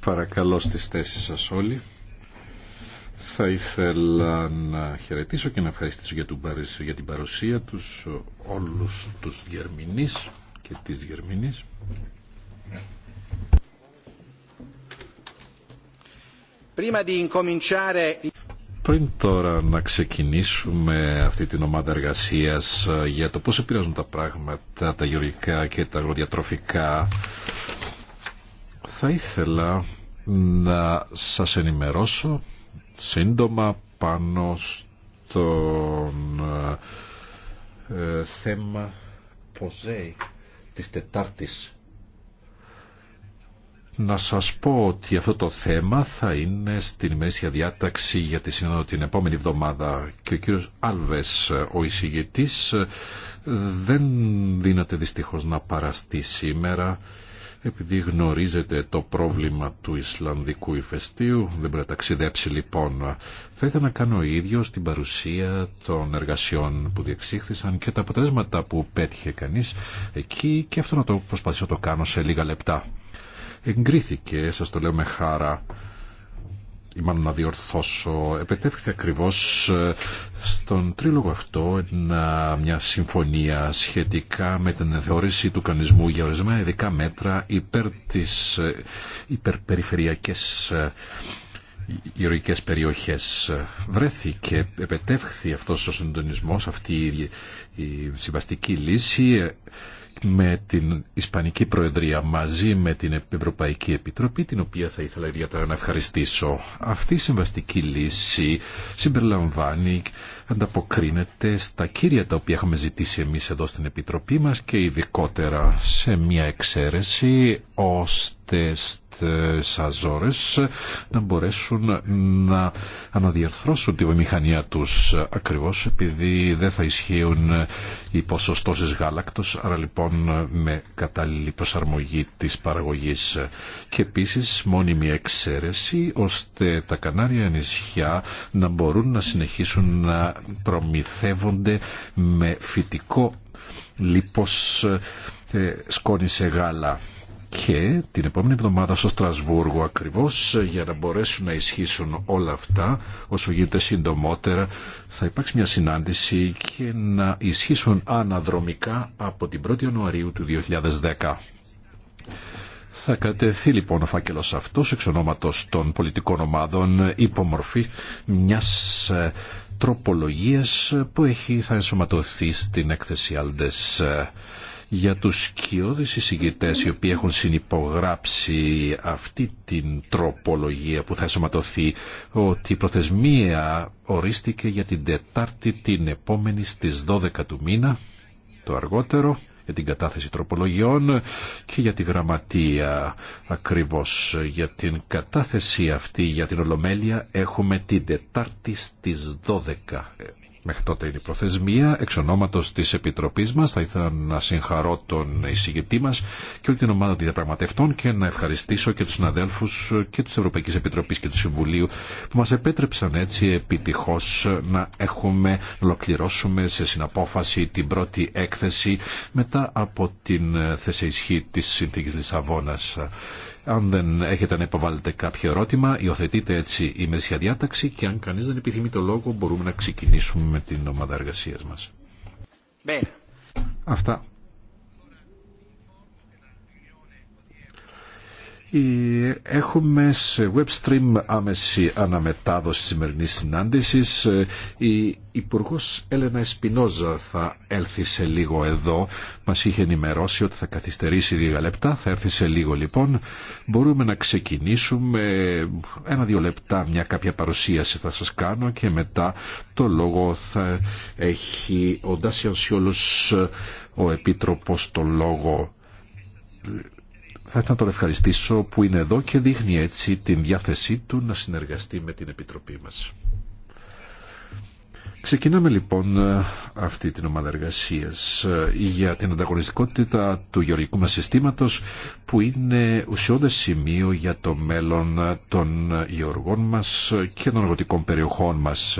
Παρακαλώ στις θέσεις σα όλοι. Θα ήθελα να χαιρετήσω και να ευχαριστήσω για την παρουσία τους όλους τους Γερμινείς και τις Γερμινείς. Πριν τώρα να ξεκινήσουμε αυτή την ομάδα εργασίας ε, για το πώς επηρεάζουν τα πράγματα, τα γεωργικά και τα αγροδιατροφικά, θα ήθελα να σας ενημερώσω σύντομα πάνω στο ε, ε, θέμα ποζέι της Τετάρτης να σας πω ότι αυτό το θέμα θα είναι στην ημερήσια διάταξη για τη σύνοδο την επόμενη εβδομάδα και ο κύριος Άλβες, ο εισηγητής, δεν δίνεται δυστυχώς να παραστεί σήμερα επειδή γνωρίζετε το πρόβλημα του Ισλανδικού ηφαιστείου, δεν μπορεί να ταξιδέψει λοιπόν. Θα ήθελα να κάνω ίδιο στην παρουσία των εργασιών που διεξήχθησαν και τα αποτελέσματα που πέτυχε κανείς εκεί και αυτό να το προσπαθήσω να το κάνω σε λίγα λεπτά εγκρίθηκε, σας το λέω με χάρα, ή μάλλον να διορθώσω, επετέφθη ακριβώς ε, στον τρίλογο αυτό μια συμφωνία σχετικά με την θεώρηση του κανισμού για ορισμένα ειδικά μέτρα υπέρ τις ε, υπερπεριφερειακές ε, γεωργικές περιοχές. Βρέθηκε, επετεύχθη αυτός ο συντονισμός, αυτή η συμβαστική λύση με την Ισπανική Προεδρία μαζί με την Ευρωπαϊκή Επιτροπή, την οποία θα ήθελα ιδιαίτερα να ευχαριστήσω. Αυτή η συμβαστική λύση συμπεριλαμβάνει ανταποκρίνεται στα κύρια τα οποία έχουμε ζητήσει εμείς εδώ στην Επιτροπή μας και ειδικότερα σε μια εξαίρεση ώστε στις Αζόρες να μπορέσουν να αναδιαρθρώσουν τη βιομηχανία τους ακριβώς επειδή δεν θα ισχύουν οι ποσοστώσεις γάλακτος άρα λοιπόν με κατάλληλη προσαρμογή της παραγωγής και επίσης μόνιμη εξαίρεση ώστε τα Κανάρια νησιά να μπορούν να συνεχίσουν να προμηθεύονται με φυτικό λίπος ε, σκόνη σε γάλα. Και την επόμενη εβδομάδα στο Στρασβούργο ακριβώς ε, για να μπορέσουν να ισχύσουν όλα αυτά όσο γίνεται συντομότερα θα υπάρξει μια συνάντηση και να ισχύσουν αναδρομικά από την 1η Ιανουαρίου του 2010. Θα κατεθεί λοιπόν ο φάκελος αυτός εξ ονόματος των πολιτικών ομάδων υπομορφή μιας ε, τροπολογίας που έχει, θα ενσωματωθεί στην έκθεση Αλντες για τους σκιώδεις εισηγητές οι οποίοι έχουν συνυπογράψει αυτή την τροπολογία που θα ενσωματωθεί ότι η προθεσμία ορίστηκε για την Τετάρτη την επόμενη στις 12 του μήνα το αργότερο για την κατάθεση τροπολογιών και για τη γραμματεία. Ακριβώς για την κατάθεση αυτή για την Ολομέλεια έχουμε την Τετάρτη στις 12 Μέχρι τότε είναι η προθεσμία. Εξ ονόματο τη Επιτροπή μα θα ήθελα να συγχαρώ τον εισηγητή μα και όλη την ομάδα των διαπραγματευτών και να ευχαριστήσω και του συναδέλφου και τη Ευρωπαϊκή Επιτροπή και του Συμβουλίου που μα επέτρεψαν έτσι επιτυχώ να έχουμε, να ολοκληρώσουμε σε συναπόφαση την πρώτη έκθεση μετά από την θέση ισχύ τη Συνθήκη Λισαβόνα. Αν δεν έχετε να υποβάλλετε κάποιο ερώτημα, υιοθετείτε έτσι η μεσιά διάταξη και αν κανείς δεν επιθυμεί το λόγο μπορούμε να ξεκινήσουμε με την ομάδα εργασίας μας. Αυτά. Έχουμε σε web stream άμεση αναμετάδοση της σημερινής συνάντησης. Ε, η υπουργό Έλενα Εσπινόζα θα έλθει σε λίγο εδώ. Μας είχε ενημερώσει ότι θα καθυστερήσει λίγα λεπτά. Θα έρθει σε λίγο λοιπόν. Μπορούμε να ξεκινήσουμε ένα-δύο λεπτά μια κάποια παρουσίαση θα σας κάνω και μετά το λόγο θα έχει ο Ντάσιαν ο Επίτροπος το λόγο θα ήθελα να τον ευχαριστήσω που είναι εδώ και δείχνει έτσι την διάθεσή του να συνεργαστεί με την Επιτροπή μας. Ξεκινάμε λοιπόν ε, αυτή την ομάδα εργασία ε, για την ανταγωνιστικότητα του γεωργικού μας συστήματος που είναι ουσιώδες σημείο για το μέλλον ε, των γεωργών μας και των εργοτικών περιοχών μας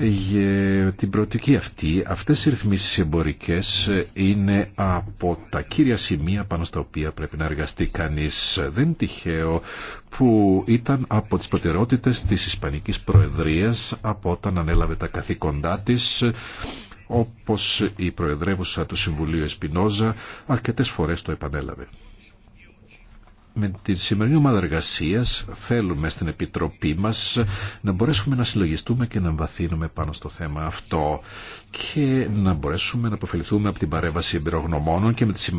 για την προοπτική αυτή, αυτές οι ρυθμίσεις εμπορικές είναι από τα κύρια σημεία πάνω στα οποία πρέπει να εργαστεί κανείς. Δεν είναι τυχαίο που ήταν από τις προτεραιότητες της Ισπανικής Προεδρίας από όταν ανέλαβε τα καθήκοντά της όπως η Προεδρεύουσα του Συμβουλίου Εσπινόζα αρκετές φορές το επανέλαβε με τη σημερινή ομάδα εργασία θέλουμε στην Επιτροπή μας να μπορέσουμε να συλλογιστούμε και να βαθύνουμε πάνω στο θέμα αυτό και να μπορέσουμε να αποφεληθούμε από την παρέμβαση εμπειρογνωμόνων και με τη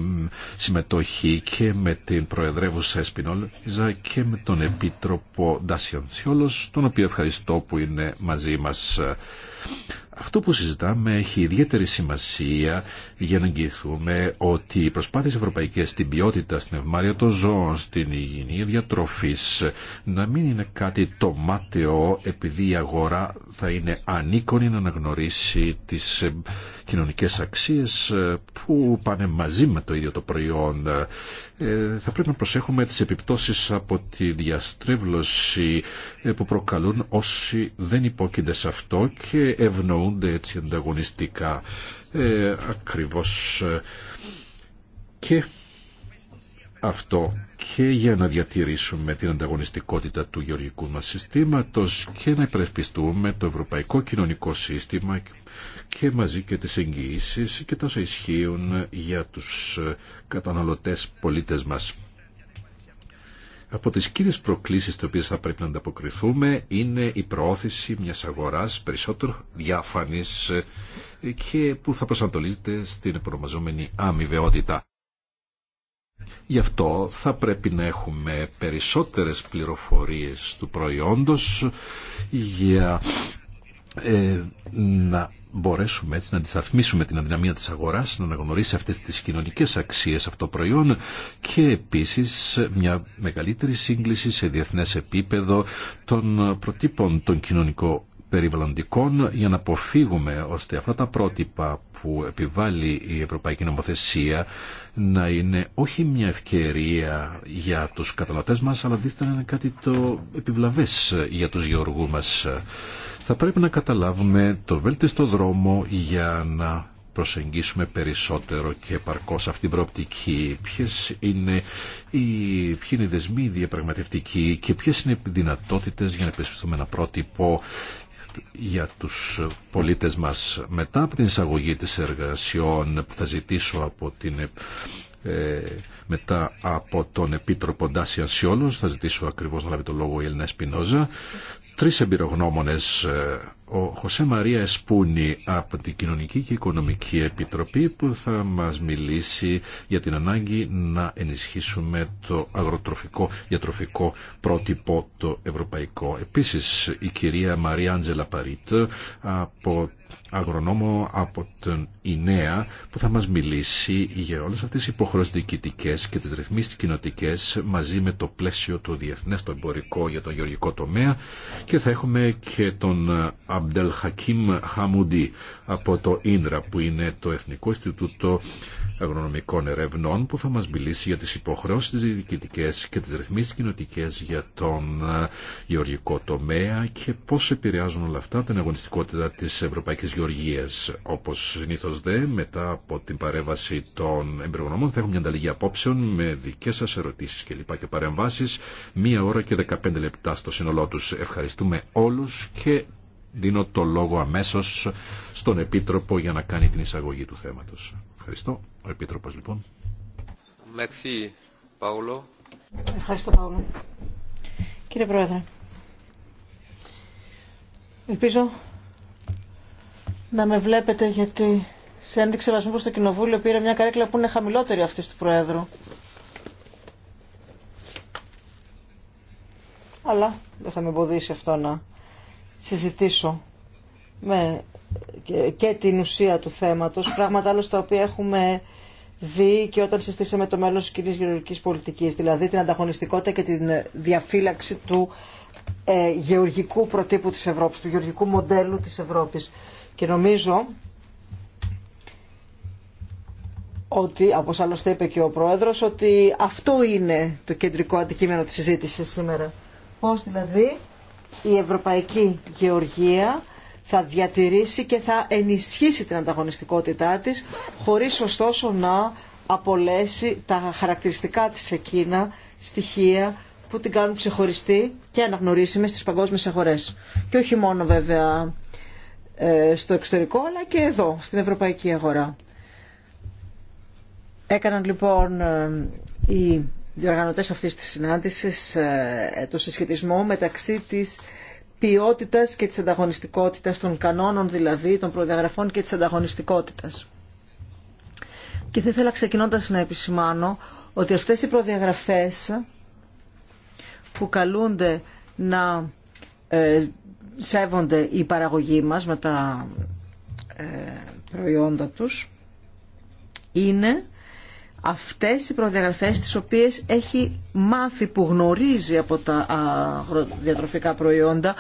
συμμετοχή και με την Προεδρεύουσα Εσπινόλιζα και με τον Επίτροπο Ντάσιον Σιόλος, τον οποίο ευχαριστώ που είναι μαζί μας. Αυτό που συζητάμε έχει ιδιαίτερη σημασία για να εγγυηθούμε ότι οι προσπάθειες ευρωπαϊκές στην ποιότητα, στην ευμάρεια των ζώων, στην υγιεινή διατροφή να μην είναι κάτι το επειδή η αγορά θα είναι ανίκονη να αναγνωρίσει τις ε, κοινωνικές αξίες ε, που πάνε μαζί με το ίδιο το προϊόν. Ε, θα πρέπει να προσέχουμε τις επιπτώσεις από τη διαστρέβλωση που προκαλούν όσοι δεν υπόκεινται σε αυτό και ευνοούνται έτσι ανταγωνιστικά ε, ακριβώς και αυτό και για να διατηρήσουμε την ανταγωνιστικότητα του γεωργικού μας συστήματος και να υπερασπιστούμε το ευρωπαϊκό κοινωνικό σύστημα και μαζί και τις εγγυήσει και τόσα ισχύουν για τους καταναλωτές πολίτες μας. Από τις κύριες προκλήσεις τις οποίες θα πρέπει να ανταποκριθούμε είναι η προώθηση μιας αγοράς περισσότερο διάφανης ε, και που θα προσανατολίζεται στην προμαζόμενη αμοιβαιότητα. Γι' αυτό θα πρέπει να έχουμε περισσότερες πληροφορίες του προϊόντος για ε, να μπορέσουμε έτσι να αντισταθμίσουμε την αδυναμία της αγοράς, να αναγνωρίσει αυτές τις κοινωνικές αξίες προϊόν και επίσης μια μεγαλύτερη σύγκληση σε διεθνές επίπεδο των προτύπων των κοινωνικών περιβαλλοντικών για να αποφύγουμε ώστε αυτά τα πρότυπα που επιβάλλει η Ευρωπαϊκή Νομοθεσία να είναι όχι μια ευκαιρία για τους καταναλωτές μας αλλά αντίθετα είναι κάτι το επιβλαβές για τους γεωργού μας θα πρέπει να καταλάβουμε το βέλτιστο δρόμο για να προσεγγίσουμε περισσότερο και επαρκώς αυτή την προοπτική. Ποιες είναι οι, ποιοι είναι οι δεσμοί διαπραγματευτικοί και ποιες είναι οι δυνατότητες για να επισπιστούμε ένα πρότυπο για τους πολίτες μας μετά από την εισαγωγή της εργασιών που θα ζητήσω από την ε, μετά από τον Επίτροπο Ντάσιαν Σιόλος θα ζητήσω ακριβώς να λάβει το λόγο η Σπινόζα τρεις εμπειρογνώμονες. Ε, ο Χωσέ Μαρία Εσπούνη από την Κοινωνική και Οικονομική Επιτροπή που θα μας μιλήσει για την ανάγκη να ενισχύσουμε το αγροτροφικό διατροφικό πρότυπο το ευρωπαϊκό. Επίσης η κυρία Μαρία Άντζελα Παρίτ από αγρονόμο από την ΙΝΕΑ που θα μας μιλήσει για όλες αυτές τις υποχρεώσεις διοικητικές και τις ρυθμίσεις κοινοτικές μαζί με το πλαίσιο του διεθνές το εμπορικό για τον γεωργικό τομέα και θα έχουμε και τον Αμπτελ Χακίμ Χαμούντι από το ΙΝΡΑ που είναι το Εθνικό Ινστιτούτο Αγρονομικών Ερευνών που θα μας μιλήσει για τις υποχρεώσεις διοικητικές και τις ρυθμίσεις κοινοτικές για τον γεωργικό τομέα και πώς επηρεάζουν όλα αυτά την αγωνιστικότητα της Ευρωπαϊκής Γεωργίας. Όπως συνήθως δε, μετά από την παρέμβαση των εμπειρογνωμών θα έχουμε μια ανταλλαγή απόψεων με δικές σας ερωτήσεις και λοιπά και παρεμβάσεις. Μία ώρα και 15 λεπτά στο σύνολό τους. Ευχαριστούμε όλους και δίνω το λόγο αμέσως στον Επίτροπο για να κάνει την εισαγωγή του θέματος. Ευχαριστώ. Ο Επίτροπος λοιπόν. Paolo. Ευχαριστώ Παύλο. Κύριε Πρόεδρε, ελπίζω να με βλέπετε γιατί σε ένδειξη βασμού προς το κοινοβούλιο πήρε μια καρέκλα που είναι χαμηλότερη αυτή του Προέδρου. Αλλά δεν θα με εμποδίσει αυτό να συζητήσω με και την ουσία του θέματος, πράγματα άλλωστε τα οποία έχουμε δει και όταν συστήσαμε το μέλλον της κοινή γεωργικής πολιτικής, δηλαδή την ανταγωνιστικότητα και την διαφύλαξη του ε, γεωργικού προτύπου της Ευρώπης, του γεωργικού μοντέλου της Ευρώπης. Και νομίζω ότι, όπως άλλωστε είπε και ο Πρόεδρο, ότι αυτό είναι το κεντρικό αντικείμενο της συζήτηση σήμερα. Πώς δηλαδή η Ευρωπαϊκή Γεωργία θα διατηρήσει και θα ενισχύσει την ανταγωνιστικότητά της, χωρίς ωστόσο να απολέσει τα χαρακτηριστικά της εκείνα στοιχεία που την κάνουν ξεχωριστή και αναγνωρίσιμη στις παγκόσμιες αγορές. Και όχι μόνο βέβαια ε, στο εξωτερικό αλλά και εδώ στην ευρωπαϊκή αγορά. Έκαναν λοιπόν ε, οι διοργανωτές αυτής της συνάντησης ε, το συσχετισμό μεταξύ της ποιότητας και της ανταγωνιστικότητας των κανόνων δηλαδή των προδιαγραφών και της ανταγωνιστικότητας. Και θα ήθελα ξεκινώντας να επισημάνω ότι αυτές οι προδιαγραφές που καλούνται να σέβονται οι παραγωγή μας με τα ε, προϊόντα τους είναι αυτές οι προδιαγραφές τις οποίες έχει μάθει που γνωρίζει από τα διατροφικά προϊόντα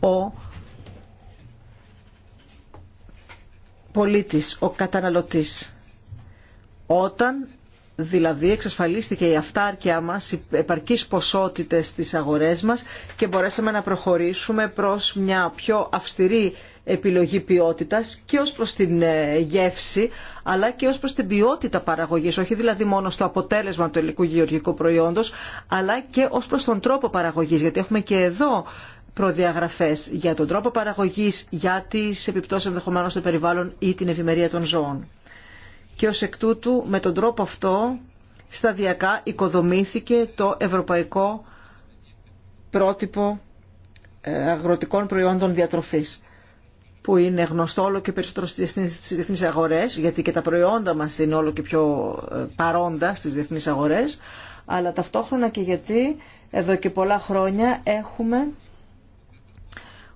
ο πολίτης, ο καταναλωτής. Όταν Δηλαδή εξασφαλίστηκε η αυτάρκεια μας, οι επαρκείς ποσότητες στις αγορές μας και μπορέσαμε να προχωρήσουμε προς μια πιο αυστηρή επιλογή ποιότητας και ως προς την ε, γεύση αλλά και ως προς την ποιότητα παραγωγής όχι δηλαδή μόνο στο αποτέλεσμα του ελληνικού γεωργικού προϊόντος αλλά και ως προς τον τρόπο παραγωγής γιατί έχουμε και εδώ προδιαγραφές για τον τρόπο παραγωγής για τις επιπτώσεις ενδεχομένως των περιβάλλον ή την ευημερία των ζώων και ως εκ τούτου με τον τρόπο αυτό σταδιακά οικοδομήθηκε το ευρωπαϊκό πρότυπο ε, αγροτικών προϊόντων διατροφής που είναι γνωστό όλο και περισσότερο στις διεθνείς αγορές, γιατί και τα προϊόντα μας είναι όλο και πιο ε, παρόντα στις διεθνείς αγορές, αλλά ταυτόχρονα και γιατί εδώ και πολλά χρόνια έχουμε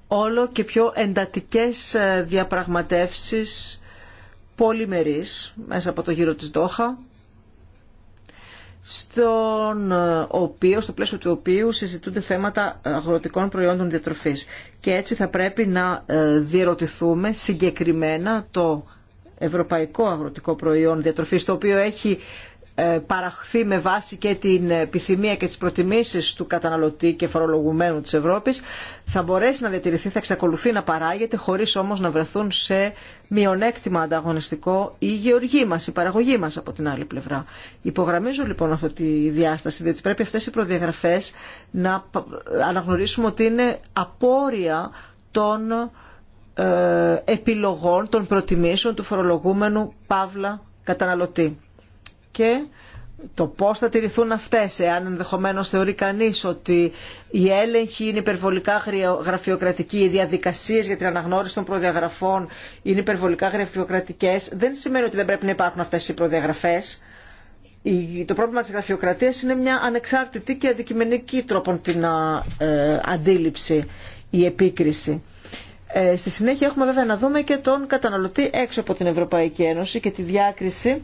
όλο και πιο εντατικές ε, διαπραγματεύσεις πολυμερής μέσα από το γύρο της Δόχα στον ε, οποίο, στο πλαίσιο του οποίου συζητούνται θέματα αγροτικών προϊόντων διατροφής. Και έτσι θα πρέπει να ε, διερωτηθούμε συγκεκριμένα το ευρωπαϊκό αγροτικό προϊόν διατροφής, το οποίο έχει ε, παραχθεί με βάση και την επιθυμία και τις προτιμήσεις του καταναλωτή και φορολογουμένου της Ευρώπης θα μπορέσει να διατηρηθεί, θα εξακολουθεί να παράγεται χωρίς όμως να βρεθούν σε μειονέκτημα ανταγωνιστικό η γεωργή μας, η παραγωγή μας από την άλλη πλευρά. Υπογραμμίζω λοιπόν αυτή τη διάσταση διότι πρέπει αυτές οι προδιαγραφές να αναγνωρίσουμε ότι είναι απόρρια των ε, επιλογών, των προτιμήσεων του φορολογούμενου Παύλα καταναλωτή και το πώς θα τηρηθούν αυτές, εάν ενδεχομένω θεωρεί κανείς ότι η έλεγχη είναι υπερβολικά γραφειοκρατική, οι διαδικασίες για την αναγνώριση των προδιαγραφών είναι υπερβολικά γραφειοκρατικές, δεν σημαίνει ότι δεν πρέπει να υπάρχουν αυτές οι προδιαγραφές. Το πρόβλημα της γραφειοκρατίας είναι μια ανεξάρτητη και αντικειμενική τρόπον την ε, αντίληψη, η επίκριση. Ε, στη συνέχεια έχουμε βέβαια να δούμε και τον καταναλωτή έξω από την Ευρωπαϊκή Ένωση και τη διάκριση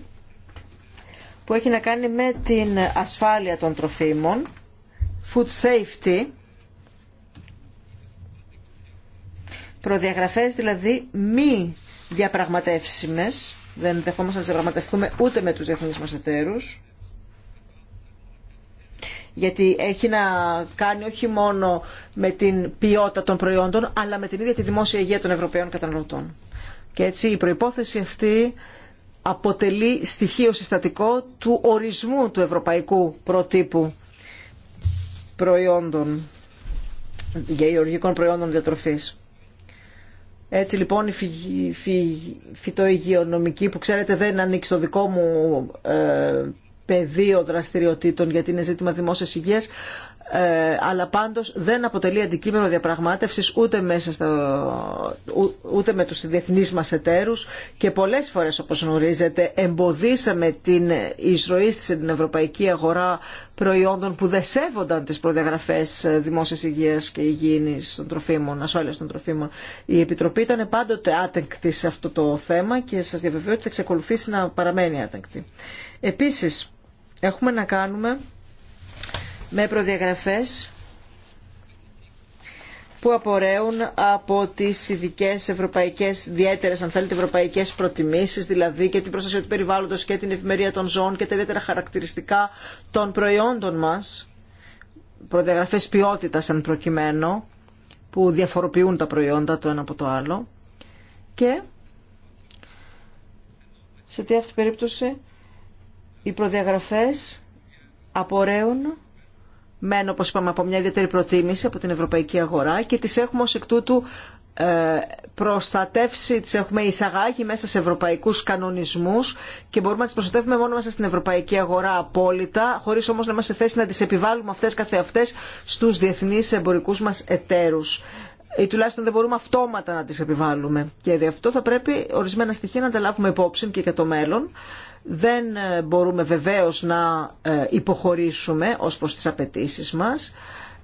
που έχει να κάνει με την ασφάλεια των τροφίμων, food safety, προδιαγραφές δηλαδή μη διαπραγματεύσιμες, δεν δεχόμαστε να διαπραγματευτούμε ούτε με τους διεθνείς μας εταίρους, γιατί έχει να κάνει όχι μόνο με την ποιότητα των προϊόντων, αλλά με την ίδια τη δημόσια υγεία των Ευρωπαίων καταναλωτών. Και έτσι η προϋπόθεση αυτή αποτελεί στοιχείο συστατικό του ορισμού του ευρωπαϊκού προτύπου προϊόντων, γεωργικών προϊόντων διατροφής. Έτσι λοιπόν η φυτοϊγειονομική που ξέρετε δεν ανήκει στο δικό μου ε, πεδίο δραστηριοτήτων γιατί είναι ζήτημα δημόσιας υγείας ε, αλλά πάντως δεν αποτελεί αντικείμενο διαπραγμάτευσης ούτε, μέσα στο, ούτε με τους διεθνείς μας εταίρους και πολλές φορές όπως γνωρίζετε εμποδίσαμε την εισρωή στην ευρωπαϊκή αγορά προϊόντων που δεν σέβονταν τις προδιαγραφές ε, δημόσιας υγείας και υγιεινής των τροφίμων, ασφάλειας των τροφίμων. Η Επιτροπή ήταν πάντοτε άτεκτη σε αυτό το θέμα και σας διαβεβαιώ ότι θα εξακολουθήσει να παραμένει άτεκτη. Επίσης, έχουμε να κάνουμε με προδιαγραφές που απορρέουν από τις ειδικέ ευρωπαϊκές, ιδιαίτερε αν θέλετε, ευρωπαϊκές προτιμήσεις, δηλαδή και την προστασία του περιβάλλοντος και την ευημερία των ζώων και τα ιδιαίτερα χαρακτηριστικά των προϊόντων μας, προδιαγραφές ποιότητας εν προκειμένου, που διαφοροποιούν τα προϊόντα το ένα από το άλλο. Και σε τι αυτή περίπτωση οι προδιαγραφές απορρέουν Μένω, όπως είπαμε, από μια ιδιαίτερη προτίμηση από την ευρωπαϊκή αγορά και τις έχουμε ως εκ τούτου ε, προστατεύσει, τις έχουμε εισαγάγει μέσα σε ευρωπαϊκούς κανονισμούς και μπορούμε να τις προστατεύουμε μόνο μέσα στην ευρωπαϊκή αγορά απόλυτα, χωρίς όμως να είμαστε σε θέση να τις επιβάλλουμε αυτές καθεαυτές στους διεθνείς εμπορικούς μας εταίρους ή τουλάχιστον δεν μπορούμε αυτόματα να τις επιβάλλουμε. Και δι' αυτό θα πρέπει ορισμένα στοιχεία να τα λάβουμε υπόψη και για το μέλλον δεν ε, μπορούμε βεβαίως να ε, υποχωρήσουμε ως προς τις απαιτήσεις μας.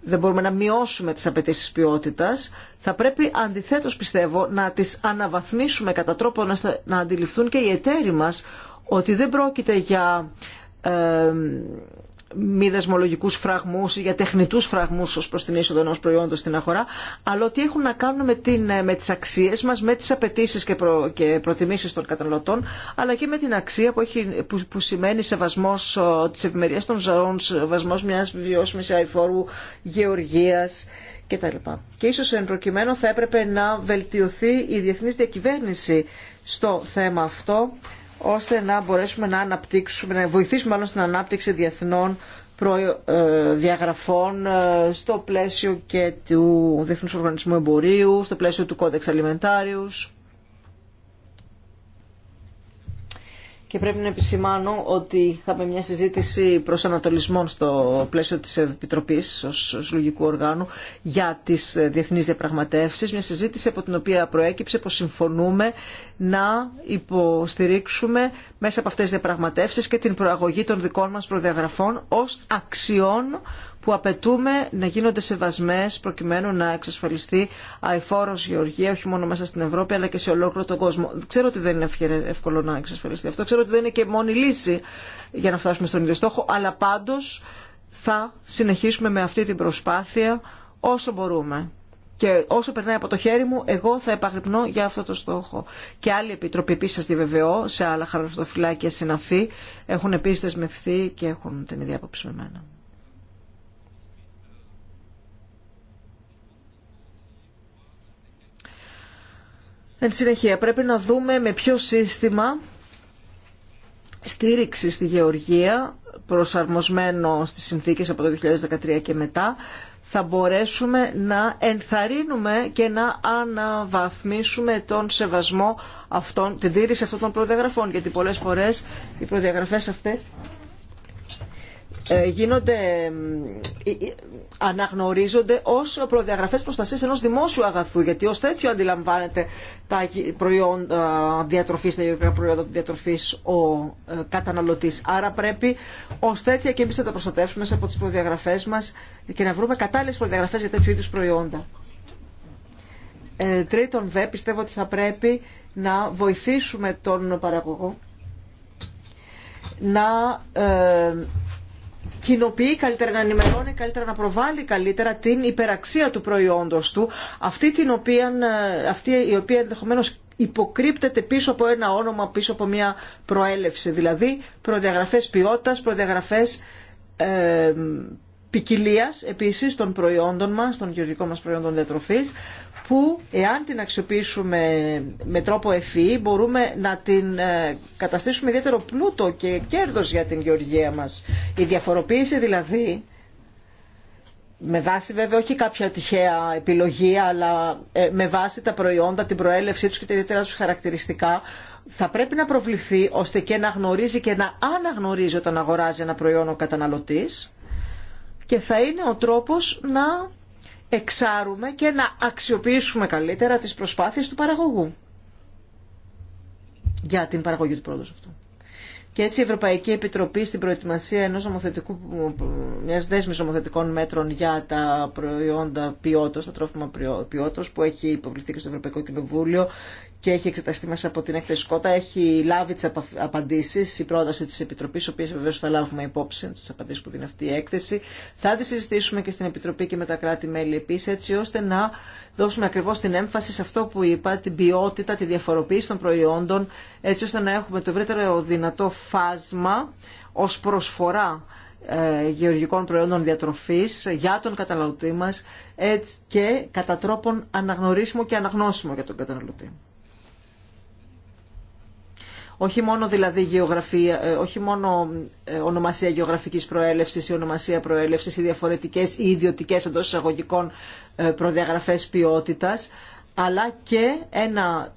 Δεν μπορούμε να μειώσουμε τις απαιτήσει ποιότητας. Θα πρέπει αντιθέτως πιστεύω να τις αναβαθμίσουμε κατά τρόπο να αντιληφθούν και οι εταίροι μας ότι δεν πρόκειται για ε, μη φραγμού ή για τεχνητούς φραγμούς ω προ την είσοδο ενό προϊόντος στην αγορά, αλλά ότι έχουν να κάνουν με, την, ε, με τις αξίες μας, με τις απαιτήσει και, προ, και προτιμήσεις των καταναλωτών, αλλά και με την αξία που, έχει, που, που σημαίνει σεβασμός της ευημερία των ζώων, σεβασμός μιας βιώσιμης αηφόρου γεωργίας κτλ. Και ίσω εν προκειμένου θα έπρεπε να βελτιωθεί η διεθνή διακυβέρνηση στο θέμα αυτό, ώστε να μπορέσουμε να αναπτύξουμε, να βοηθήσουμε μάλλον στην ανάπτυξη διεθνών ε, διαγραφών ε, στο πλαίσιο και του Διεθνούς Οργανισμού Εμπορίου, στο πλαίσιο του Κόντεξ Αλιμεντάριους. Και πρέπει να επισημάνω ότι είχαμε μια συζήτηση προ ανατολισμό στο πλαίσιο της Επιτροπής ως λογικού οργάνου για τις διεθνείς διαπραγματεύσει. Μια συζήτηση από την οποία προέκυψε πως συμφωνούμε να υποστηρίξουμε μέσα από αυτές τις διαπραγματεύσει και την προαγωγή των δικών μας προδιαγραφών ω αξιών που απαιτούμε να γίνονται σεβασμές προκειμένου να εξασφαλιστεί αεφόρος γεωργία όχι μόνο μέσα στην Ευρώπη αλλά και σε ολόκληρο τον κόσμο. Ξέρω ότι δεν είναι εύκολο να εξασφαλιστεί αυτό, ξέρω ότι δεν είναι και μόνη λύση για να φτάσουμε στον ίδιο στόχο, αλλά πάντως θα συνεχίσουμε με αυτή την προσπάθεια όσο μπορούμε. Και όσο περνάει από το χέρι μου, εγώ θα επαγρυπνώ για αυτό το στόχο. Και άλλοι επιτροποί, επίση σα διαβεβαιώ, σε άλλα χαρακτηροφυλάκια συναφή, έχουν επίση δεσμευθεί και έχουν την ίδια άποψη Εν συνεχεία, πρέπει να δούμε με ποιο σύστημα στήριξη στη γεωργία προσαρμοσμένο στις συνθήκες από το 2013 και μετά θα μπορέσουμε να ενθαρρύνουμε και να αναβαθμίσουμε τον σεβασμό αυτών, την τήρηση αυτών των προδιαγραφών γιατί πολλές φορές οι προδιαγραφές αυτές ε, γίνονται, ε, ε, αναγνωρίζονται ω προδιαγραφές προστασία ενό δημόσιου αγαθού, γιατί ω τέτοιο αντιλαμβάνεται τα προϊόντα διατροφής, τα γεωργικά προϊόντα διατροφή ο καταναλωτής. Άρα πρέπει ω τέτοια και εμεί να τα προστατεύσουμε από τι προδιαγραφές μας και να βρούμε κατάλληλε προδιαγραφές για τέτοιου είδου προϊόντα. Ε, τρίτον, δε, πιστεύω ότι θα πρέπει να βοηθήσουμε τον παραγωγό να κοινοποιεί καλύτερα, να ενημερώνει καλύτερα, να προβάλλει καλύτερα την υπεραξία του προϊόντος του, αυτή, την οποία, ε, αυτή η οποία ενδεχομένω υποκρύπτεται πίσω από ένα όνομα, πίσω από μια προέλευση, δηλαδή προδιαγραφές ποιότητας, προδιαγραφές ε, ποικιλία επίση των προϊόντων μα, των γεωργικών μα προϊόντων διατροφή, που εάν την αξιοποιήσουμε με τρόπο ευφύ μπορούμε να την ε, καταστήσουμε ιδιαίτερο πλούτο και κέρδο για την γεωργία μα. Η διαφοροποίηση δηλαδή, με βάση βέβαια όχι κάποια τυχαία επιλογή, αλλά ε, με βάση τα προϊόντα, την προέλευσή τους και τα ιδιαίτερα τους χαρακτηριστικά, θα πρέπει να προβληθεί ώστε και να γνωρίζει και να αναγνωρίζει όταν αγοράζει ένα προϊόν ο καταναλωτής και θα είναι ο τρόπος να εξάρουμε και να αξιοποιήσουμε καλύτερα τις προσπάθειες του παραγωγού για την παραγωγή του πρόοδος αυτού. Και έτσι η Ευρωπαϊκή Επιτροπή στην προετοιμασία ενός νομοθετικού, μιας δέσμης νομοθετικών μέτρων για τα προϊόντα ποιότητας, τα τρόφιμα ποιότητας που έχει υποβληθεί και στο Ευρωπαϊκό Κοινοβούλιο και έχει εξεταστεί μέσα από την έκθεση Σκότα, έχει λάβει τις απαντήσεις, η πρόταση της Επιτροπής, οποίε βεβαίω θα λάβουμε υπόψη, τις απαντήσεις που δίνει αυτή η έκθεση. Θα τη συζητήσουμε και στην Επιτροπή και με τα κράτη-μέλη επίση έτσι ώστε να δώσουμε ακριβώ την έμφαση σε αυτό που είπα, την ποιότητα, τη διαφοροποίηση των προϊόντων, έτσι ώστε να έχουμε το ευρύτερο δυνατό φάσμα ως προσφορά ε, γεωργικών προϊόντων διατροφής για τον καταναλωτή μας και κατά τρόπον αναγνωρίσιμο και αναγνώσιμο για τον καταναλωτή. Όχι μόνο δηλαδή γεωγραφία, ε, όχι μόνο ε, ονομασία γεωγραφικής προέλευσης ή ονομασία προέλευσης ή διαφορετικές ή ιδιωτικές εντός εισαγωγικών ε, προδιαγραφές ποιότητας, αλλά και ένα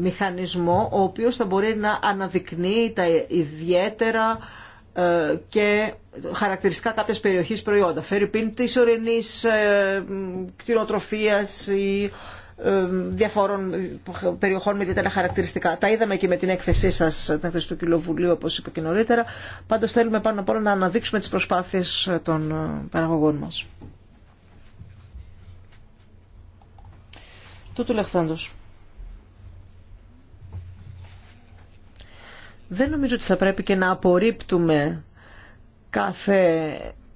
μηχανισμό ο οποίος θα μπορεί να αναδεικνύει τα ιδιαίτερα και χαρακτηριστικά κάποιες περιοχής προϊόντα. Φέρει πίν της ορεινής κτηνοτροφίας ή διαφόρων περιοχών με ιδιαίτερα χαρακτηριστικά. Τα είδαμε και με την έκθεσή σα, την έκθεση του Κοινοβουλίου, όπω είπα και νωρίτερα. Πάντω θέλουμε πάνω απ' όλα να αναδείξουμε τι προσπάθειε των ε, παραγωγών μα. Τούτου λέχθόντο. Δεν νομίζω ότι θα πρέπει και να απορρίπτουμε κάθε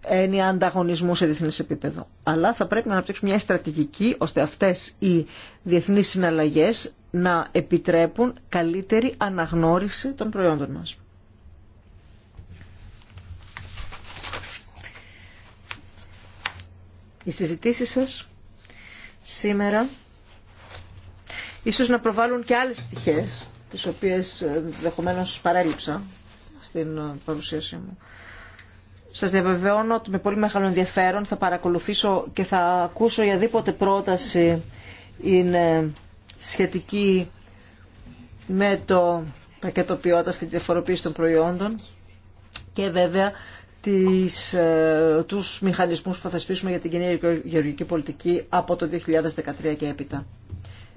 έννοια ανταγωνισμού σε διεθνές επίπεδο. Αλλά θα πρέπει να αναπτύξουμε μια στρατηγική ώστε αυτέ οι διεθνεί συναλλαγές να επιτρέπουν καλύτερη αναγνώριση των προϊόντων μας. Οι συζητήσεις σας σήμερα ίσως να προβάλλουν και άλλες πτυχές τις οποίες δεχομένως παρέλειψα στην παρουσίασή μου. Σας διαβεβαιώνω ότι με πολύ μεγάλο ενδιαφέρον θα παρακολουθήσω και θα ακούσω οποιαδήποτε πρόταση είναι σχετική με το πακέτο και τη διαφοροποίηση των προϊόντων και βέβαια τις, ε, τους μηχανισμούς που θα θεσπίσουμε για την κοινή γεωργική πολιτική από το 2013 και έπειτα.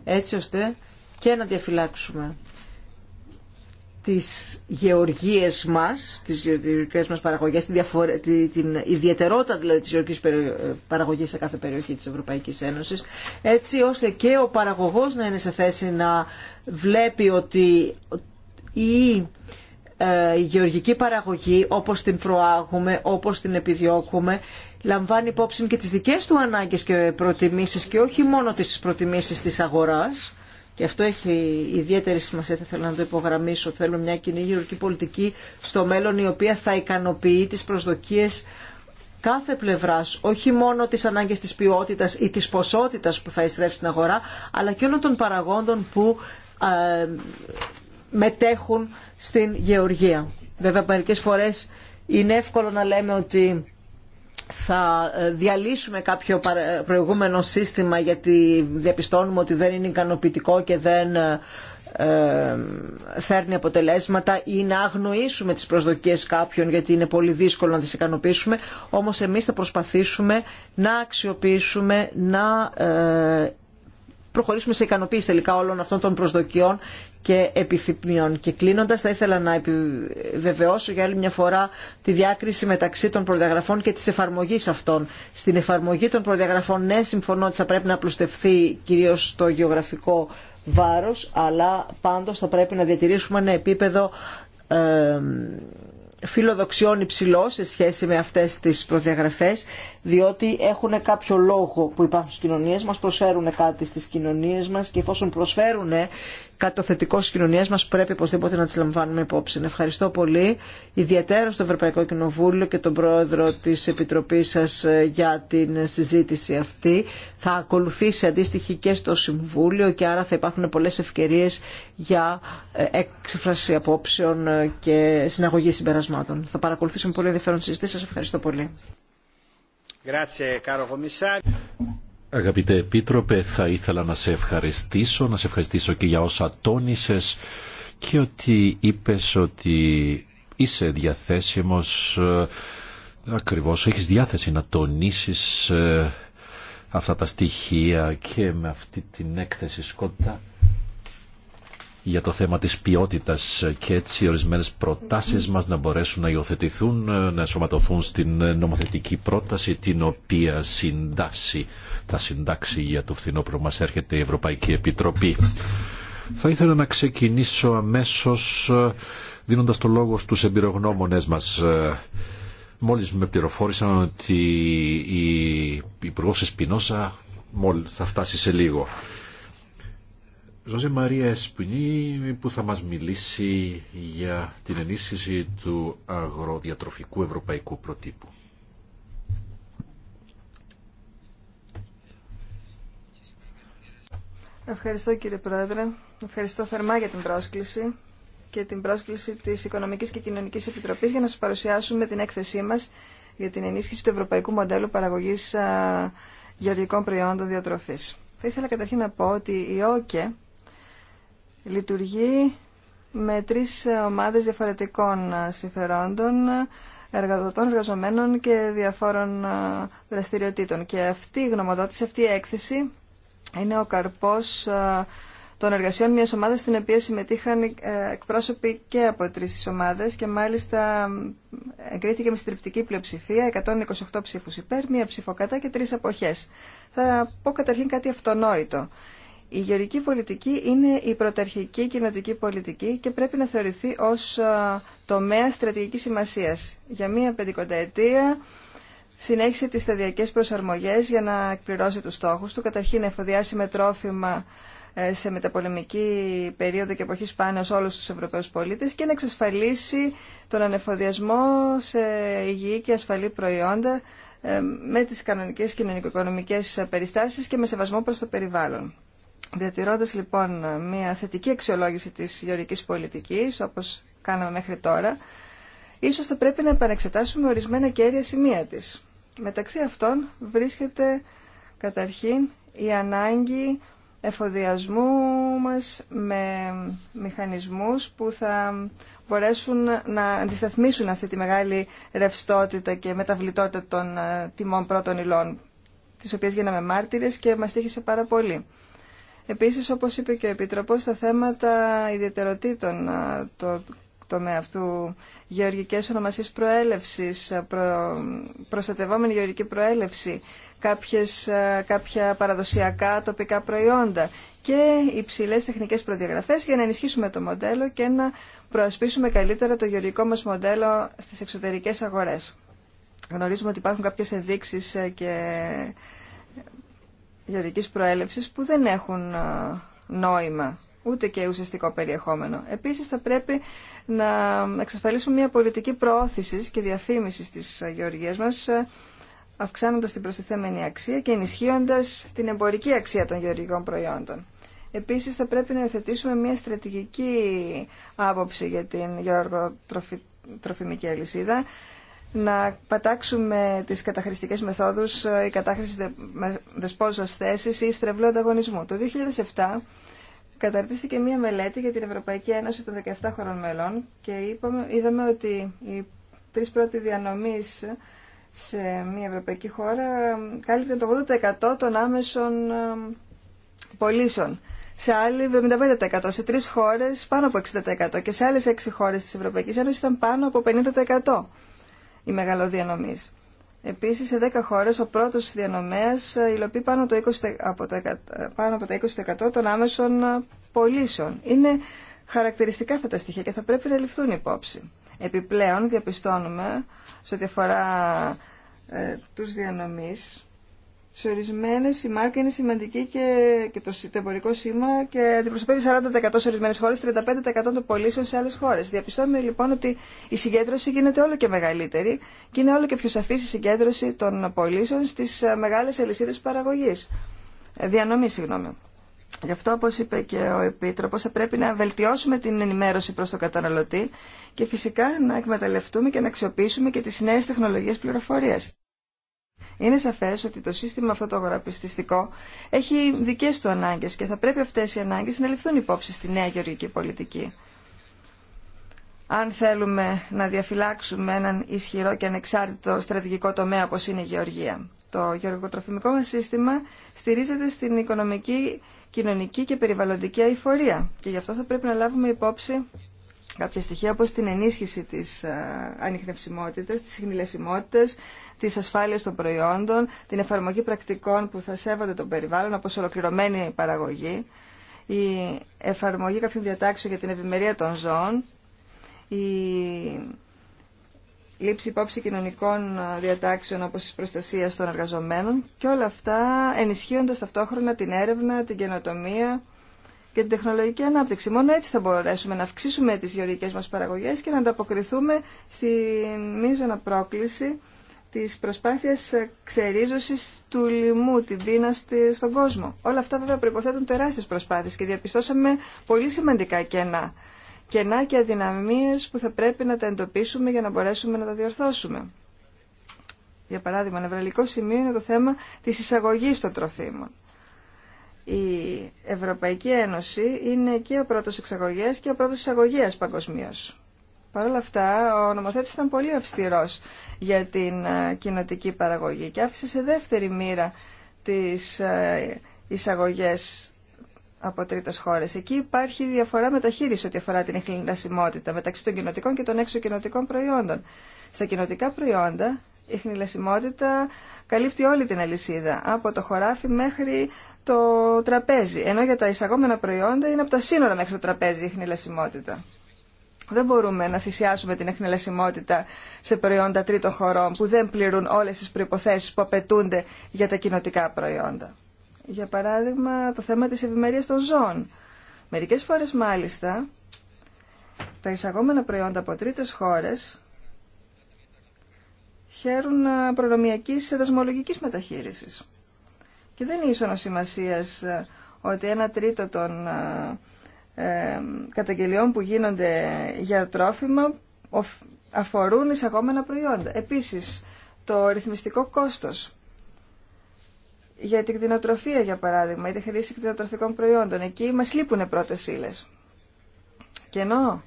Έτσι ώστε και να διαφυλάξουμε τις γεωργίες μας, τις γεωργικές μας παραγωγές, την, διαφορε... την ιδιαιτερότητα δηλαδή της γεωργικής παραγωγής σε κάθε περιοχή της Ευρωπαϊκής Ένωσης, έτσι ώστε και ο παραγωγός να είναι σε θέση να βλέπει ότι η ε, γεωργική παραγωγή, όπως την προάγουμε, όπως την επιδιώκουμε, λαμβάνει υπόψη και τις δικές του ανάγκες και προτιμήσεις και όχι μόνο τις προτιμήσεις της αγοράς, και αυτό έχει ιδιαίτερη σημασία, θα θέλω να το υπογραμμίσω. Θέλουμε μια κοινή γεωργική πολιτική στο μέλλον η οποία θα ικανοποιεί τις προσδοκίες κάθε πλευράς, όχι μόνο τις ανάγκες της ποιότητας ή της ποσότητας που θα ειστρέψει στην αγορά, αλλά και όλων των παραγόντων που ε, μετέχουν στην γεωργία. Βέβαια, μερικέ φορές είναι εύκολο να λέμε ότι θα ε, διαλύσουμε κάποιο προηγούμενο σύστημα γιατί διαπιστώνουμε ότι δεν είναι ικανοποιητικό και δεν ε, ε, φέρνει αποτελέσματα ή να αγνοήσουμε τις προσδοκίες κάποιων γιατί είναι πολύ δύσκολο να τις ικανοποιήσουμε όμως εμείς θα προσπαθήσουμε να αξιοποιήσουμε να προχωρήσουμε σε ικανοποίηση τελικά όλων αυτών των προσδοκιών και επιθυμιών. Και κλείνοντα, θα ήθελα να επιβεβαιώσω για άλλη μια φορά τη διάκριση μεταξύ των προδιαγραφών και τη εφαρμογή αυτών. Στην εφαρμογή των προδιαγραφών, ναι, συμφωνώ ότι θα πρέπει να απλουστευτεί κυρίω το γεωγραφικό βάρος, αλλά πάντως θα πρέπει να διατηρήσουμε ένα επίπεδο ε, φιλοδοξιών υψηλό σε σχέση με αυτές τις προδιαγραφές διότι έχουν κάποιο λόγο που υπάρχουν στις κοινωνίες μας, προσφέρουν κάτι στις κοινωνίες μας και εφόσον προσφέρουν κάτι το θετικό στις μας πρέπει οπωσδήποτε να τι λαμβάνουμε υπόψη. Ευχαριστώ πολύ, ιδιαίτερα στο Ευρωπαϊκό Κοινοβούλιο και τον Πρόεδρο της Επιτροπής σα ε, για την συζήτηση αυτή. Θα ακολουθήσει αντίστοιχη και στο Συμβούλιο και άρα θα υπάρχουν πολλές ευκαιρίες για ε, έξεφραση απόψεων ε, και συναγωγή συμπερασμάτων. Θα παρακολουθήσουμε πολύ ενδιαφέρον συζήτηση. σα ευχαριστώ πολύ. Αγαπητέ Επίτροπε, θα ήθελα να σε ευχαριστήσω, να σε ευχαριστήσω και για όσα τόνισες και ότι είπες ότι είσαι διαθέσιμος, ε, ακριβώς έχεις διάθεση να τονίσεις ε, αυτά τα στοιχεία και με αυτή την έκθεση σκοτά για το θέμα της ποιότητας και έτσι ορισμένες προτάσεις μας να μπορέσουν να υιοθετηθούν, να σωματωθούν στην νομοθετική πρόταση την οποία συντάσσει, θα συντάξει για το φθινόπωρο μας έρχεται η Ευρωπαϊκή Επιτροπή. Θα ήθελα να ξεκινήσω αμέσως ε, δίνοντας το λόγο στους εμπειρογνώμονες μας. Ε, μόλις με πληροφόρησαν ότι η Υπουργός Εσπινόσα θα φτάσει σε λίγο. Ζωζέ Μαρία Εσπινή που θα μας μιλήσει για την ενίσχυση του αγροδιατροφικού ευρωπαϊκού προτύπου. Ευχαριστώ κύριε Πρόεδρε. Ευχαριστώ θερμά για την πρόσκληση και την πρόσκληση της Οικονομικής και Κοινωνικής Επιτροπής για να σας παρουσιάσουμε την έκθεσή μας για την ενίσχυση του ευρωπαϊκού μοντέλου παραγωγής γεωργικών προϊόντων διατροφής. Θα ήθελα καταρχήν να πω ότι η ΟΚΕ λειτουργεί με τρεις ομάδες διαφορετικών ε, συμφερόντων, εργαδοτών, εργαζομένων και διαφόρων ε, δραστηριοτήτων. Και αυτή η γνωμοδότηση, αυτή η έκθεση είναι ο καρπός ε, των εργασιών μιας ομάδας στην οποία συμμετείχαν εκπρόσωποι και από τρεις ομάδες και μάλιστα εγκρίθηκε με συντριπτική πλειοψηφία, 128 ψήφους υπέρ, μία ψήφο και τρεις αποχές. Θα πω καταρχήν κάτι αυτονόητο. Η γεωργική πολιτική είναι η πρωταρχική κοινοτική πολιτική και πρέπει να θεωρηθεί ως ε, τομέα στρατηγικής σημασίας. Για μία πεντηκονταετία συνέχισε τις σταδιακές προσαρμογές για να εκπληρώσει τους στόχους του. Καταρχήν εφοδιάσει με τρόφιμα ε, σε μεταπολεμική περίοδο και εποχή σπάνια σε όλους τους Ευρωπαίους πολίτες και να εξασφαλίσει τον ανεφοδιασμό σε υγιή και ασφαλή προϊόντα ε, με τις κανονικές κοινωνικο-οικονομικές περιστάσεις και με σεβασμό προς το περιβάλλον. Διατηρώντας λοιπόν μια θετική αξιολόγηση της γεωργικής πολιτικής, όπως κάναμε μέχρι τώρα, ίσως θα πρέπει να επανεξετάσουμε ορισμένα κέρια σημεία της. Μεταξύ αυτών βρίσκεται καταρχήν η ανάγκη εφοδιασμού μας με μηχανισμούς που θα μπορέσουν να αντισταθμίσουν αυτή τη μεγάλη ρευστότητα και μεταβλητότητα των ε, τιμών πρώτων υλών, τις οποίες γίναμε μάρτυρες και μας τύχησε πάρα πολύ. Επίσης, όπως είπε και ο Επιτροπός, τα θέματα ιδιαιτεροτήτων το τομέα αυτού, γεωργικές ονομασίες προέλευσης, προ, προστατευόμενη γεωργική προέλευση, κάποιες, κάποια παραδοσιακά τοπικά προϊόντα και υψηλέ τεχνικές προδιαγραφές για να ενισχύσουμε το μοντέλο και να προασπίσουμε καλύτερα το γεωργικό μας μοντέλο στις εξωτερικές αγορές. Γνωρίζουμε ότι υπάρχουν κάποιες ενδείξεις και γεωργικής προέλευσης που δεν έχουν ε, νόημα ούτε και ουσιαστικό περιεχόμενο. Επίσης θα πρέπει να εξασφαλίσουμε μια πολιτική προώθησης και διαφήμισης της ε, γεωργίας μας ε, αυξάνοντας την προστιθέμενη αξία και ενισχύοντας την εμπορική αξία των γεωργικών προϊόντων. Επίσης θα πρέπει να υιοθετήσουμε μια στρατηγική άποψη για την γεωργοτροφημική αλυσίδα να πατάξουμε τις καταχρηστικές μεθόδους, ε, η κατάχρηση δεσπόζας θέσης ή στρεβλό ανταγωνισμού. Το 2007 καταρτίστηκε μία μελέτη για την Ευρωπαϊκή Ένωση των 17 χωρών μελών και είπαμε, είδαμε ότι οι τρεις πρώτοι διανομής σε μία ευρωπαϊκή χώρα κάλυπταν το 80% των άμεσων ε, πωλήσεων. Σε άλλη 75%, σε τρεις χώρες πάνω από 60% και σε άλλες έξι χώρες της Ευρωπαϊκής Ένωση ήταν πάνω από 50% η μεγαλοδιανομή. Επίσης, σε 10 χώρε ο πρώτος διανομέας υλοποιεί πάνω, το 20, από, το, πάνω από τα 20% των άμεσων ε, πωλήσεων. Είναι χαρακτηριστικά αυτά τα στοιχεία και θα πρέπει να ληφθούν υπόψη. Επιπλέον, διαπιστώνουμε, σε ό,τι αφορά ε, τους σε ορισμένε η μάρκα είναι σημαντική και, και το, εμπορικό σήμα και αντιπροσωπεύει 40% σε ορισμένε χώρε, 35% των πωλήσεων σε άλλε χώρε. Διαπιστώνουμε λοιπόν ότι η συγκέντρωση γίνεται όλο και μεγαλύτερη και είναι όλο και πιο σαφή η συγκέντρωση των πωλήσεων στι ε, μεγάλε αλυσίδε παραγωγή. Ε, διανομή, συγγνώμη. Γι' αυτό, όπω είπε και ο Επίτροπο, θα πρέπει να βελτιώσουμε την ενημέρωση προ τον καταναλωτή και φυσικά να εκμεταλλευτούμε και να αξιοποιήσουμε και τι νέε τεχνολογίε πληροφορία. Είναι σαφές ότι το σύστημα αυτό το αγοραπιστιστικό έχει δικές του ανάγκες και θα πρέπει αυτές οι ανάγκες να ληφθούν υπόψη στη νέα γεωργική πολιτική. Αν θέλουμε να διαφυλάξουμε έναν ισχυρό και ανεξάρτητο στρατηγικό τομέα όπως είναι η γεωργία. Το γεωργοτροφημικό μας σύστημα στηρίζεται στην οικονομική, κοινωνική και περιβαλλοντική αηφορία και γι' αυτό θα πρέπει να λάβουμε υπόψη κάποια στοιχεία όπως την ενίσχυση της ε, ανιχνευσιμότητας, της συχνηλεσιμότητας, της ασφάλειας των προϊόντων, την εφαρμογή πρακτικών που θα σέβονται τον περιβάλλον όπως ολοκληρωμένη παραγωγή, η εφαρμογή κάποιων διατάξεων για την ευημερία των ζώων, η λήψη υπόψη κοινωνικών ε, διατάξεων όπως της προστασίας των εργαζομένων και όλα αυτά ενισχύοντας ταυτόχρονα την έρευνα, την καινοτομία και την τεχνολογική ανάπτυξη. Μόνο έτσι θα μπορέσουμε να αυξήσουμε τις γεωργικές μας παραγωγές και να ανταποκριθούμε στη μείζωνα πρόκληση της προσπάθειας ξερίζωσης του λοιμού, την πείνα στον κόσμο. Όλα αυτά βέβαια προϋποθέτουν τεράστιες προσπάθειες και διαπιστώσαμε πολύ σημαντικά κενά. Κενά και αδυναμίες που θα πρέπει να τα εντοπίσουμε για να μπορέσουμε να τα διορθώσουμε. Για παράδειγμα, νευραλικό σημείο είναι το θέμα της εισαγωγής των τροφίμων η Ευρωπαϊκή Ένωση είναι και ο πρώτος εξαγωγέας και ο πρώτος εισαγωγέας παγκοσμίω. Παρ' όλα αυτά, ο νομοθέτης ήταν πολύ αυστηρός για την ε, κοινοτική παραγωγή και άφησε σε δεύτερη μοίρα τις ε, εισαγωγές από τρίτες χώρες. Εκεί υπάρχει διαφορά μεταχείριση ό,τι αφορά την εχληνασιμότητα μεταξύ των κοινοτικών και των έξω κοινοτικών προϊόντων. Στα κοινοτικά προϊόντα η χνηλασιμότητα καλύπτει όλη την αλυσίδα, από το χωράφι μέχρι το τραπέζι. Ενώ για τα εισαγόμενα προϊόντα είναι από τα σύνορα μέχρι το τραπέζι η χνηλασιμότητα. Δεν μπορούμε να θυσιάσουμε την εχνηλασιμότητα σε προϊόντα τρίτων χωρών που δεν πληρούν όλες τις προϋποθέσεις που απαιτούνται για τα κοινοτικά προϊόντα. Για παράδειγμα, το θέμα της ευημερίας των ζώων. Μερικές φορές μάλιστα, τα εισαγόμενα προϊόντα από τρίτες χώρες χαίρουν ε, προνομιακής ε, δασμολογική μεταχείρισης. Και δεν είναι ίσονο σημασία ε, ότι ένα τρίτο των καταγγελιών που γίνονται για τρόφιμα αφορούν εισαγόμενα προϊόντα. Επίσης, το ρυθμιστικό κόστος για την κτηνοτροφία, για παράδειγμα, ή τη χρήση κτηνοτροφικών προϊόντων. Εκεί μας λείπουν πρώτες ύλε. Και ενώ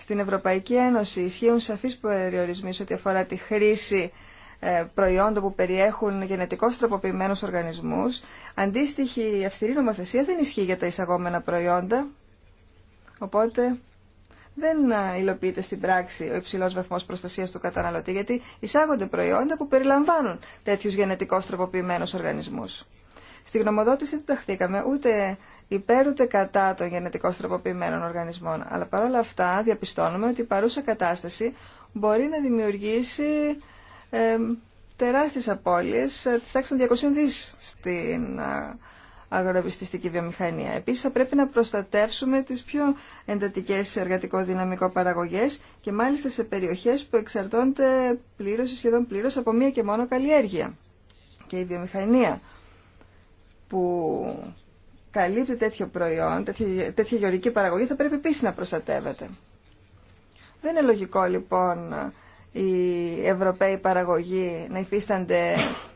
στην Ευρωπαϊκή Ένωση ισχύουν σαφείς περιορισμοί σε ό,τι αφορά τη χρήση ε, προϊόντων που περιέχουν γενετικώς τροποποιημένους οργανισμούς, αντίστοιχη αυστηρή νομοθεσία δεν ισχύει για τα εισαγόμενα προϊόντα, οπότε δεν ε, υλοποιείται στην πράξη ο υψηλό βαθμό προστασία του καταναλωτή, γιατί εισάγονται προϊόντα που περιλαμβάνουν τέτοιου γενετικώ τροποποιημένου οργανισμού. Στη γνωμοδότηση δεν ταχθήκαμε ούτε υπέρ ούτε κατά των γενετικώ τροποποιημένων οργανισμών. Αλλά παρόλα αυτά διαπιστώνουμε ότι η παρούσα κατάσταση μπορεί να δημιουργήσει ε, τεράστιες απώλειες ε, της τάξης των 200 δις στην αγροεπιστηστική βιομηχανία. Επίσης θα πρέπει να προστατεύσουμε τις πιο εντατικές εργατικό δυναμικό παραγωγές και μάλιστα σε περιοχές που εξαρτώνται πλήρως ή σχεδόν πλήρως από μία και μόνο καλλιέργεια. Και η βιομηχανία που καλύπτει τέτοιο προϊόν, τέτοια, γεωρική παραγωγή, θα πρέπει επίση να προστατεύεται. Δεν είναι λογικό λοιπόν οι Ευρωπαίοι παραγωγοί να υφίστανται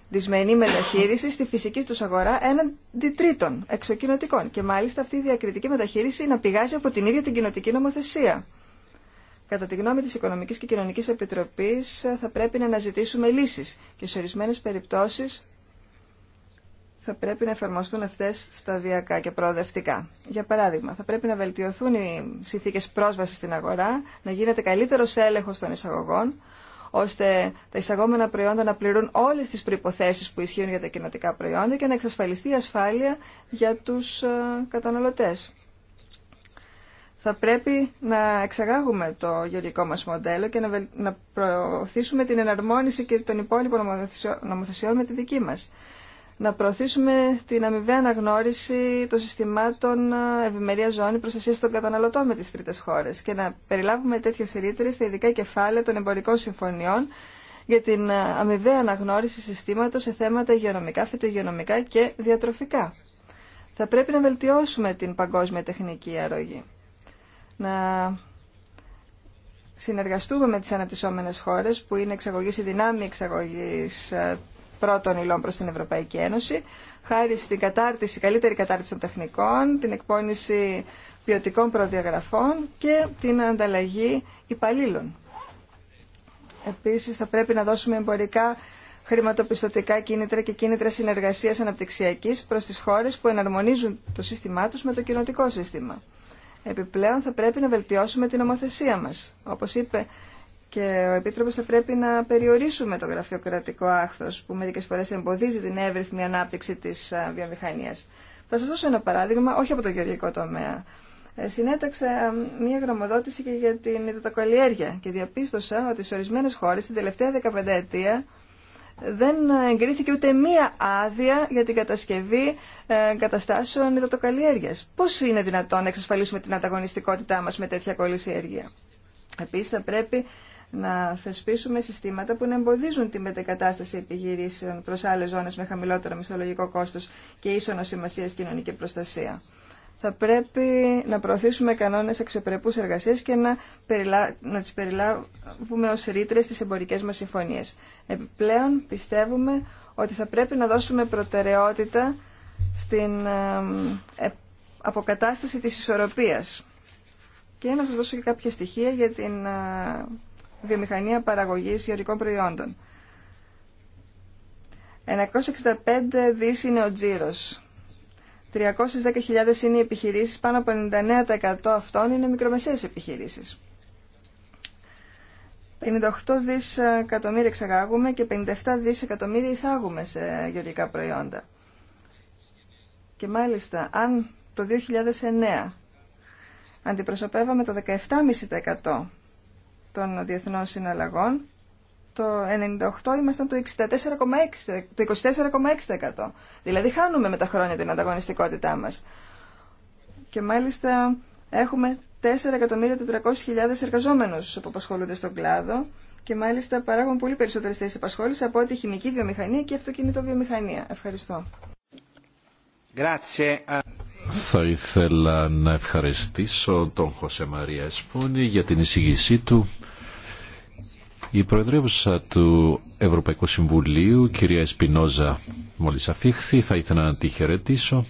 δυσμενή μεταχείριση στη φυσική του αγορά έναντι τρίτων εξοκοινοτικών. Και μάλιστα αυτή η διακριτική μεταχείριση να πηγάζει από την ίδια την κοινοτική νομοθεσία. Κατά τη γνώμη τη Οικονομική και Κοινωνική Επιτροπή, θα πρέπει να αναζητήσουμε λύσει και σε ορισμένε περιπτώσει θα πρέπει να εφαρμοστούν αυτές σταδιακά και προοδευτικά. Για παράδειγμα, θα πρέπει να βελτιωθούν οι συνθήκες πρόσβασης στην αγορά, να γίνεται καλύτερος έλεγχος των εισαγωγών, ώστε τα εισαγόμενα προϊόντα να πληρούν όλες τις προϋποθέσεις που ισχύουν για τα κοινοτικά προϊόντα και να εξασφαλιστεί η ασφάλεια για τους ε, καταναλωτές. Θα πρέπει να εξαγάγουμε το γεωργικό μας μοντέλο και να προωθήσουμε την εναρμόνιση και των υπόλοιπων νομοθεσιών με τη δική μας να προωθήσουμε την αμοιβαία αναγνώριση των συστημάτων ε, ευημερία ζώνη προστασία των καταναλωτών με τι τρίτε χώρε και να περιλάβουμε τέτοιε ρήτρε στα ειδικά κεφάλαια των εμπορικών συμφωνιών για την ε, αμοιβαία αναγνώριση συστήματο σε θέματα υγειονομικά, φυτογειονομικά και διατροφικά. Θα πρέπει να βελτιώσουμε την παγκόσμια τεχνική αρρωγή. Να συνεργαστούμε με τις αναπτυσσόμενες χώρες που είναι εξαγωγή ή δυνάμει εξαγωγής ε, πρώτων υλών προς την Ευρωπαϊκή Ένωση, χάρη στην κατάρτιση, καλύτερη κατάρτιση των τεχνικών, την εκπόνηση ποιοτικών προδιαγραφών και την ανταλλαγή υπαλλήλων. Επίσης, θα πρέπει να δώσουμε εμπορικά χρηματοπιστωτικά κίνητρα και κίνητρα συνεργασίας αναπτυξιακής προ τι χώρε που εναρμονίζουν το σύστημά του με το κοινοτικό σύστημα. Επιπλέον θα πρέπει να βελτιώσουμε την ομοθεσία μα. Όπως είπε και ο Επίτροπο θα πρέπει να περιορίσουμε το γραφειοκρατικό άχθο που μερικέ φορέ εμποδίζει την εύρυθμη ανάπτυξη τη βιομηχανία. Θα σα δώσω ένα παράδειγμα, όχι από το γεωργικό τομέα. Ε, συνέταξα μία γραμμοδότηση και για την υδατοκαλλιέργεια και διαπίστωσα ότι σε ορισμένε χώρε την τελευταία 15 ετία δεν εγκρίθηκε ούτε μία άδεια για την κατασκευή ε, καταστάσεων υδατοκαλλιέργεια. Πώ είναι δυνατόν να εξασφαλίσουμε την ανταγωνιστικότητά μα με τέτοια κολλησιέργεια. Επίση θα πρέπει να θεσπίσουμε συστήματα που να εμποδίζουν τη μετεκατάσταση επιχειρήσεων προς άλλες ζώνες με χαμηλότερο μισθολογικό κόστος και ίσονο σημασία κοινωνική προστασία. Θα πρέπει να προωθήσουμε κανόνες αξιοπρεπούς εργασίες και να, περιλα... να τις περιλάβουμε ως ρήτρε στις εμπορικές μας συμφωνίες. Επιπλέον πιστεύουμε ότι θα πρέπει να δώσουμε προτεραιότητα στην ε, αποκατάσταση της ισορροπίας. Και να σας δώσω και κάποια στοιχεία για την ε, βιομηχανία παραγωγή γεωργικών προϊόντων. 965 δι είναι ο τζίρο. 310.000 είναι οι επιχειρήσει, πάνω από 99% αυτών είναι μικρομεσαίες επιχειρήσει. 58 δις εκατομμύρια εξαγάγουμε και 57 δις εκατομμύρια εισάγουμε σε γεωργικά προϊόντα. Και μάλιστα, αν το 2009 αντιπροσωπεύαμε το 17,5% των διεθνών συναλλαγών, το 98 ήμασταν το 24,6%, Το 24,6%. Δηλαδή χάνουμε με τα χρόνια την ανταγωνιστικότητά μας. Και μάλιστα έχουμε 4.400.000 εργαζόμενους που απασχολούνται στον κλάδο και μάλιστα παράγουν πολύ περισσότερες θέσεις επασχόλησης από ό,τι χημική βιομηχανία και αυτοκινητοβιομηχανία. Ευχαριστώ. Θα ήθελα να ευχαριστήσω τον Χωσέ Μαρία Εσπούνη για την εισηγήσή του. Η Προεδρεύουσα του Ευρωπαϊκού Συμβουλίου, κυρία Εσπινόζα, μόλις αφήχθη, θα ήθελα να τη χαιρετήσω.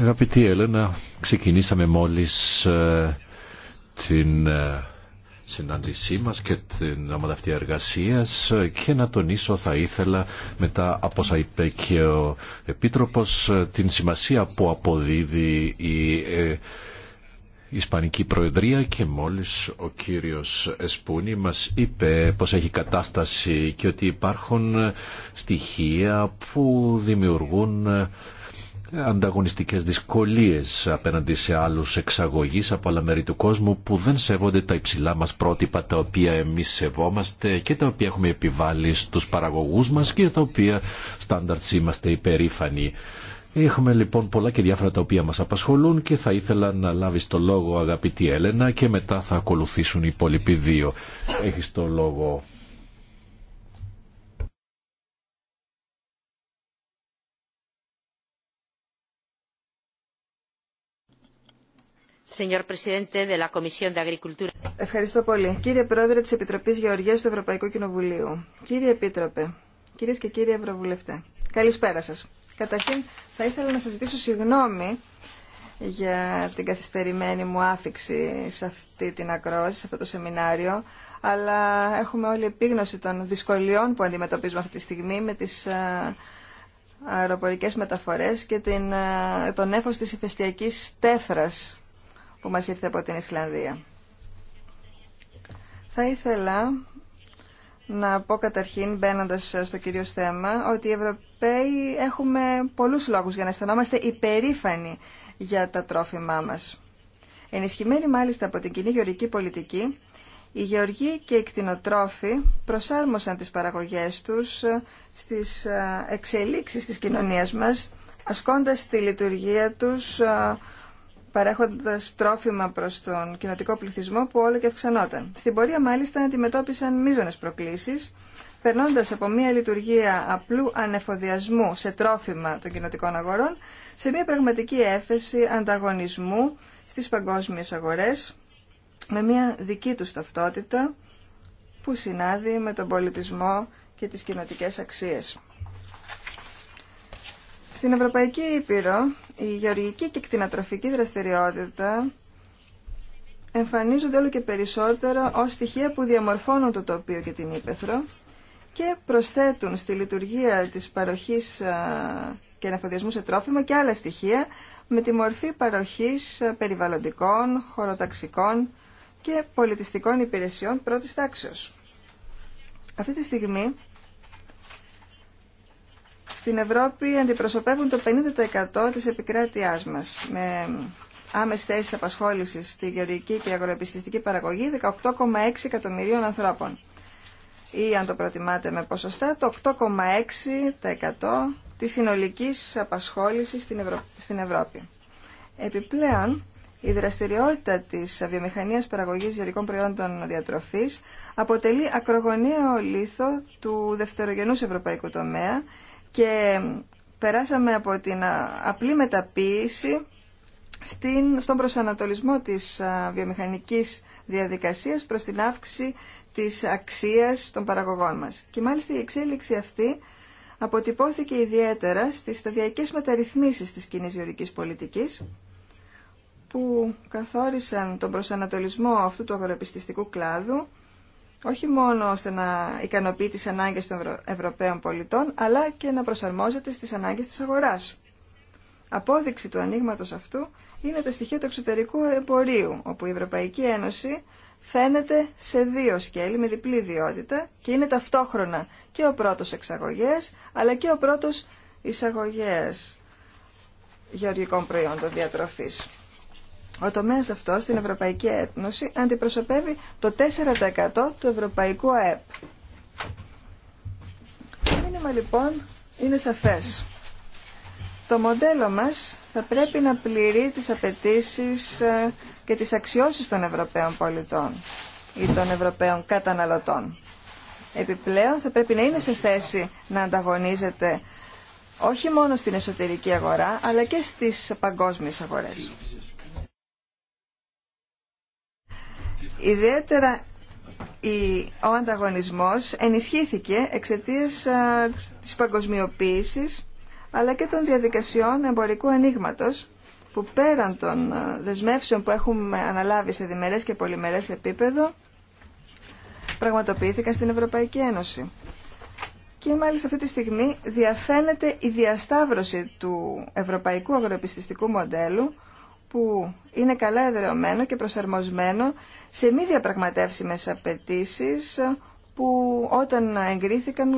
Αγαπητή Έλενα, ξεκινήσαμε μόλις ε, την ε, συνάντησή μας και την ομάδα αυτή εργασίας και να τονίσω θα ήθελα μετά από όσα είπε και ο Επίτροπος την σημασία που αποδίδει η ε, Ισπανική Προεδρία και μόλις ο κύριος Εσπούνη μας είπε πως έχει κατάσταση και ότι υπάρχουν στοιχεία που δημιουργούν ανταγωνιστικές δυσκολίες απέναντι σε άλλους εξαγωγείς από άλλα μέρη του κόσμου που δεν σέβονται τα υψηλά μας πρότυπα τα οποία εμείς σεβόμαστε και τα οποία έχουμε επιβάλει στους παραγωγούς μας και τα οποία στάνταρτς είμαστε υπερήφανοι. Έχουμε λοιπόν πολλά και διάφορα τα οποία μας απασχολούν και θα ήθελα να λάβεις το λόγο αγαπητή Έλενα και μετά θα ακολουθήσουν οι υπόλοιποι δύο. Έχεις το λόγο. Ευχαριστώ πολύ. Κύριε Πρόεδρε της Επιτροπής Γεωργίας του Ευρωπαϊκού Κοινοβουλίου, κύριε Επίτροπε, κυρίες και κύριοι Ευρωβουλευτέ, καλησπέρα σας. Καταρχήν θα ήθελα να σας ζητήσω συγγνώμη για την καθυστερημένη μου άφηξη σε αυτή την ακρόαση, σε αυτό το σεμινάριο, αλλά έχουμε όλη επίγνωση των δυσκολιών που αντιμετωπίζουμε αυτή τη στιγμή με τις ε, αεροπορικές μεταφορές και ε, τον έφος της ηφαιστιακής τέφρας που μας ήρθε από την Ισλανδία. Θα ήθελα να πω καταρχήν, μπαίνοντα στο κύριο θέμα, ότι οι Ευρωπαίοι έχουμε πολλούς λόγους για να αισθανόμαστε υπερήφανοι για τα τρόφιμά μας. Ενισχυμένοι μάλιστα από την κοινή γεωργική πολιτική, οι γεωργοί και οι κτηνοτρόφοι προσάρμοσαν τις παραγωγές τους στις ε, εξελίξεις της κοινωνίας μας, ασκώντας τη λειτουργία τους ε, Παρέχοντα τρόφιμα προς τον κοινοτικό πληθυσμό που όλο και αυξανόταν. Στην πορεία μάλιστα αντιμετώπισαν μείζονε προκλήσεις, περνώντας από μια λειτουργία απλού ανεφοδιασμού σε τρόφιμα των κοινοτικών αγορών σε μια πραγματική έφεση ανταγωνισμού στις παγκόσμιε αγορές με μια δική του ταυτότητα που συνάδει με τον πολιτισμό και τις κοινοτικές αξίες. Στην Ευρωπαϊκή Ήπειρο η γεωργική και κτηνατροφική δραστηριότητα εμφανίζονται όλο και περισσότερο ως στοιχεία που διαμορφώνουν το τοπίο και την ύπεθρο και προσθέτουν στη λειτουργία της παροχής και αναφοδιασμού σε τρόφιμα και άλλα στοιχεία με τη μορφή παροχής περιβαλλοντικών, χωροταξικών και πολιτιστικών υπηρεσιών πρώτης τάξεως. Αυτή τη στιγμή στην Ευρώπη αντιπροσωπεύουν το 50% της επικράτειάς μας με άμεση θέση απασχόληση στη γεωργική και αγροεπιστηστική παραγωγή 18,6 εκατομμυρίων ανθρώπων ή αν το προτιμάτε με ποσοστά το 8,6% της συνολικής απασχόλησης στην, στην Ευρώπη. Επιπλέον, η δραστηριότητα της βιομηχανίας παραγωγής γεωργικών προϊόντων διατροφής αποτελεί ακρογωνιαίο λίθο του δευτερογενούς ευρωπαϊκού τομέα και περάσαμε από την απλή μεταποίηση στην, στον προσανατολισμό της βιομηχανικής διαδικασίας προς την αύξηση της αξίας των παραγωγών μας. Και μάλιστα η εξέλιξη αυτή αποτυπώθηκε ιδιαίτερα στις σταδιακές μεταρρυθμίσεις της κοινή γεωρικής πολιτικής που καθόρισαν τον προσανατολισμό αυτού του αγορεπιστικού κλάδου όχι μόνο ώστε να ικανοποιεί τις ανάγκες των Ευρωπαίων πολιτών, αλλά και να προσαρμόζεται στις ανάγκες της αγοράς. Απόδειξη του ανοίγματο αυτού είναι τα στοιχεία του εξωτερικού εμπορίου, όπου η Ευρωπαϊκή Ένωση φαίνεται σε δύο σκέλη με διπλή ιδιότητα και είναι ταυτόχρονα και ο πρώτος εξαγωγές, αλλά και ο πρώτος εισαγωγές γεωργικών προϊόντων διατροφής. Ο τομέας αυτό στην Ευρωπαϊκή Ένωση αντιπροσωπεύει το 4% του Ευρωπαϊκού ΑΕΠ. Το μήνυμα λοιπόν είναι σαφέ. Το μοντέλο μας θα πρέπει να πληρεί τις απαιτήσει ε, και τις αξιώσει των Ευρωπαίων πολιτών ή των Ευρωπαίων καταναλωτών. Επιπλέον θα πρέπει να είναι σε θέση να ανταγωνίζεται όχι μόνο στην εσωτερική αγορά αλλά και στις παγκόσμιες αγορές. Ιδιαίτερα ο ανταγωνισμός ενισχύθηκε εξαιτίας της παγκοσμιοποίησης αλλά και των διαδικασιών εμπορικού ανοίγματο που πέραν των δεσμεύσεων που έχουμε αναλάβει σε διμερές και πολυμερές επίπεδο πραγματοποιήθηκαν στην Ευρωπαϊκή Ένωση. Και μάλιστα αυτή τη στιγμή διαφαίνεται η διασταύρωση του ευρωπαϊκού αγροεπιστηστικού μοντέλου που είναι καλά εδρεωμένο και προσαρμοσμένο σε μη διαπραγματεύσιμες απαιτήσει που όταν εγκρίθηκαν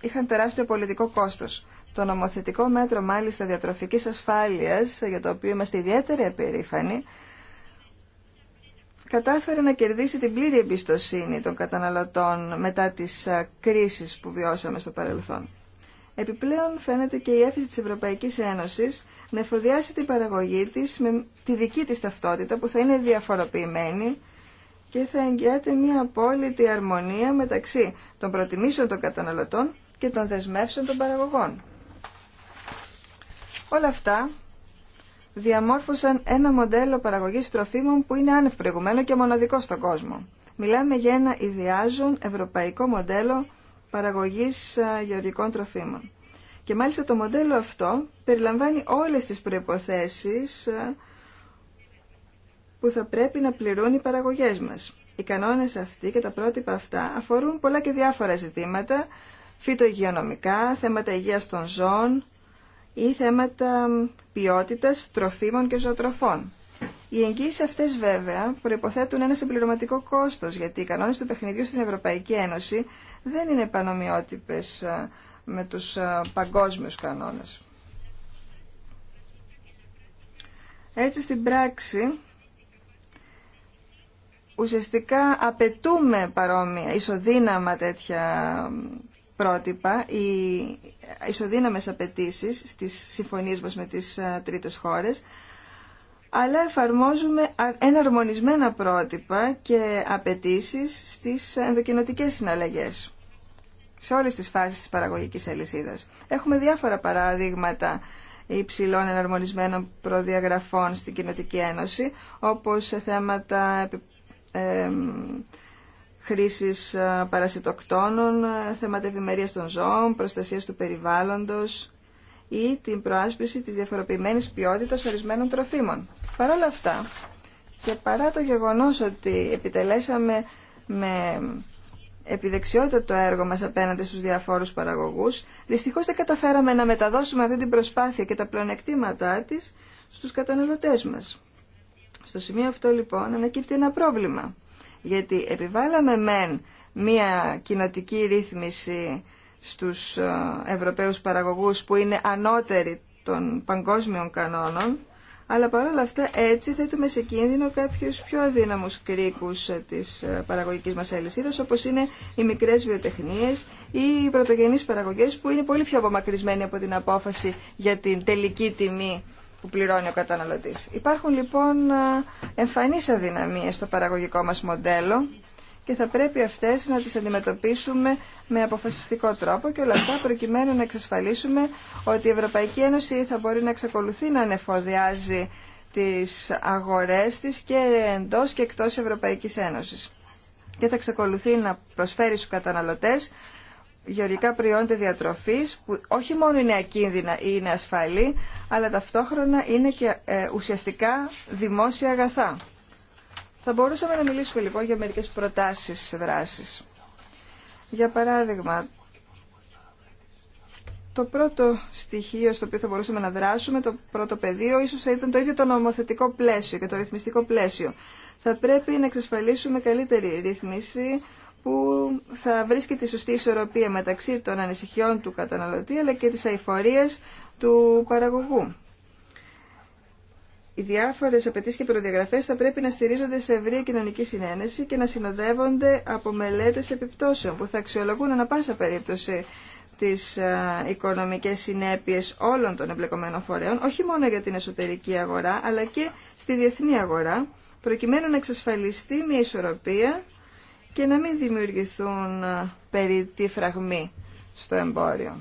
είχαν τεράστιο πολιτικό κόστος. Το νομοθετικό μέτρο μάλιστα διατροφικής ασφάλειας, για το οποίο είμαστε ιδιαίτερα επερήφανοι, κατάφερε να κερδίσει την πλήρη εμπιστοσύνη των καταναλωτών μετά τις κρίσεις που βιώσαμε στο παρελθόν. Επιπλέον φαίνεται και η έφηση της Ευρωπαϊκής Ένωσης να εφοδιάσει την παραγωγή της με τη δική της ταυτότητα που θα είναι διαφοροποιημένη και θα εγγυάται μια απόλυτη αρμονία μεταξύ των προτιμήσεων των καταναλωτών και των δεσμεύσεων των παραγωγών. Όλα αυτά διαμόρφωσαν ένα μοντέλο παραγωγής τροφίμων που είναι άνευ προηγουμένο και μοναδικό στον κόσμο. Μιλάμε για ένα ιδιάζον ευρωπαϊκό μοντέλο παραγωγής ε, γεωργικών τροφίμων. Και μάλιστα το μοντέλο αυτό περιλαμβάνει όλες τις προϋποθέσεις ε, που θα πρέπει να πληρούν οι παραγωγές μας. Οι κανόνες αυτοί και τα πρότυπα αυτά αφορούν πολλά και διάφορα ζητήματα, φυτογειονομικά, θέματα υγείας των ζώων ή θέματα ποιότητας τροφίμων και ζωοτροφών. Οι εγγύησει αυτέ βέβαια προποθέτουν ένα συμπληρωματικό κόστο, γιατί οι κανόνε του παιχνιδιού στην Ευρωπαϊκή Ένωση δεν είναι πανομοιότυπε ε, με τους παγκόσμιους κανόνες. Έτσι στην πράξη ουσιαστικά απαιτούμε παρόμοια, ισοδύναμα τέτοια πρότυπα, ή ισοδύναμες απαιτήσει στις συμφωνίες μας με τις τρίτες χώρες, αλλά εφαρμόζουμε εναρμονισμένα πρότυπα και απαιτήσει στις ενδοκινοτικές συναλλαγές σε όλες τις φάσεις της παραγωγικής αλυσίδας. Έχουμε διάφορα παραδείγματα υψηλών εναρμονισμένων προδιαγραφών στην Κοινοτική Ένωση, όπως σε θέματα χρήσης ε, παρασιτοκτόνων, θέματα ευημερίας των ζώων, προστασίας του περιβάλλοντος ή την προάσπιση της διαφοροποιημένης ποιότητας ορισμένων τροφίμων. Παρ' όλα αυτά, και παρά το γεγονός ότι επιτελέσαμε με επιδεξιότητα το έργο μας απέναντι στους διαφόρους παραγωγούς, δυστυχώς δεν καταφέραμε να μεταδώσουμε αυτή την προσπάθεια και τα πλεονεκτήματά της στους καταναλωτές μας. Στο σημείο αυτό λοιπόν ανακύπτει ένα πρόβλημα, γιατί επιβάλαμε μεν μία κοινοτική ρύθμιση στους ε, Ευρωπαίους παραγωγούς που είναι ανώτεροι των παγκόσμιων κανόνων, αλλά παρόλα αυτά έτσι θέτουμε σε κίνδυνο κάποιους πιο αδύναμους κρίκους της ε, παραγωγικής μας αλυσίδας, όπως είναι οι μικρές βιοτεχνίες ή οι πρωτογενείς παραγωγές που είναι πολύ πιο απομακρυσμένοι από την απόφαση για την τελική τιμή που πληρώνει ο καταναλωτής. Υπάρχουν λοιπόν ε, εμφανείς αδυναμίες στο παραγωγικό μας μοντέλο και θα πρέπει αυτές να τις αντιμετωπίσουμε με αποφασιστικό τρόπο και όλα αυτά προκειμένου να εξασφαλίσουμε ότι η Ευρωπαϊκή Ένωση θα μπορεί να εξακολουθεί να ανεφοδιάζει τις αγορές της και εντός και εκτός Ευρωπαϊκής Ένωσης και θα εξακολουθεί να προσφέρει στους καταναλωτές γεωργικά προϊόντα διατροφής που όχι μόνο είναι ακίνδυνα ή είναι ασφαλή αλλά ταυτόχρονα είναι και ε, ουσιαστικά δημόσια αγαθά. Θα μπορούσαμε να μιλήσουμε λοιπόν για μερικές προτάσεις δράσεις. Για παράδειγμα, το πρώτο στοιχείο στο οποίο θα μπορούσαμε να δράσουμε, το πρώτο πεδίο, ίσως θα ήταν το ίδιο το νομοθετικό πλαίσιο και το ρυθμιστικό πλαίσιο. Θα πρέπει να εξασφαλίσουμε καλύτερη ρύθμιση που θα βρίσκει τη σωστή ισορροπία μεταξύ των ανησυχιών του καταναλωτή αλλά και της αηφορίας του παραγωγού οι διάφορες απαιτήσει και προδιαγραφές θα πρέπει να στηρίζονται σε ευρεία κοινωνική συνένεση και να συνοδεύονται από μελέτες επιπτώσεων που θα αξιολογούν ανα πάσα περίπτωση τις ε, οικονομικές συνέπειες όλων των εμπλεκομένων φορέων, όχι μόνο για την εσωτερική αγορά, αλλά και στη διεθνή αγορά, προκειμένου να εξασφαλιστεί μια ισορροπία και να μην δημιουργηθούν ε, περί τη φραγμή στο εμπόριο.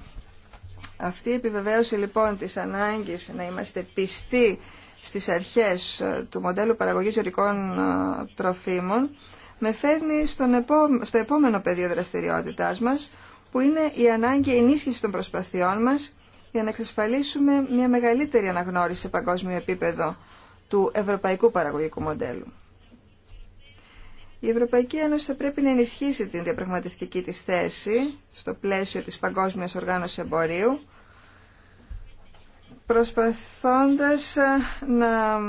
Αυτή η επιβεβαίωση λοιπόν της ανάγκης να είμαστε πιστοί στις αρχές ε, του μοντέλου παραγωγής γεωρικών ε, τροφίμων με φέρνει στον επό... στο επόμενο πεδίο δραστηριότητάς μας που είναι η ανάγκη ενίσχυσης των προσπαθειών μας για να εξασφαλίσουμε μια μεγαλύτερη αναγνώριση σε παγκόσμιο επίπεδο του ευρωπαϊκού παραγωγικού μοντέλου. Η Ευρωπαϊκή Ένωση θα πρέπει να ενισχύσει την διαπραγματευτική της θέση στο πλαίσιο της Παγκόσμιας Οργάνωσης Εμπορίου προσπαθώντας ε, να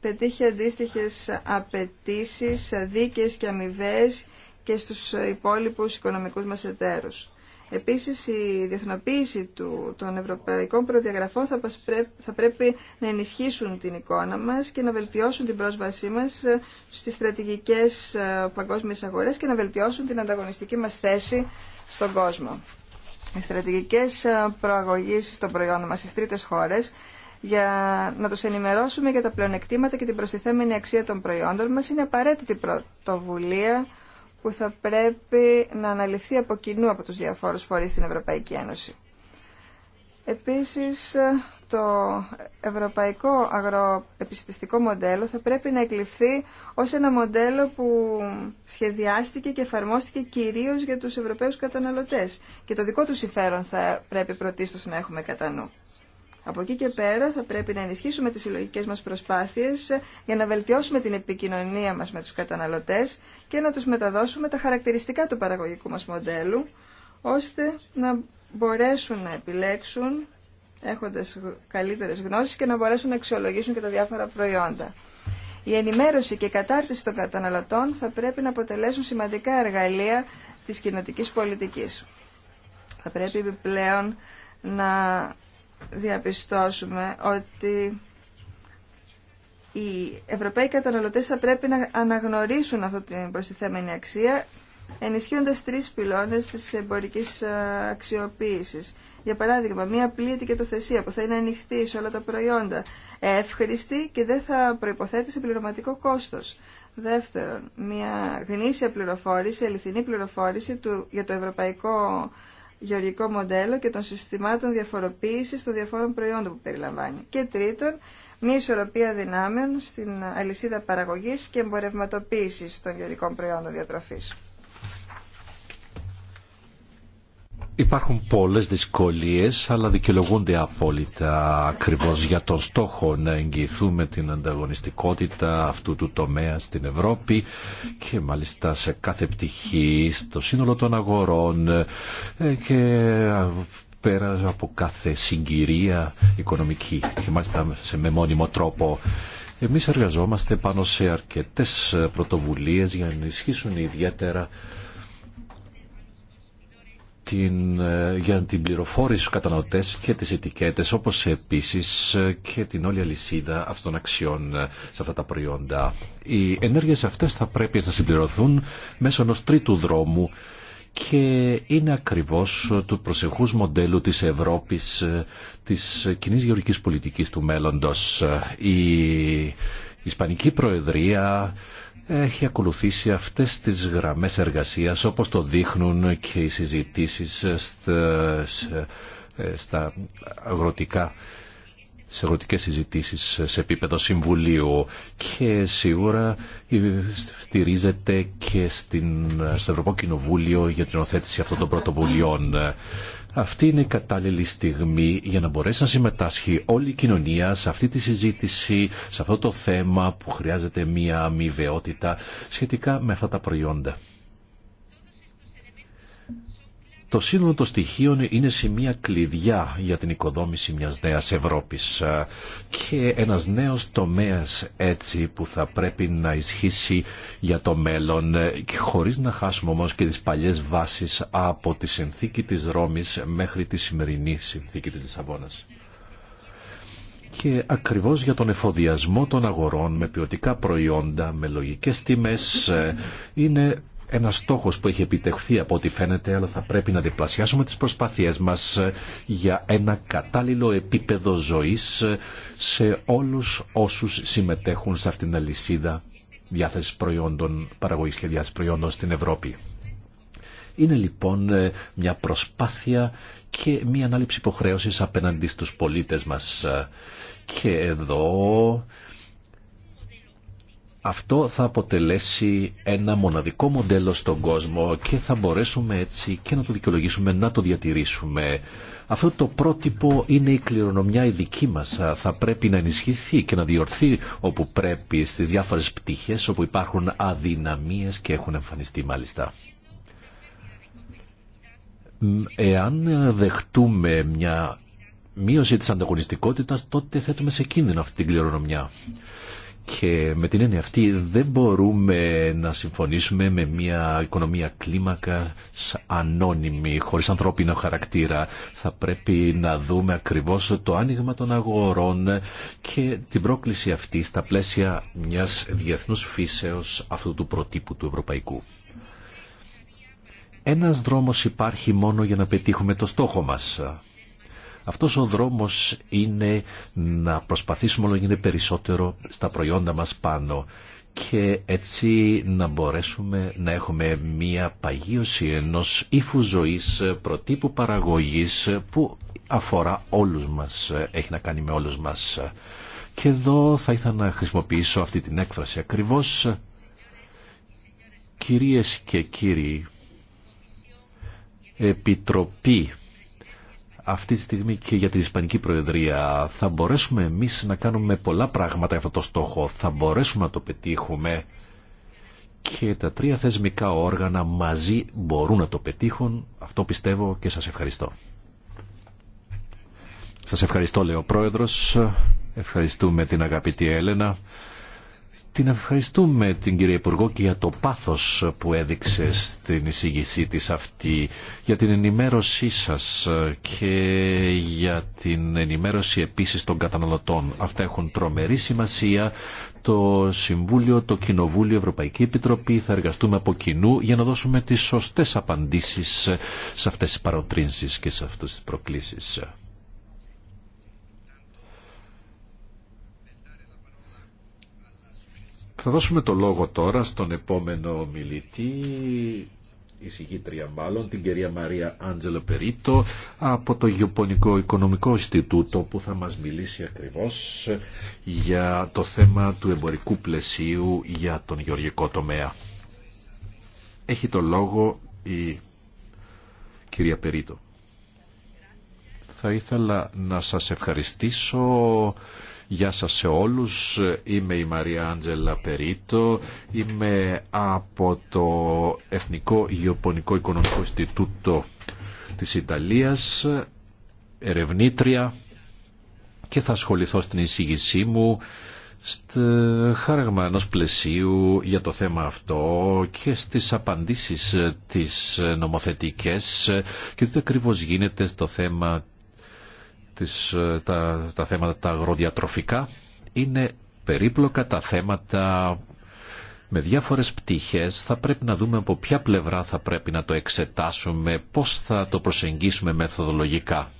πετύχει αντίστοιχες απαιτήσει, δίκαιες και αμοιβέ και στους υπόλοιπους οικονομικούς μας εταίρους. Επίσης, η διεθνοποίηση του, των ευρωπαϊκών προδιαγραφών θα, πρέπει, θα πρέπει να ενισχύσουν την εικόνα μας και να βελτιώσουν την πρόσβασή μας ε, στις στρατηγικές ε, παγκόσμιες αγορές και να βελτιώσουν την ανταγωνιστική μας θέση στον κόσμο οι στρατηγικές ε, προαγωγής των προϊόντων μας στις τρίτες χώρες για να τους ενημερώσουμε για τα πλεονεκτήματα και την προστιθέμενη αξία των προϊόντων μας είναι απαραίτητη πρωτοβουλία που θα πρέπει να αναλυθεί από κοινού από τους διαφόρους φορείς στην Ευρωπαϊκή Ένωση. Επίσης, το ευρωπαϊκό αγροεπιστηστικό μοντέλο θα πρέπει να εκλειφθεί ως ένα μοντέλο που σχεδιάστηκε και εφαρμόστηκε κυρίως για τους ευρωπαίους καταναλωτές και το δικό του συμφέρον θα πρέπει πρωτίστως να έχουμε κατά νου. Από εκεί και πέρα θα πρέπει να ενισχύσουμε τις συλλογικέ μας προσπάθειες για να βελτιώσουμε την επικοινωνία μας με τους καταναλωτές και να τους μεταδώσουμε τα χαρακτηριστικά του παραγωγικού μας μοντέλου ώστε να μπορέσουν να επιλέξουν έχοντας καλύτερες γνώσεις και να μπορέσουν να αξιολογήσουν και τα διάφορα προϊόντα. Η ενημέρωση και η κατάρτιση των καταναλωτών θα πρέπει να αποτελέσουν σημαντικά εργαλεία της κοινοτικής πολιτικής. Θα πρέπει επιπλέον να διαπιστώσουμε ότι οι Ευρωπαίοι καταναλωτές θα πρέπει να αναγνωρίσουν αυτή την προστιθέμενη αξία ενισχύοντας τρεις πυλώνες της εμπορικής ε, αξιοποίησης. Για παράδειγμα, μία απλή ετικετοθεσία που θα είναι ανοιχτή σε όλα τα προϊόντα, εύχρηστη και δεν θα προϋποθέτει σε πληρωματικό κόστος. Δεύτερον, μία γνήσια πληροφόρηση, αληθινή πληροφόρηση του, για το ευρωπαϊκό γεωργικό μοντέλο και των συστημάτων διαφοροποίησης των διαφόρων προϊόντων που περιλαμβάνει. Και τρίτον, μία ισορροπία δυνάμεων στην αλυσίδα παραγωγής και εμπορευματοποίησης των γεωργικών προϊόντων διατροφής. Υπάρχουν πολλές δυσκολίες, αλλά δικαιολογούνται απόλυτα ακριβώς για τον στόχο να εγγυηθούμε την ανταγωνιστικότητα αυτού του τομέα στην Ευρώπη και μάλιστα σε κάθε πτυχή, στο σύνολο των αγορών ε, και πέρα από κάθε συγκυρία οικονομική και μάλιστα σε μεμόνιμο τρόπο. Εμείς εργαζόμαστε πάνω σε αρκετές πρωτοβουλίες για να ενισχύσουν ιδιαίτερα την, ε, για την πληροφόρηση στους καταναλωτές και τις ετικέτες, όπως επίσης ε, και την όλη αλυσίδα αυτών αξιών ε, σε αυτά τα προϊόντα. Οι ενέργειες αυτές θα πρέπει να συμπληρωθούν μέσω ενός τρίτου δρόμου και είναι ακριβώς του προσεχούς μοντέλου της Ευρώπης, της κοινή γεωργικής πολιτικής του μέλλοντος. Η Ισπανική Προεδρία έχει ακολουθήσει αυτές τις γραμμές εργασίας όπως το δείχνουν και οι συζητήσεις στα, ε, στα αγροτικά σε αγροτικές συζητήσεις σε επίπεδο συμβουλίου και σίγουρα ε, στηρίζεται και στην, στο Ευρωπαϊκό Κοινοβούλιο για την οθέτηση αυτών των πρωτοβουλειών. Αυτή είναι η κατάλληλη στιγμή για να μπορέσει να συμμετάσχει όλη η κοινωνία σε αυτή τη συζήτηση, σε αυτό το θέμα που χρειάζεται μια αμοιβαιότητα σχετικά με αυτά τα προϊόντα. Το σύνολο των στοιχείων είναι σημεία κλειδιά για την οικοδόμηση μιας νέας Ευρώπης και ένας νέος τομέας έτσι που θα πρέπει να ισχύσει για το μέλλον ε, και χωρίς να χάσουμε όμως και τις παλιές βάσεις από τη συνθήκη της Ρώμης μέχρι τη σημερινή συνθήκη της Λισαβόνας και ακριβώς για τον εφοδιασμό των αγορών με ποιοτικά προϊόντα, με λογικές τιμές ε, είναι ένα στόχο που έχει επιτευχθεί από ό,τι φαίνεται, αλλά θα πρέπει να διπλασιάσουμε τι προσπάθειέ μα για ένα κατάλληλο επίπεδο ζωή σε όλου όσου συμμετέχουν σε αυτήν την αλυσίδα διάθεση προϊόντων, παραγωγής και διάθεση προϊόντων στην Ευρώπη. Είναι λοιπόν ε, μια προσπάθεια και μια ανάληψη υποχρέωση απέναντι στους πολίτες μας. Ε, και εδώ αυτό θα αποτελέσει ένα μοναδικό μοντέλο στον κόσμο και θα μπορέσουμε έτσι και να το δικαιολογήσουμε, να το διατηρήσουμε. Αυτό το πρότυπο είναι η κληρονομιά η δική μας. Θα πρέπει να ενισχυθεί και να διορθεί όπου πρέπει στις διάφορες πτυχές όπου υπάρχουν αδυναμίες και έχουν εμφανιστεί μάλιστα. Εάν δεχτούμε μια μείωση της ανταγωνιστικότητας τότε θέτουμε σε κίνδυνο αυτή την κληρονομιά. Και με την έννοια αυτή δεν μπορούμε να συμφωνήσουμε με μια οικονομία κλίμακα ανώνυμη, χωρίς ανθρώπινο χαρακτήρα. Θα πρέπει να δούμε ακριβώς το άνοιγμα των αγορών και την πρόκληση αυτή στα πλαίσια μιας διεθνούς φύσεως αυτού του προτύπου του ευρωπαϊκού. Ένας δρόμος υπάρχει μόνο για να πετύχουμε το στόχο μας αυτός ο δρόμος είναι να προσπαθήσουμε όλο είναι περισσότερο στα προϊόντα μας πάνω και έτσι να μπορέσουμε να έχουμε μία παγίωση ενός ύφου ζωής προτύπου παραγωγής που αφορά όλους μας, έχει να κάνει με όλους μας. Και εδώ θα ήθελα να χρησιμοποιήσω αυτή την έκφραση ακριβώς. Κυρίες και κύριοι, Επιτροπή αυτή τη στιγμή και για την Ισπανική Προεδρία. Θα μπορέσουμε εμείς να κάνουμε πολλά πράγματα για αυτό το στόχο. Θα μπορέσουμε να το πετύχουμε και τα τρία θεσμικά όργανα μαζί μπορούν να το πετύχουν. Αυτό πιστεύω και σας ευχαριστώ. Σας ευχαριστώ λέει ο Πρόεδρος. Ευχαριστούμε την αγαπητή Έλενα. Την ευχαριστούμε την κυρία Υπουργό και για το πάθος που έδειξε στην εισήγησή της αυτή, για την ενημέρωσή σας και για την ενημέρωση επίσης των καταναλωτών. Αυτά έχουν τρομερή σημασία. Το Συμβούλιο, το Κοινοβούλιο, Ευρωπαϊκή Επιτροπή θα εργαστούμε από κοινού για να δώσουμε τις σωστές απαντήσεις σε αυτές τις παροτρύνσεις και σε αυτές τις προκλήσεις. Θα δώσουμε το λόγο τώρα στον επόμενο μιλητή, εισηγήτρια μάλλον, την κυρία Μαρία Άντζελο Περίτο από το Γεωπονικό Οικονομικό Ινστιτούτο που θα μας μιλήσει ακριβώς για το θέμα του εμπορικού πλαισίου για τον γεωργικό τομέα. Έχει το λόγο η κυρία Περίτο. Θα ήθελα να σας ευχαριστήσω Γεια σας σε όλους, είμαι η Μαρία Άντζελα Περίτο, είμαι από το Εθνικό Γεωπονικό Οικονομικό Ινστιτούτο της Ιταλίας, ερευνήτρια και θα ασχοληθώ στην εισήγησή μου στο χάραγμα ενό πλαισίου για το θέμα αυτό και στις απαντήσεις της νομοθετικές και τι ακριβώ γίνεται στο θέμα ε, τα, θέματα τα αγροδιατροφικά είναι περίπλοκα τα θέματα με διάφορες πτυχές θα πρέπει να δούμε από ποια πλευρά θα πρέπει να το εξετάσουμε, πώς θα το προσεγγίσουμε μεθοδολογικά.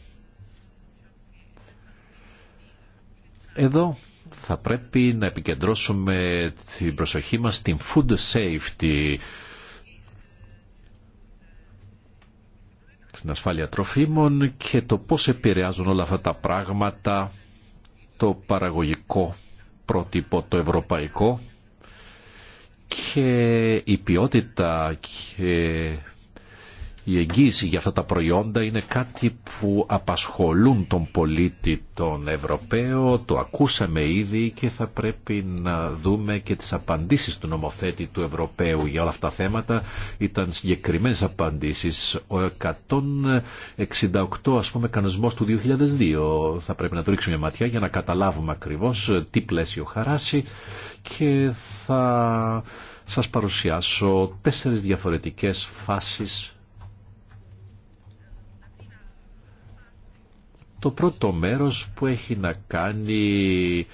Εδώ θα πρέπει να επικεντρώσουμε την προσοχή μας στην food safety, στην ασφάλεια τροφίμων και το πώς επηρεάζουν όλα αυτά τα πράγματα το παραγωγικό πρότυπο το ευρωπαϊκό και η ποιότητα και η εγγύηση για αυτά τα προϊόντα είναι κάτι που απασχολούν τον πολίτη τον Ευρωπαίο, το ακούσαμε ήδη και θα πρέπει να δούμε και τις απαντήσεις του νομοθέτη του Ευρωπαίου για όλα αυτά τα θέματα. Ήταν συγκεκριμένες απαντήσεις. Ο 168 ας πούμε κανονισμός του 2002 θα πρέπει να το μια ματιά για να καταλάβουμε ακριβώς ε, τι πλαίσιο χαράσει και θα σας παρουσιάσω τέσσερις διαφορετικές φάσεις το πρώτο μέρος που έχει να κάνει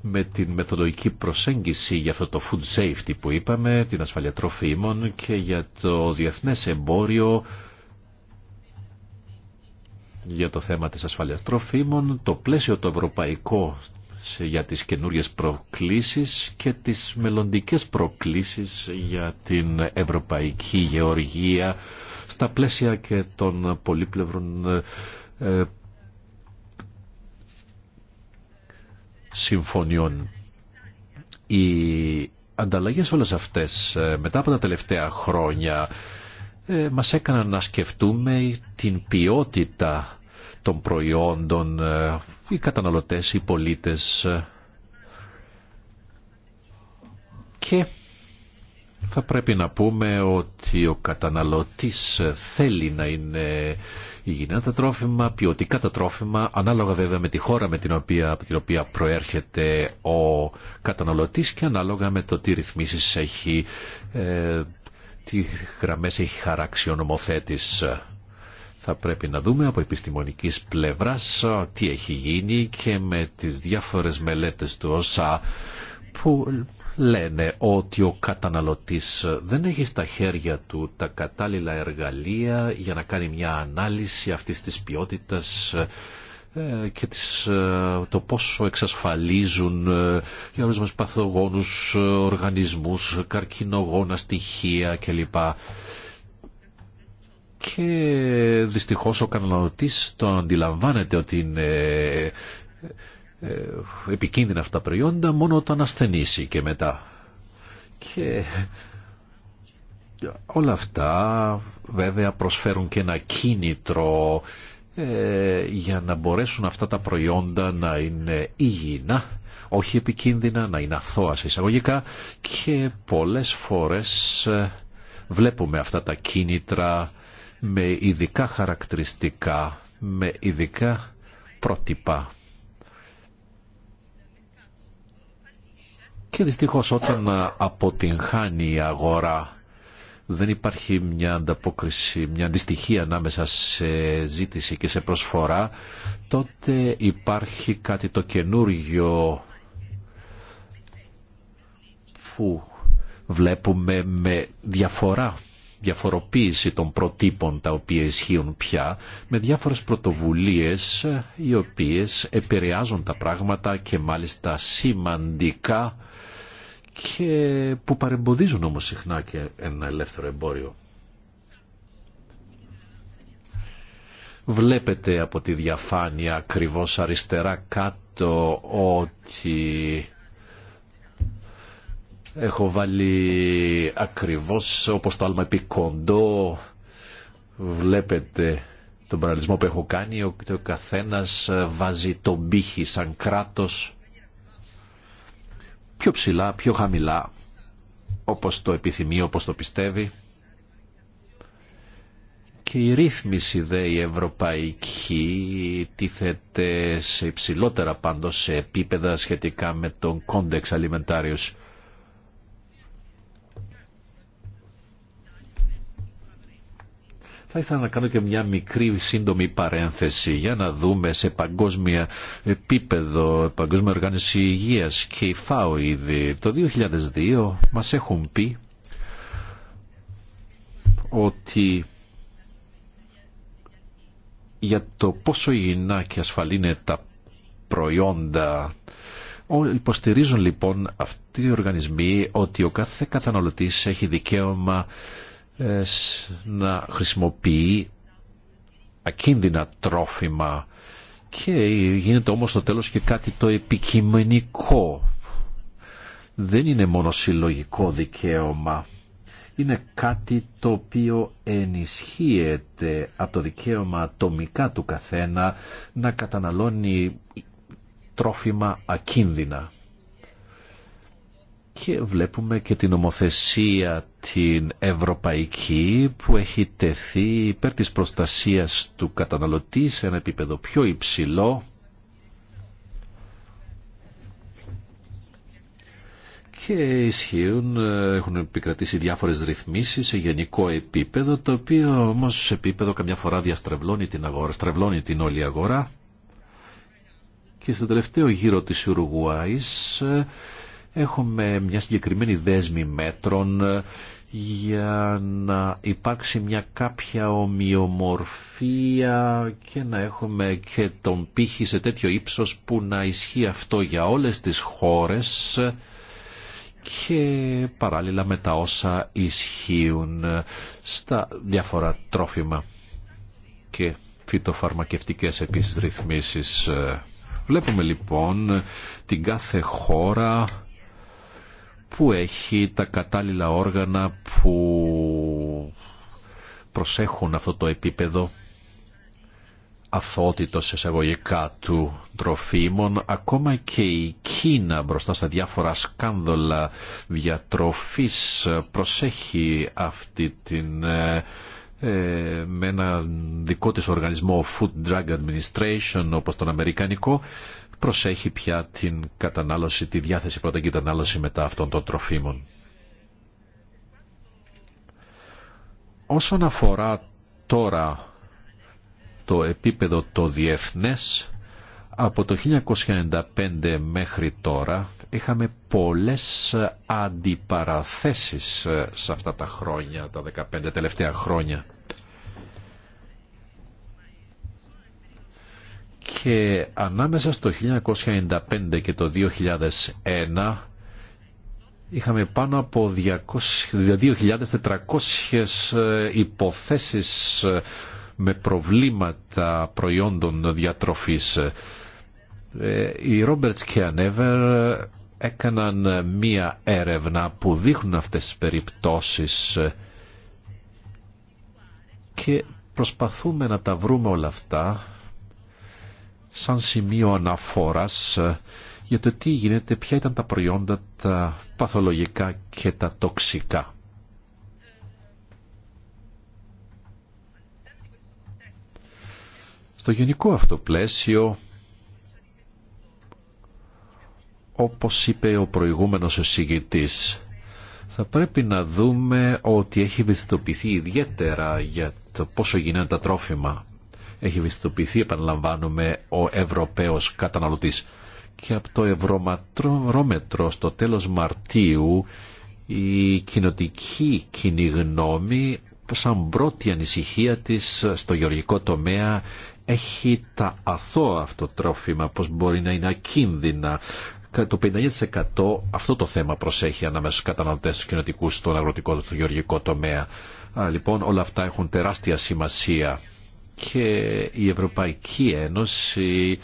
με την μεθοδολογική προσέγγιση για αυτό το food safety που είπαμε, την ασφαλεία τροφίμων και για το διεθνές εμπόριο για το θέμα της ασφαλείας τροφίμων, το πλαίσιο το ευρωπαϊκό για τις καινούριες προκλήσεις και τις μελλοντικές προκλήσεις για την ευρωπαϊκή γεωργία στα πλαίσια και των πολύπλευρων ε, συμφωνιών. Οι ανταλλαγές όλες αυτές ε, μετά από τα τελευταία χρόνια ε, μας έκαναν να σκεφτούμε την ποιότητα των προϊόντων, ε, οι καταναλωτές, οι πολίτες και θα πρέπει να πούμε ότι ότι ο καταναλωτής θέλει να είναι υγιεινά τα τρόφιμα, ποιοτικά τα τρόφιμα, ανάλογα βέβαια με τη χώρα με την οποία, από την οποία προέρχεται ο καταναλωτής και ανάλογα με το τι ρυθμίσεις έχει, ε, τι γραμμές έχει χαράξει ο νομοθέτης. Θα πρέπει να δούμε από επιστημονικής πλευράς τι έχει γίνει και με τις διάφορες μελέτες του όσα που λένε ότι ο καταναλωτής δεν έχει στα χέρια του τα κατάλληλα εργαλεία για να κάνει μια ανάλυση αυτής της ποιότητας ε, και τις, ε, το πόσο εξασφαλίζουν ε, για όλους μας παθογόνους οργανισμούς, καρκινογόνα στοιχεία κλπ. Και δυστυχώς ο καταναλωτής το αντιλαμβάνεται ότι είναι ε, επικίνδυνα αυτά τα προϊόντα μόνο όταν ασθενήσει και μετά. Και όλα αυτά βέβαια προσφέρουν και ένα κίνητρο ε, για να μπορέσουν αυτά τα προϊόντα να είναι υγιεινά, όχι επικίνδυνα, να είναι αθώα σε εισαγωγικά και πολλές φορές ε, βλέπουμε αυτά τα κίνητρα με ειδικά χαρακτηριστικά, με ειδικά πρότυπα Και δυστυχώς όταν ε, αποτυγχάνει η αγορά δεν υπάρχει μια ανταπόκριση, μια αντιστοιχία ανάμεσα σε ζήτηση και σε προσφορά, τότε υπάρχει κάτι το καινούργιο που βλέπουμε με διαφορά, διαφοροποίηση των προτύπων τα οποία ισχύουν πια, με διάφορες πρωτοβουλίες ε, οι οποίες επηρεάζουν τα πράγματα και μάλιστα σημαντικά και που παρεμποδίζουν όμως συχνά και ένα ελεύθερο εμπόριο. Βλέπετε από τη διαφάνεια ακριβώς αριστερά κάτω ότι έχω βάλει ακριβώς όπως το άλμα κοντό βλέπετε τον παραλυσμό που έχω κάνει ο καθένας βάζει τον πύχη σαν κράτος πιο ψηλά, πιο χαμηλά, όπως το επιθυμεί, όπως το πιστεύει. Και η ρύθμιση δε η ευρωπαϊκή τίθεται σε υψηλότερα πάντως σε επίπεδα σχετικά με τον κόντεξ αλιμεντάριος. Θα ήθελα να κάνω και μια μικρή σύντομη παρένθεση για να δούμε σε παγκόσμια επίπεδο, παγκόσμια οργάνωση υγείας και η ΦΑΟ ήδη. Το 2002 μας έχουν πει ότι για το πόσο υγιεινά και ασφαλή είναι τα προϊόντα Υποστηρίζουν λοιπόν αυτοί οι οργανισμοί ότι ο κάθε καταναλωτής έχει δικαίωμα ε, να χρησιμοποιεί ακίνδυνα τρόφιμα και γίνεται όμως στο τέλος και κάτι το επικειμενικό. Δεν είναι μόνο συλλογικό δικαίωμα. Είναι κάτι το οποίο ενισχύεται από το δικαίωμα ατομικά του καθένα να καταναλώνει τρόφιμα ακίνδυνα. Και βλέπουμε και την ομοθεσία την ευρωπαϊκή που έχει τεθεί υπέρ της προστασίας του καταναλωτή σε ένα επίπεδο πιο υψηλό και ισχύουν, έχουν επικρατήσει διάφορες ρυθμίσεις σε γενικό επίπεδο το οποίο όμως σε επίπεδο καμιά φορά διαστρεβλώνει την αγορά, στρεβλώνει την όλη αγορά και στο τελευταίο γύρο της Ουρουγουάης Έχουμε μια συγκεκριμένη δέσμη μέτρων για να υπάρξει μια κάποια ομοιομορφία και να έχουμε και τον πύχη σε τέτοιο ύψος που να ισχύει αυτό για όλες τις χώρες και παράλληλα με τα όσα ισχύουν στα διάφορα τρόφιμα και φυτοφαρμακευτικές επίσης ρυθμίσεις. Βλέπουμε λοιπόν την κάθε χώρα που έχει τα κατάλληλα όργανα που προσέχουν αυτό το επίπεδο αθότητος εισαγωγικά του τροφίμων, ακόμα και η Κίνα μπροστά στα διάφορα σκάνδολα διατροφής προσέχει αυτή την ε, ε, με ένα δικό της οργανισμό Food Drug Administration όπως τον Αμερικανικό προσέχει πια την κατανάλωση, τη διάθεση πρώτα και κατανάλωση μετά αυτών των τροφίμων. Όσον αφορά τώρα το επίπεδο το διεθνές από το 1995 μέχρι τώρα είχαμε πολλές αντιπαραθέσεις ε, σε αυτά τα χρόνια, τα 15 τελευταία χρόνια. Και ανάμεσα στο 1995 και το 2001 είχαμε πάνω από 2.400 ε, υποθέσεις ε, με προβλήματα προϊόντων διατροφής οι Ρόμπερτς και Ανέβερ έκαναν ε, μία έρευνα που δείχνουν αυτές τις περιπτώσεις ε, και προσπαθούμε να τα βρούμε όλα αυτά σαν σημείο αναφόρας ε, για το τι γίνεται, ποια ήταν τα προϊόντα τα παθολογικά και τα τοξικά. Στο γενικό αυτό πλαίσιο Όπως είπε ο προηγούμενος εισηγητής, θα πρέπει να δούμε ότι έχει βυθιστοποιηθεί ιδιαίτερα για το πόσο γίνανε τα τρόφιμα. Έχει βυθιστοποιηθεί, επαναλαμβάνουμε, ο Ευρωπαίος καταναλωτής. Και από το Ευρωμετρό στο τέλος Μαρτίου η κοινοτική κοινή γνώμη σαν πρώτη ανησυχία της στο γεωργικό τομέα έχει τα αθώα αυτό τρόφιμα, πως μπορεί να είναι ακίνδυνα, το 50% αυτό το θέμα προσέχει ανάμεσα στους καταναλωτές, του κοινωτικούς, στον αγροτικό, του γεωργικό τομέα. λοιπόν όλα αυτά έχουν τεράστια σημασία και η Ευρωπαϊκή Ένωση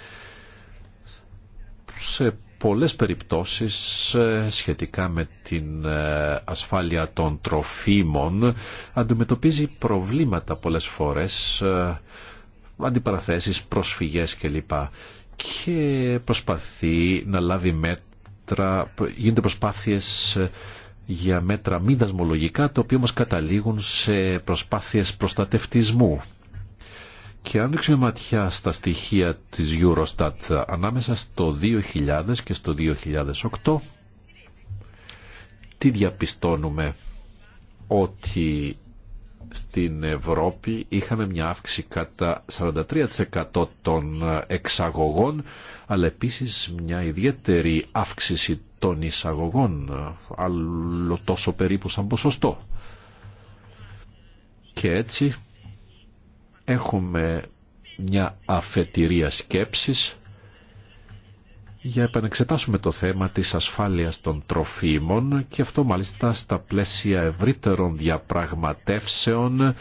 σε πολλές περιπτώσεις ε, σχετικά με την ε, ασφάλεια των τροφίμων αντιμετωπίζει προβλήματα πολλές φορές ε, αντιπαραθέσεις, προσφυγές κλπ και προσπαθεί να λάβει μέτρα, γίνονται προσπάθειες ε, για μέτρα μη δασμολογικά, τα οποία όμως καταλήγουν σε προσπάθειες προστατευτισμού. Και αν ρίξουμε ματιά στα στοιχεία της Eurostat ανάμεσα στο 2000 και στο 2008, τι διαπιστώνουμε ότι στην Ευρώπη είχαμε μια αύξηση κατά 43% των εξαγωγών, αλλά επίσης μια ιδιαίτερη αύξηση των εισαγωγών, άλλο τόσο περίπου σαν ποσοστό. Και έτσι έχουμε μια αφετηρία σκέψης για επανεξετάσουμε το θέμα της ασφάλειας των τροφίμων και αυτό μάλιστα στα πλαίσια ευρύτερων διαπραγματεύσεων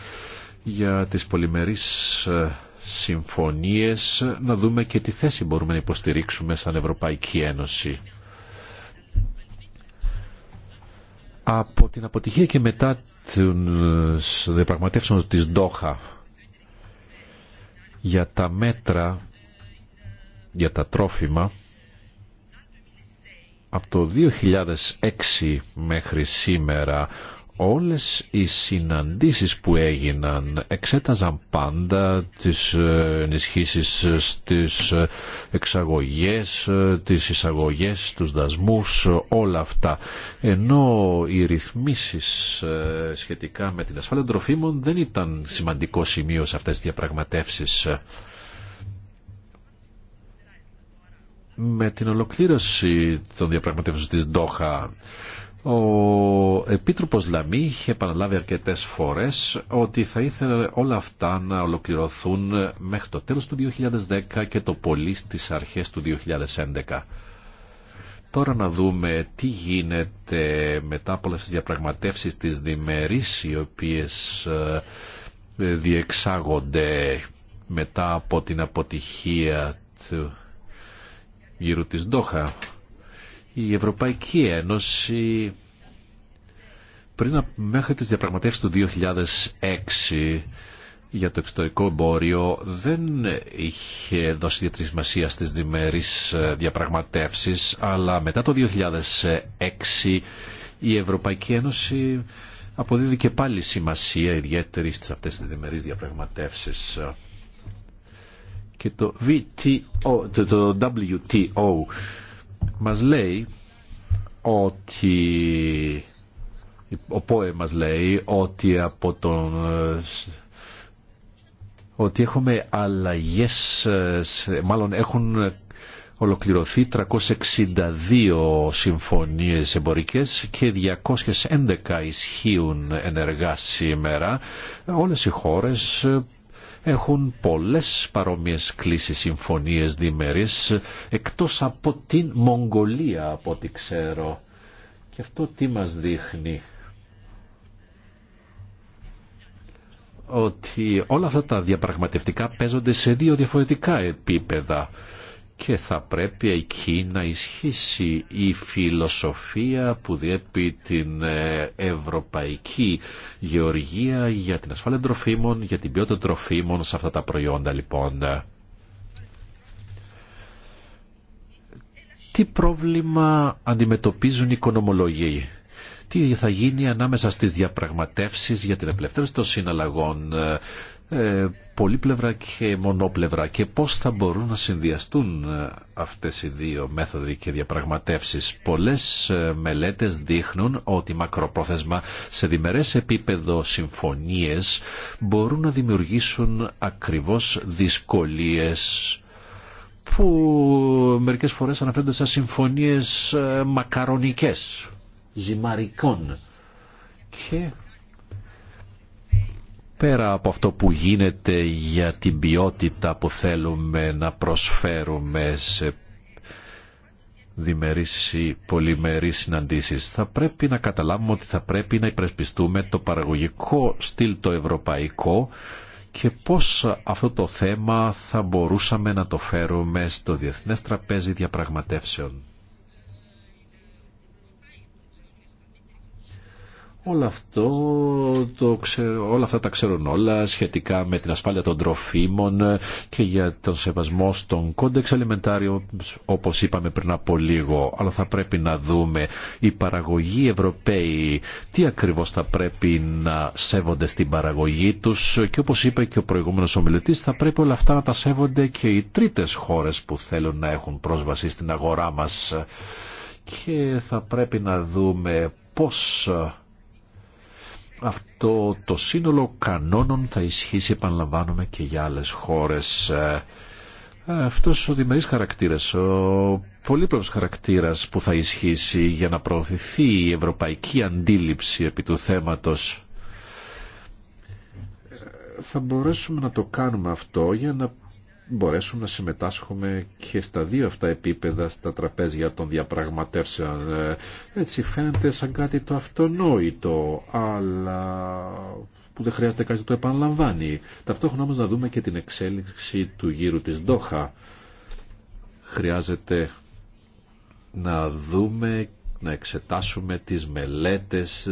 για τις πολυμερείς ε, συμφωνίες να δούμε και τι θέση μπορούμε να υποστηρίξουμε σαν Ευρωπαϊκή Ένωση. Από την αποτυχία και μετά των ε, διαπραγματεύσεων της Ντόχα για τα μέτρα, για τα τρόφιμα, από το 2006 μέχρι σήμερα όλες οι συναντήσεις που έγιναν εξέταζαν πάντα τις ε, ενισχύσεις ε, στις ε, εξαγωγές, τις εισαγωγές, τους δασμούς, όλα αυτά. Ενώ οι ρυθμίσεις σχετικά με την ασφάλεια των τροφίμων δεν ήταν σημαντικό σημείο σε αυτές τις διαπραγματεύσεις. με την ολοκλήρωση των διαπραγματεύσεων της Ντόχα ο Επίτροπος Λαμή είχε επαναλάβει αρκετές φορές ότι θα ήθελε όλα αυτά να ολοκληρωθούν μέχρι το τέλος του 2010 και το πολύ στις αρχές του 2011. Τώρα να δούμε τι γίνεται μετά από όλες τις διαπραγματεύσεις της Δημερής οι οποίες ε, διεξάγονται μετά από την αποτυχία του γύρω της Ντόχα. Η Ευρωπαϊκή Ένωση πριν μέχρι τις διαπραγματεύσεις του 2006 για το εξωτερικό εμπόριο δεν είχε δώσει ιδιαίτερη σημασία στις διμερείς ε, διαπραγματεύσεις αλλά μετά το 2006 η Ευρωπαϊκή Ένωση αποδίδει και πάλι σημασία ιδιαίτερη στις αυτές τις διμερείς διαπραγματεύσεις και το WTO, το, το WTO μας λέει ότι ο ΠΟΕ μας λέει ότι από τον ότι έχουμε αλλαγές, μάλλον έχουν ολοκληρωθεί 362 συμφωνίες εμπορικές και 211 ισχύουν ενεργά σήμερα. Όλες οι χώρες έχουν πολλές παρόμοιες κλήσεις συμφωνίες διμερείς εκτός από την Μογγολία από ό,τι ξέρω. Και αυτό τι μας δείχνει. Ότι όλα αυτά τα διαπραγματευτικά παίζονται σε δύο διαφορετικά επίπεδα και θα πρέπει εκεί να ισχύσει η φιλοσοφία που διέπει την ε, ευρωπαϊκή γεωργία για την ασφάλεια τροφίμων, για την ποιότητα τροφίμων σε αυτά τα προϊόντα λοιπόν. Τι πρόβλημα αντιμετωπίζουν οι οικονομολογοί. Τι θα γίνει ανάμεσα στις διαπραγματεύσεις για την απελευθέρωση των συναλλαγών ε, ε, πολύπλευρα και μονόπλευρα και πώς θα μπορούν να συνδυαστούν ε, αυτές οι δύο μέθοδοι και διαπραγματεύσεις. Πολλές ε, μελέτες δείχνουν ότι μακροπρόθεσμα σε διμερές επίπεδο συμφωνίες μπορούν να δημιουργήσουν ακριβώς δυσκολίες που μερικές φορές αναφέρονται σαν συμφωνίες μακαρονικές, ζυμαρικών και πέρα από αυτό που γίνεται για την ποιότητα που θέλουμε να προσφέρουμε σε διμερείς ή πολυμερείς συναντήσεις. Θα πρέπει να καταλάβουμε ότι θα πρέπει να υπερασπιστούμε το παραγωγικό στυλ το ευρωπαϊκό και πώς αυτό το θέμα θα μπορούσαμε να το φέρουμε στο Διεθνές Τραπέζι Διαπραγματεύσεων. Όλα αυτό το όλα αυτά τα ξέρουν όλα σχετικά με την ασφάλεια των τροφίμων και για τον σεβασμό στον κόντεξ αλιμεντάριο όπως είπαμε πριν από λίγο. Αλλά θα πρέπει να δούμε η παραγωγή Ευρωπαίοι τι ακριβώς θα πρέπει να σέβονται στην παραγωγή τους και όπως είπε και ο προηγούμενος ομιλητής θα πρέπει όλα αυτά να τα σέβονται και οι τρίτες χώρες που θέλουν να έχουν πρόσβαση στην αγορά μας και θα πρέπει να δούμε πώς αυτό το σύνολο κανόνων θα ισχύσει, επαναλαμβάνουμε, και για άλλες χώρες. Ε, αυτός ο διμερής χαρακτήρας, ο πολύπλοκος χαρακτήρας που θα ισχύσει για να προωθηθεί η ευρωπαϊκή αντίληψη επί του θέματος ε, θα μπορέσουμε να το κάνουμε αυτό για να μπορέσουμε να συμμετάσχουμε και στα δύο αυτά επίπεδα στα τραπέζια των διαπραγματεύσεων. Ε, έτσι φαίνεται σαν κάτι το αυτονόητο, αλλά που δεν χρειάζεται κάτι να το επαναλαμβάνει. Ταυτόχρονα όμως να δούμε και την εξέλιξη του γύρου της Ντόχα. Χρειάζεται να δούμε να εξετάσουμε τις μελέτες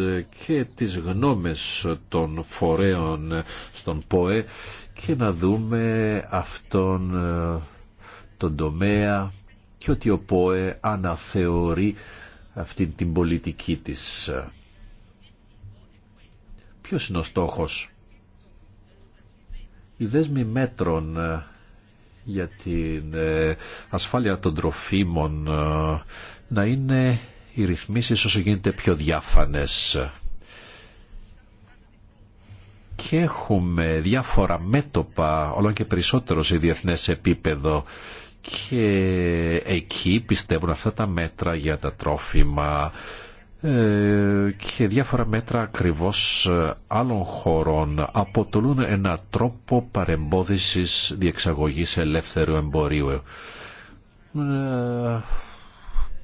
και τις γνώμες των φορέων στον ΠΟΕ και να δούμε αυτόν ε, τον τομέα και ότι ο ΠΟΕ αναθεωρεί αυτήν την πολιτική της. Ποιος είναι ο στόχος. Οι δέσμοι μέτρων ε, για την ε, ασφάλεια των τροφίμων να είναι οι ρυθμίσεις όσο γίνεται πιο διάφανες και έχουμε διάφορα μέτωπα, όλο και περισσότερο σε διεθνές επίπεδο και εκεί πιστεύουν αυτά τα μέτρα για τα τρόφιμα ε, και διάφορα μέτρα ακριβώς ε, άλλων χωρών αποτελούν ένα τρόπο παρεμπόδισης διεξαγωγής ελεύθερου εμπορίου. Ε,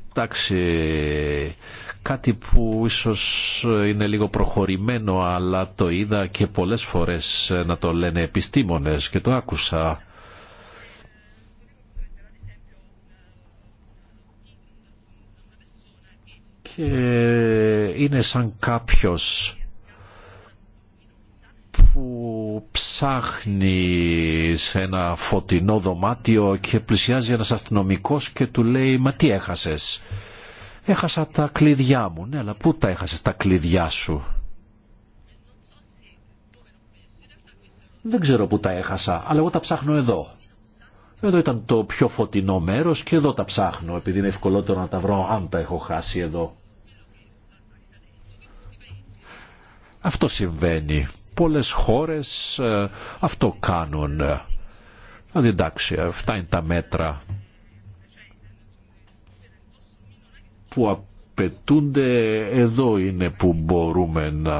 Εντάξει, κάτι που ίσως είναι λίγο προχωρημένο, αλλά το είδα και πολλές φορές να το λένε επιστήμονες και το άκουσα. Και είναι σαν κάποιος ψάχνει σε ένα φωτεινό δωμάτιο και πλησιάζει ένας αστυνομικός και του λέει «Μα τι έχασες» «Έχασα τα κλειδιά μου». «Ναι, αλλά πού τα έχασες τα κλειδιά σου» «Δεν ξέρω πού τα έχασα, αλλά εγώ τα ψάχνω εδώ». Εδώ ήταν το πιο φωτεινό μέρος και εδώ τα ψάχνω, επειδή είναι ευκολότερο να τα βρω αν τα έχω χάσει εδώ. Αυτό συμβαίνει. Πολλές χώρες ε, αυτό κάνουν. Αν εντάξει, ε, αυτά είναι τα μέτρα που απαιτούνται. Εδώ είναι που μπορούμε να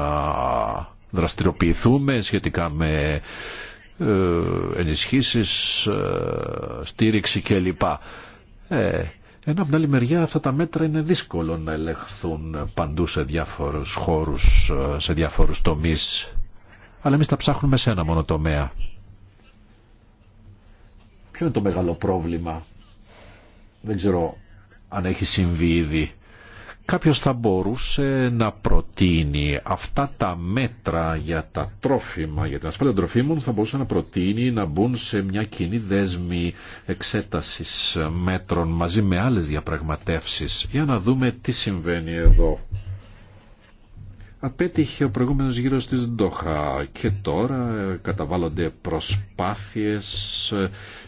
δραστηριοποιηθούμε σχετικά με ε, ενισχύσεις, στήριξη κλπ. Ε, ενώ από την άλλη μεριά αυτά τα μέτρα είναι δύσκολο να ελεγχθούν παντού σε διάφορους χώρους, σε διάφορους τομείς αλλά εμεί τα ψάχνουμε σε ένα μόνο τομέα. Ποιο είναι το μεγάλο πρόβλημα. Δεν ξέρω αν έχει συμβεί ήδη. Κάποιος θα μπορούσε να προτείνει αυτά τα μέτρα για τα τρόφιμα, για την ασφάλεια των τροφίμων, θα μπορούσε να προτείνει να μπουν σε μια κοινή δέσμη εξέτασης μέτρων μαζί με άλλες διαπραγματεύσεις για να δούμε τι συμβαίνει εδώ απέτυχε ο προηγούμενος γύρος της Ντόχα και τώρα καταβάλλονται προσπάθειες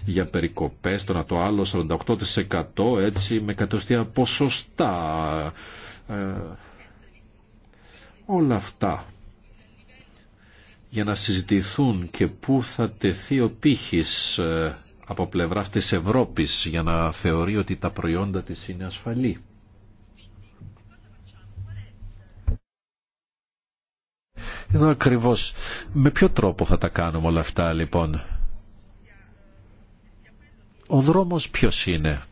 για περικοπές, το να το άλλο 48% έτσι με κατοστία ποσοστά. Ε, όλα αυτά για να συζητηθούν και πού θα τεθεί ο πύχης ε, από πλευράς της Ευρώπης για να θεωρεί ότι τα προϊόντα της είναι ασφαλή. Εδώ ακριβώς με ποιο τρόπο θα τα κάνουμε όλα αυτά λοιπόν. Ο δρόμος ποιος είναι.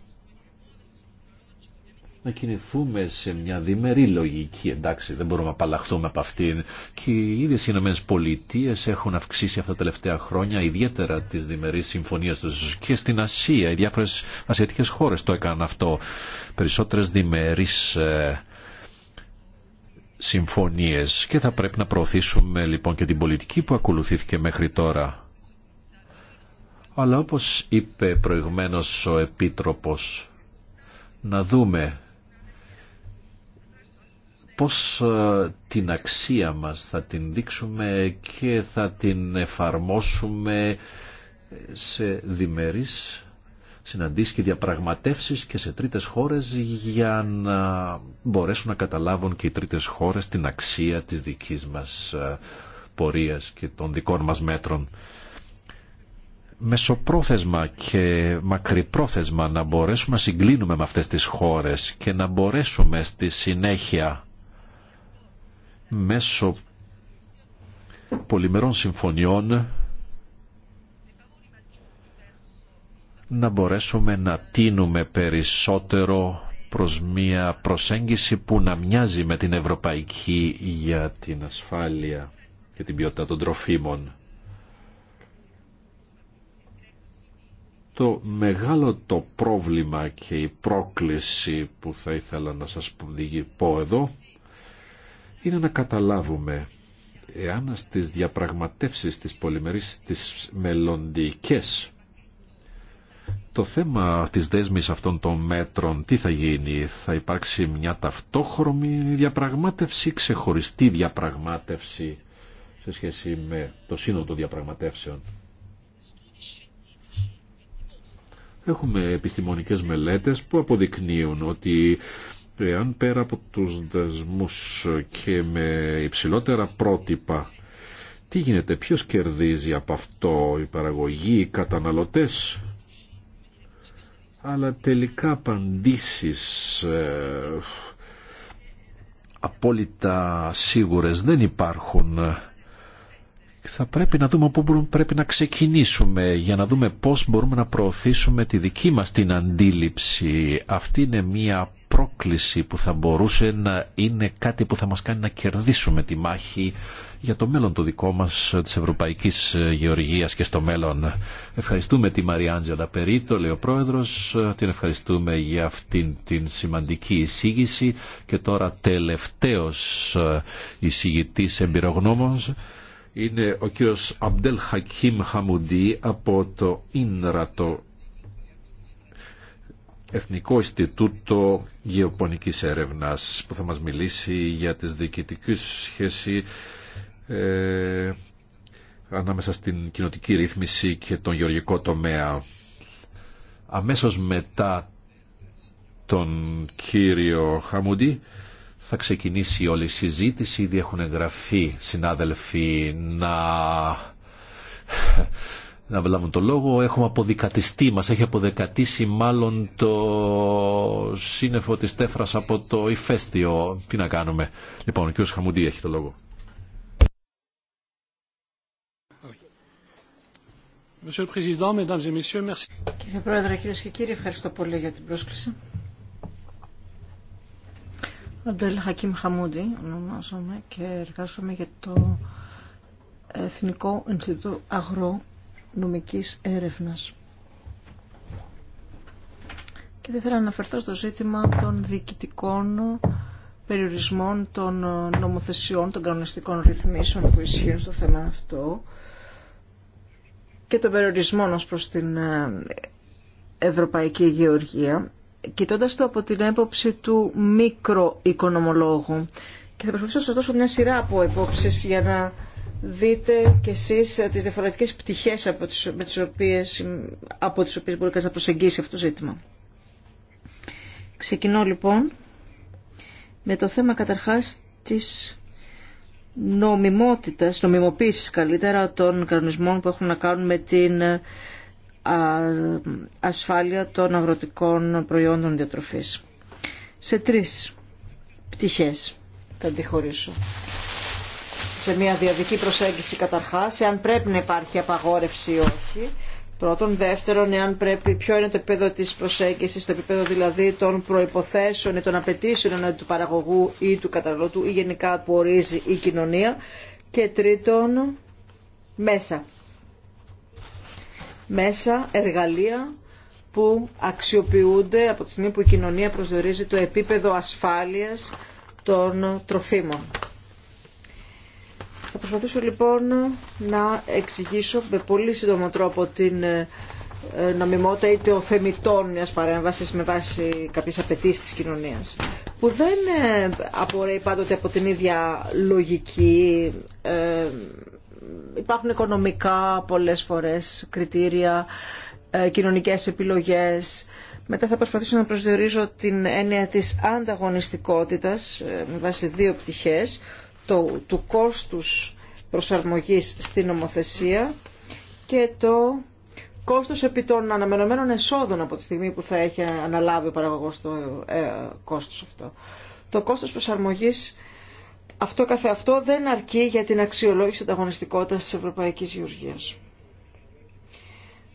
Να κινηθούμε σε μια διμερή λογική, εντάξει, δεν μπορούμε να απαλλαχθούμε από αυτήν. Και οι ίδιε οι Ηνωμένες έχουν αυξήσει αυτά τα τελευταία χρόνια, ιδιαίτερα τις διμερείς συμφωνίες τους. Και στην Ασία, οι διάφορε ασιατικέ χώρε το έκαναν αυτό. περισσότερε διμερεί ε, συμφωνίες και θα πρέπει να προωθήσουμε λοιπόν και την πολιτική που ακολουθήθηκε μέχρι τώρα. Αλλά όπως είπε προηγουμένως ο Επίτροπος, να δούμε πώς ε, την αξία μας θα την δείξουμε και θα την εφαρμόσουμε σε διμερείς Συναντήσει και διαπραγματεύσεις και σε τρίτες χώρες για να μπορέσουν να καταλάβουν και οι τρίτες χώρες την αξία της δικής μας ε, πορείας και των δικών μας μέτρων. Μεσοπρόθεσμα και μακρυπρόθεσμα να μπορέσουμε να συγκλίνουμε με αυτές τις χώρες και να μπορέσουμε στη συνέχεια μέσω πολυμερών συμφωνιών να μπορέσουμε να τίνουμε περισσότερο προς μια προσέγγιση που να μοιάζει με την ευρωπαϊκή για την ασφάλεια και την ποιότητα των τροφίμων. Το μεγάλο το πρόβλημα και η πρόκληση που θα ήθελα να σας πω εδώ είναι να καταλάβουμε εάν στις διαπραγματεύσεις της πολυμερής, στις μελλοντικές το θέμα της δέσμης αυτών των μέτρων, τι θα γίνει, θα υπάρξει μια ταυτόχρονη διαπραγμάτευση, ξεχωριστή διαπραγμάτευση σε σχέση με το σύνολο των διαπραγματεύσεων. Έχουμε επιστημονικές μελέτες που αποδεικνύουν ότι εάν πέρα από τους δεσμούς και με υψηλότερα πρότυπα, τι γίνεται, ποιος κερδίζει από αυτό, η παραγωγή, οι καταναλωτές, αλλά τελικά απαντήσεις ε, απόλυτα σίγουρες δεν υπάρχουν. Θα πρέπει να δούμε πού πρέπει να ξεκινήσουμε για να δούμε πώς μπορούμε να προωθήσουμε τη δική μας την αντίληψη. Αυτή είναι μια πρόκληση που θα μπορούσε να είναι κάτι που θα μας κάνει να κερδίσουμε τη μάχη για το μέλλον το δικό μας της Ευρωπαϊκής ε, Γεωργίας και στο μέλλον. Ευχαριστούμε τη Μαριάντζελα Περίτο, λέει ο Πρόεδρος, την ευχαριστούμε για αυτήν την σημαντική εισήγηση και τώρα τελευταίος ε, εισηγητής εμπειρογνώμων είναι ο κύριος Αμπτελ Χακίμ Χαμουντή από το Ίνρατο Εθνικό Ινστιτούτο Γεωπονικής Έρευνας που θα μας μιλήσει για τις διοικητικές σχέσεις ε, ανάμεσα στην κοινοτική ρύθμιση και τον γεωργικό τομέα. Αμέσως μετά τον κύριο Χαμούντι θα ξεκινήσει όλη η συζήτηση. Ήδη έχουν εγγραφεί συνάδελφοι να να βλάβουν το λόγο. Έχουμε αποδικατιστεί, μας έχει αποδεκατήσει μάλλον το σύννεφο της τέφρας από το ηφαίστειο. Τι να κάνουμε. Λοιπόν, ο κ. Χαμουντή έχει το λόγο. Κύριε Πρόεδρε, κυρίε και κύριοι, ευχαριστώ πολύ για την πρόσκληση. Αντέλ Χακίμ Χαμούντι, ονομάζομαι και εργάζομαι για το Εθνικό Ινστιτούτο Αγρό νομικής έρευνας. Και δεν θέλω να αναφερθώ στο ζήτημα των διοικητικών περιορισμών των νομοθεσιών, των κανονιστικών ρυθμίσεων που ισχύουν στο θέμα αυτό και των περιορισμών ως προς την ε, Ευρωπαϊκή Γεωργία, κοιτώντας το από την έποψη του μικροοικονομολόγου. Και θα προσπαθήσω να σας δώσω μια σειρά από υπόψεις για να δείτε κι εσείς ε, τις διαφορετικές πτυχές από τις, με τις οποίες, ε, από τις οποίες μπορεί να προσεγγίσει αυτό το ζήτημα. Ξεκινώ λοιπόν με το θέμα καταρχάς της νομιμότητας, νομιμοποίησης καλύτερα των κανονισμών που έχουν να κάνουν με την ε, ασφάλεια των αγροτικών προϊόντων διατροφής. Σε τρεις πτυχές θα αντιχωρήσω σε μια διαδική προσέγγιση καταρχάς, εάν πρέπει να υπάρχει απαγόρευση ή όχι. Πρώτον, δεύτερον, εάν πρέπει, ποιο είναι το επίπεδο της προσέγγισης, το επίπεδο δηλαδή των προϋποθέσεων ή των απαιτήσεων εναντί του παραγωγού ή του καταναλωτού ή γενικά που ορίζει η κοινωνία. Και τρίτον, μέσα. απαιτησεων του παραγωγου η εργαλεία που αξιοποιούνται από τη στιγμή που η κοινωνία προσδιορίζει το επίπεδο ασφάλειας των τροφίμων. Θα προσπαθήσω λοιπόν να εξηγήσω με πολύ σύντομο τρόπο την ε, νομιμότητα είτε ο θεμητών μια παρέμβασης με βάση κάποιες απαιτήσει τη κοινωνίας που δεν ε, απορρέει πάντοτε από την ίδια λογική ε, υπάρχουν οικονομικά πολλέ φορές κριτήρια κοινωνικές επιλογές μετά θα προσπαθήσω να προσδιορίζω την έννοια της ανταγωνιστικότητας με βάση δύο πτυχές του, του κόστους προσαρμογής στην νομοθεσία και το κόστος επί των αναμενωμένων εσόδων από τη στιγμή που θα έχει αναλάβει ο παραγωγός το ε, κόστος αυτό. Το κόστος προσαρμογής αυτό καθεαυτό δεν αρκεί για την αξιολόγηση ανταγωνιστικότητας της Ευρωπαϊκής Γεωργίας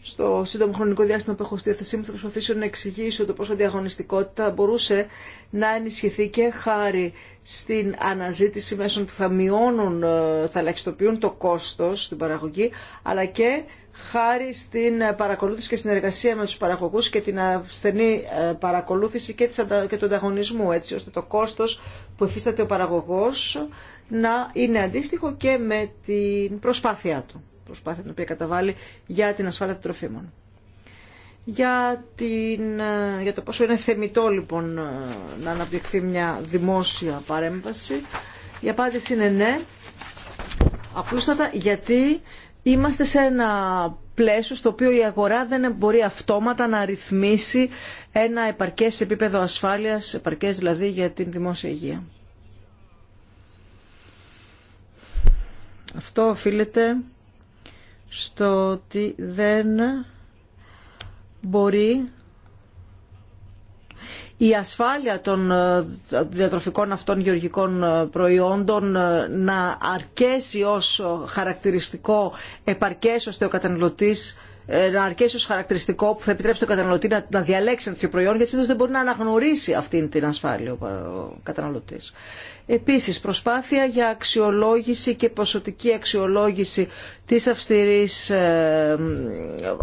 στο σύντομο χρονικό διάστημα που έχω στη διάθεσή μου θα προσπαθήσω να εξηγήσω το πόσο διαγωνιστικότητα μπορούσε να ενισχυθεί και χάρη στην αναζήτηση μέσων που θα μειώνουν, ε, θα ελαχιστοποιούν το κόστος στην παραγωγή, αλλά και χάρη στην παρακολούθηση και συνεργασία με τους παραγωγούς και την ασθενή ε, παρακολούθηση και, και του ανταγωνισμού, έτσι ώστε το κόστος που εφίσταται ο παραγωγός να είναι αντίστοιχο και με την προσπάθειά του προσπάθεια την οποία καταβάλει για την ασφάλεια των τροφίμων. Για, την, ε, για το πόσο είναι θεμητό λοιπόν ε, να αναπτυχθεί μια δημόσια παρέμβαση, η απάντηση είναι ναι, απλούστατα γιατί είμαστε σε ένα πλαίσιο στο οποίο η αγορά δεν μπορεί αυτόματα να ρυθμίσει ένα επαρκές επίπεδο ασφάλειας, επαρκές δηλαδή για την δημόσια υγεία. Αυτό οφείλεται στο ότι δεν μπορεί η ασφάλεια των ε, διατροφικών αυτών γεωργικών ε, προϊόντων ε, να αρκέσει ως χαρακτηριστικό επαρκές ώστε ο καταναλωτής ε, να αρκέσει ω χαρακτηριστικό που θα επιτρέψει τον καταναλωτή να, διαλέξει ένα τέτοιο προϊόν, γιατί συνήθω δεν μπορεί να αναγνωρίσει αυτή την ασφάλεια ο καταναλωτή. Επίση, προσπάθεια για αξιολόγηση και ποσοτική αξιολόγηση τη αυστηρή ε,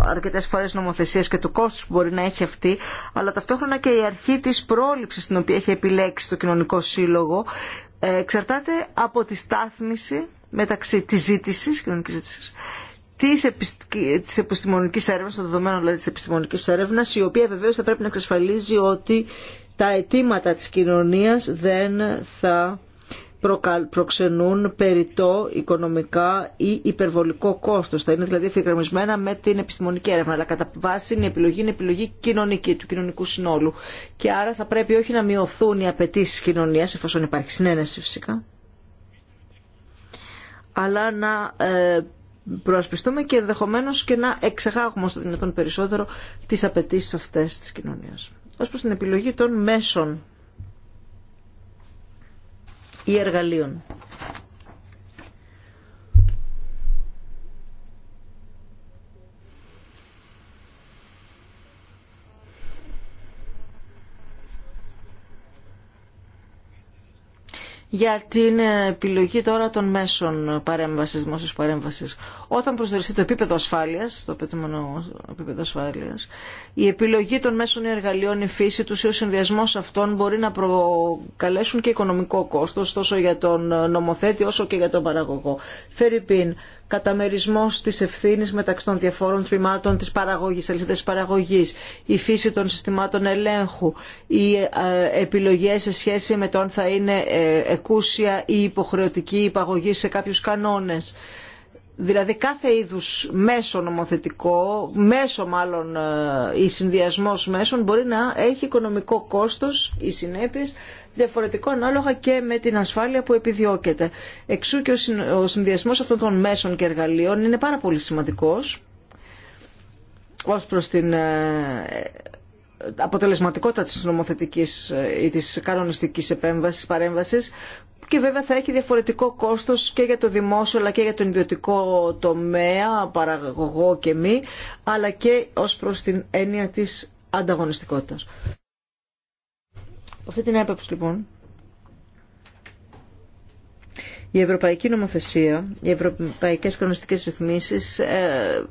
αρκετέ φορέ νομοθεσία και του κόστου που μπορεί να έχει αυτή, αλλά ταυτόχρονα και η αρχή τη πρόληψη την οποία έχει επιλέξει το κοινωνικό σύλλογο, ε, εξαρτάται από τη στάθμιση μεταξύ της ζήτησης, κοινωνική ζήτησης, της, επιστημονική επιστημονικής έρευνας, των δεδομένο δηλαδή της επιστημονικής έρευνας, η οποία βεβαίως θα πρέπει να εξασφαλίζει ότι τα αιτήματα της κοινωνίας δεν θα προξενούν περιττό οικονομικά ή υπερβολικό κόστος. Θα είναι δηλαδή ευθυγραμμισμένα με την επιστημονική έρευνα, αλλά κατά βάση η επιλογή είναι επιλογή κοινωνική, του κοινωνικού συνόλου. Και άρα θα πρέπει όχι να μειωθούν οι απαιτήσει τη κοινωνία, εφόσον υπάρχει συνένεση φυσικά, αλλά να ε, προασπιστούμε και ενδεχομένω και να εξεγάγουμε όσο δυνατόν περισσότερο τις απαιτήσει αυτές τη κοινωνία. Ω προ την επιλογή των μέσων ή εργαλείων. για την επιλογή τώρα των μέσων παρέμβαση, δημόσια παρέμβαση. Όταν προσδιοριστεί το επίπεδο ασφάλεια, το απαιτούμενο επίπεδο ασφάλεια, η επιλογή των μέσων εργαλείων, η φύση του ή ο συνδυασμό αυτών μπορεί να προκαλέσουν και οικονομικό κόστο τόσο για τον νομοθέτη όσο και για τον παραγωγό. Φερρυπίν, καταμερισμός τη ευθύνη μεταξύ των διαφόρων τμήματων της παραγωγής, παραγωγής, η φύση των συστημάτων ελέγχου, οι ε, επιλογές σε σχέση με το αν θα είναι ε, εκούσια ή υποχρεωτική υπαγωγή σε κάποιους κανόνες δηλαδή κάθε είδους μέσο νομοθετικό, μέσο μάλλον ε, ή συνδυασμό μέσων μπορεί να έχει οικονομικό κόστος ή συνέπειες διαφορετικό ανάλογα και με την ασφάλεια που επιδιώκεται. Εξού και ο συνδυασμός αυτών των μέσων και εργαλείων είναι πάρα πολύ σημαντικός ως προς την ε, αποτελεσματικότητα της νομοθετικής ε, ή της κανονιστικής επέμβασης, παρέμβασης και βέβαια θα έχει διαφορετικό κόστος και για το δημόσιο αλλά και για τον ιδιωτικό τομέα, παραγωγό και μη, αλλά και ως προς την έννοια της ανταγωνιστικότητας. Αυτή την έπαψη λοιπόν. Η ευρωπαϊκή νομοθεσία, οι ευρωπαϊκές κανονιστικές ρυθμίσεις ε,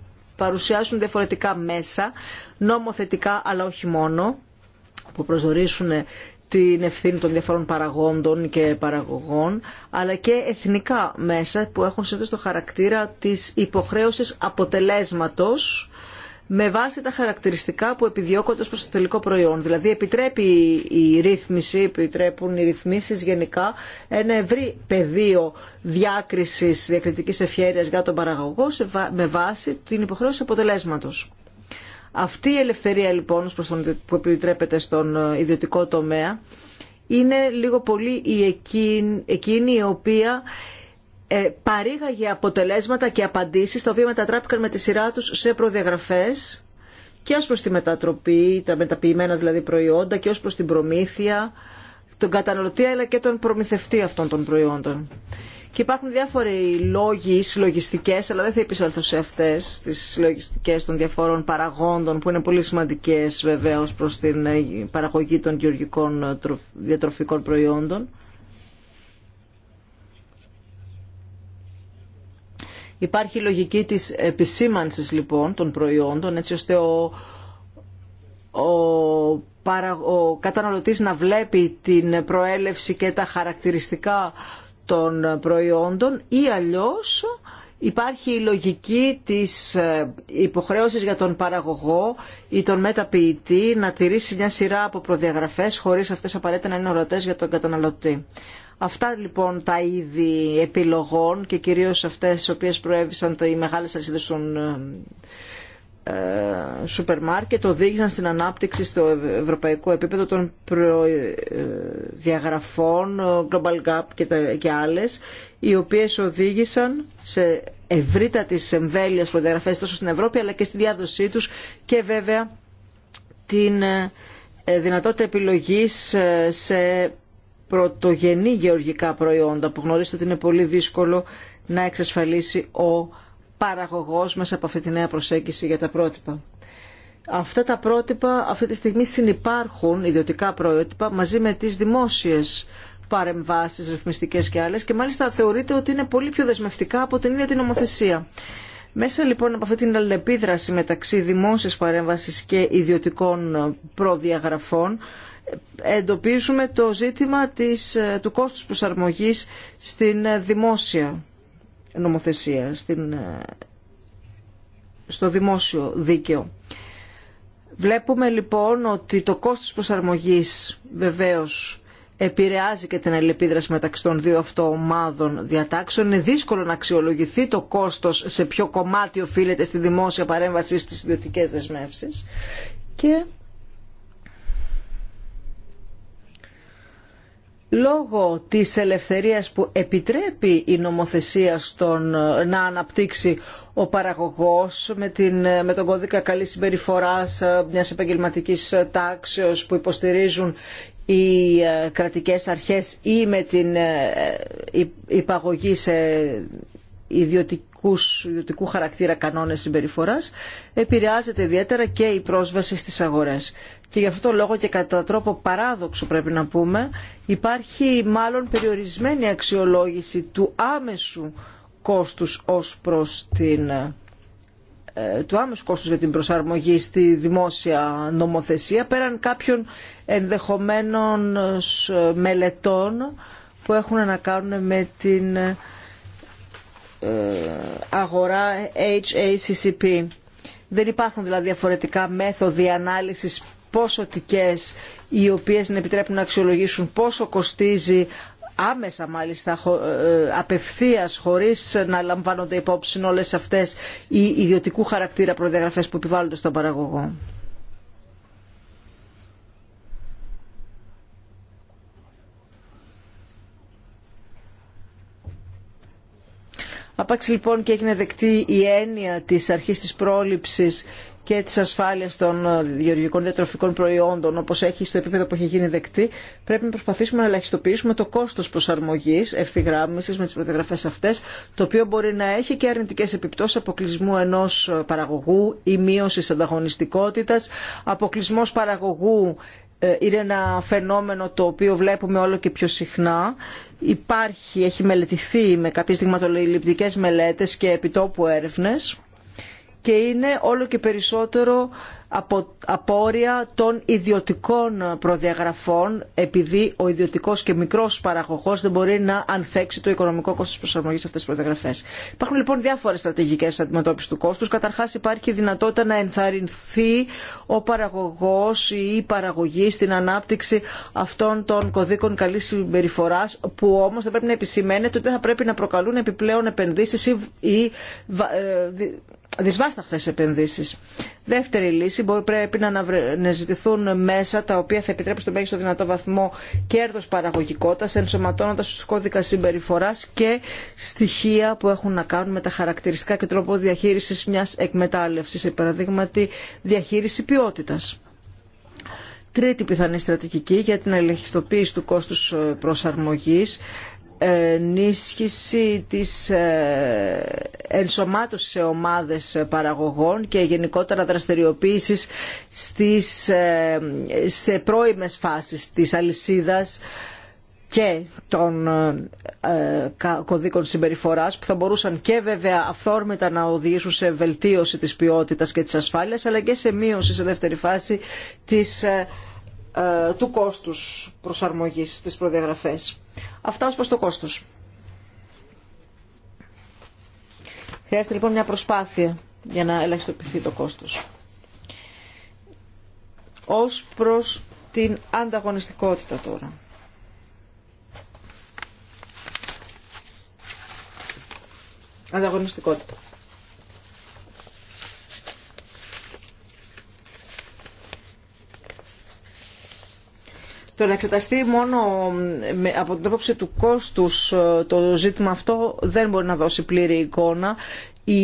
παρουσιάσουν διαφορετικά μέσα, νομοθετικά αλλά όχι μόνο, που προσδορίσουν την ευθύνη των διαφορών παραγόντων και παραγωγών, αλλά και εθνικά μέσα που έχουν αυτό το χαρακτήρα της υποχρέωσης αποτελέσματος με βάση τα χαρακτηριστικά που επιδιώκονται προς το τελικό προϊόν. Δηλαδή επιτρέπει η ρύθμιση, επιτρέπουν οι ρυθμίσεις γενικά ένα ευρύ πεδίο διάκρισης διακριτικής ευχέρειας για τον παραγωγό με βάση την υποχρέωση αποτελέσματος. Αυτή η ελευθερία λοιπόν που επιτρέπεται στον ε, ιδιωτικό τομέα είναι λίγο πολύ η εκείνη η οποία ε, παρήγαγε αποτελέσματα και απαντήσεις τα οποία μετατράπηκαν με τη σειρά τους σε προδιαγραφές και ως προς τη μετατροπή, τα μεταποιημένα δηλαδή προϊόντα και ως προς την προμήθεια, τον καταναλωτή αλλά και τον προμηθευτή αυτών των προϊόντων. Και υπάρχουν διάφοροι λόγοι συλλογιστικέ, αλλά δεν θα επισέλθω σε αυτέ τι συλλογιστικέ των διαφόρων παραγόντων που είναι πολύ σημαντικέ βεβαίω προ την ε, παραγωγή των γεωργικών ε, διατροφικών προϊόντων. Υπάρχει η λογική της επισήμανσης λοιπόν των προϊόντων έτσι ώστε ο, ο, ο καταναλωτής να βλέπει την προέλευση και τα χαρακτηριστικά των προϊόντων ή αλλιώς υπάρχει η λογική της ε, υποχρέωσης για τον παραγωγό ή τον μεταποιητή να τηρήσει μια σειρά από προδιαγραφές χωρίς αυτές απαραίτητα να είναι ορατές για τον καταναλωτή. Αυτά λοιπόν τα είδη επιλογών και κυρίως αυτές τις οποίες προέβησαν οι μεγάλες αλυσίδες των ε, ε, σούπερ μάρκετ οδήγησαν στην ανάπτυξη στο ευρωπαϊκό επίπεδο των διαγραφών Global Gap και, τα, και άλλες οι οποίες οδήγησαν σε ευρύτατες εμβέλειες προδιαγραφές τόσο στην Ευρώπη αλλά και στη διάδοσή τους και βέβαια την ε, δυνατότητα επιλογής σε πρωτογενή γεωργικά προϊόντα που γνωρίζετε ότι είναι πολύ δύσκολο να εξασφαλίσει ο παραγωγός μέσα από αυτή τη νέα προσέγγιση για τα πρότυπα. Αυτά τα πρότυπα αυτή τη στιγμή συνεπάρχουν ιδιωτικά πρότυπα, μαζί με τις δημόσιες παρεμβάσεις, ρυθμιστικές και άλλες και μάλιστα θεωρείται ότι είναι πολύ πιο δεσμευτικά από την ίδια την νομοθεσία. Μέσα λοιπόν από αυτή την αλληλεπίδραση μεταξύ δημόσιας παρέμβασης και ιδιωτικών προδιαγραφών εντοπίζουμε το ζήτημα της, του κόστους προσαρμογής στην δημόσια νομοθεσία, στην, στο δημόσιο δίκαιο. Βλέπουμε λοιπόν ότι το κόστος προσαρμογής βεβαίως επηρεάζει και την αλληλεπίδραση μεταξύ των δύο αυτών ομάδων διατάξεων. Είναι δύσκολο να αξιολογηθεί το κόστος σε ποιο κομμάτι οφείλεται στη δημόσια παρέμβαση στις ιδιωτικές δεσμεύσεις. Και λόγω της ελευθερίας που επιτρέπει η νομοθεσία στον να αναπτύξει ο παραγωγός με, την, τον κώδικα καλής συμπεριφοράς ε, μιας επαγγελματικής ε, τάξεως που υποστηρίζουν οι ε, κρατικές αρχές ή με την υπαγωγή σε ιδιωτικού χαρακτήρα κανόνες συμπεριφοράς επηρεάζεται ιδιαίτερα και η πρόσβαση στις αγορές και γι' αυτό το λόγο και κατά τρόπο παράδοξο πρέπει να πούμε υπάρχει μάλλον περιορισμένη αξιολόγηση του άμεσου κόστους ως προς την ε, του άμεσου κόστους για την προσαρμογή στη δημόσια νομοθεσία πέραν κάποιων ενδεχομένων ε, μελετών που έχουν να κάνουν με την ε, αγορά HACCP. Δεν υπάρχουν δηλαδή διαφορετικά μέθοδοι ανάλυσης ποσοτικές οι οποίες να επιτρέπουν να αξιολογήσουν πόσο κοστίζει άμεσα μάλιστα ε, απευθείας χωρίς να λαμβάνονται υπόψη όλες αυτές οι ιδιωτικού χαρακτήρα προδιαγραφές που επιβάλλονται στον παραγωγό. Απάξει λοιπόν και έγινε δεκτή η έννοια της αρχής της πρόληψης και τη ασφάλεια των ε, γεωργικών διατροφικών προϊόντων όπω έχει στο επίπεδο που έχει γίνει δεκτή, πρέπει να προσπαθήσουμε να ελαχιστοποιήσουμε το κόστο προσαρμογή ευθυγράμμιση με τι προτεγραφέ αυτέ, το οποίο μπορεί να έχει και αρνητικές επιπτώσεις αποκλεισμού ενό παραγωγού ή μείωση ανταγωνιστικότητα. Αποκλεισμό παραγωγού ε, είναι ένα φαινόμενο το οποίο βλέπουμε όλο και πιο συχνά. Υπάρχει, έχει μελετηθεί με κάποιες δειγματοληπτικές μελέτες και επιτόπου έρευνες και είναι όλο και περισσότερο από απόρρια των ιδιωτικών προδιαγραφών επειδή ο ιδιωτικός και μικρός παραγωγός δεν μπορεί να ανθέξει το οικονομικό κόστος προσαρμογής σε αυτές τις προδιαγραφές. Υπάρχουν λοιπόν διάφορες στρατηγικές αντιμετώπιση του κόστους. Καταρχάς υπάρχει η δυνατότητα να ενθαρρυνθεί ο παραγωγός ή η παραγωγή στην ανάπτυξη αυτών των κωδίκων καλή συμπεριφορά που όμως θα πρέπει να επισημαίνεται ότι δεν θα πρέπει να προκαλούν επιπλέον επενδύσεις ή ε, δυσβάσταχτε επενδύσει. Δεύτερη λύση μπορεί, πρέπει να, αναζητηθούν μέσα τα οποία θα επιτρέψουν στο μέγιστο δυνατό βαθμό κέρδος παραγωγικότητας ενσωματώνοντας στους κώδικα συμπεριφοράς και στοιχεία που έχουν να κάνουν με τα χαρακτηριστικά και τρόπο διαχείρισης μιας εκμετάλλευση, σε τη διαχείριση ποιότητα. Τρίτη πιθανή στρατηγική για την ελεγχιστοποίηση του κόστους ε, προσαρμογής ενίσχυση της ε, ενσωμάτωσης σε ομάδες παραγωγών και γενικότερα δραστηριοποίησης στις, ε, σε πρώιμες φάσεις της αλυσίδας και των ε, κωδίκων συμπεριφοράς που θα μπορούσαν και βέβαια αυθόρμητα να οδηγήσουν σε βελτίωση της ποιότητας και της ασφάλειας αλλά και σε μείωση σε δεύτερη φάση της ε, του κόστους προσαρμογής στις προδιαγραφές. Αυτά ως προς το κόστος. Χρειάζεται λοιπόν μια προσπάθεια για να ελαχιστοποιηθεί το κόστος. Ως προς την ανταγωνιστικότητα τώρα. Ανταγωνιστικότητα. Το να εξεταστεί μόνο από την άποψη του κόστους ε, το ζήτημα αυτό δεν μπορεί να δώσει πλήρη εικόνα. Οι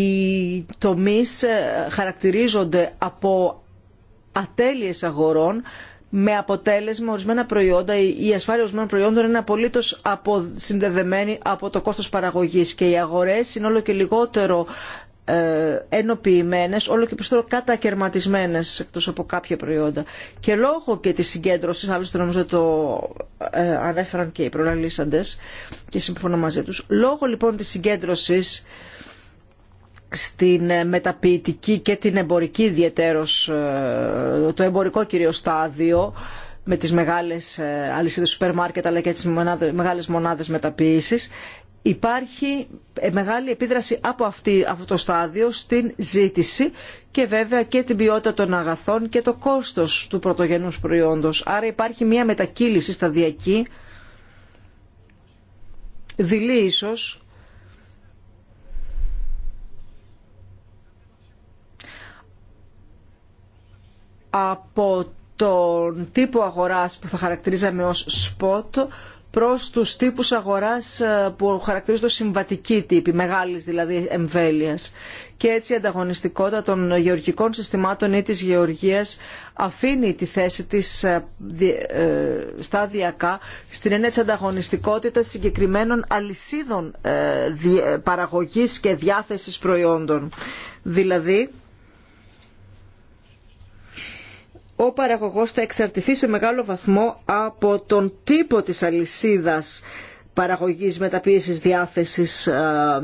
τομείς ε, χαρακτηρίζονται από ατέλειες αγορών με αποτέλεσμα ορισμένα προϊόντα η ασφάλεια ορισμένων προϊόντων είναι απολύτω συνδεδεμένη από το κόστο παραγωγή και οι αγορέ είναι όλο και λιγότερο ε, ενοποιημένες, όλο και περισσότερο κατακαιρματισμένες εκτός από κάποια προϊόντα. Και λόγω και της συγκέντρωσης, άλλωστε νομίζω το ε, ανέφεραν και οι προλαλήσαντες και συμφωνώ μαζί τους, λόγω λοιπόν της συγκέντρωσης στην ε, μεταποιητική και την εμπορική ε, το εμπορικό κυρίως στάδιο, με τις μεγάλες αλυσίδες σούπερ μάρκετ αλλά και τις μεγάλες μονάδες μεταποίησης υπάρχει μεγάλη επίδραση από αυτή, αυτό το στάδιο στην ζήτηση και βέβαια και την ποιότητα των αγαθών και το κόστος του πρωτογενούς προϊόντος. Άρα υπάρχει μια μετακύληση σταδιακή, δειλή ίσως, από τον τύπο αγοράς που θα χαρακτηρίζαμε ως spot προς τους τύπους αγοράς ε, που χαρακτηρίζονται συμβατικοί τύποι, μεγάλης δηλαδή εμβέλειας. Και έτσι η ανταγωνιστικότητα των γεωργικών συστημάτων ή της γεωργίας αφήνει τη θέση της ε, ε, σταδιακά στην έννοια της ανταγωνιστικότητας συγκεκριμένων αλυσίδων παραγωγής και διάθεσης προϊόντων. Δηλαδή, ο παραγωγός θα εξαρτηθεί σε μεγάλο βαθμό από τον τύπο της αλυσίδας παραγωγής, μεταποίησης, διάθεσης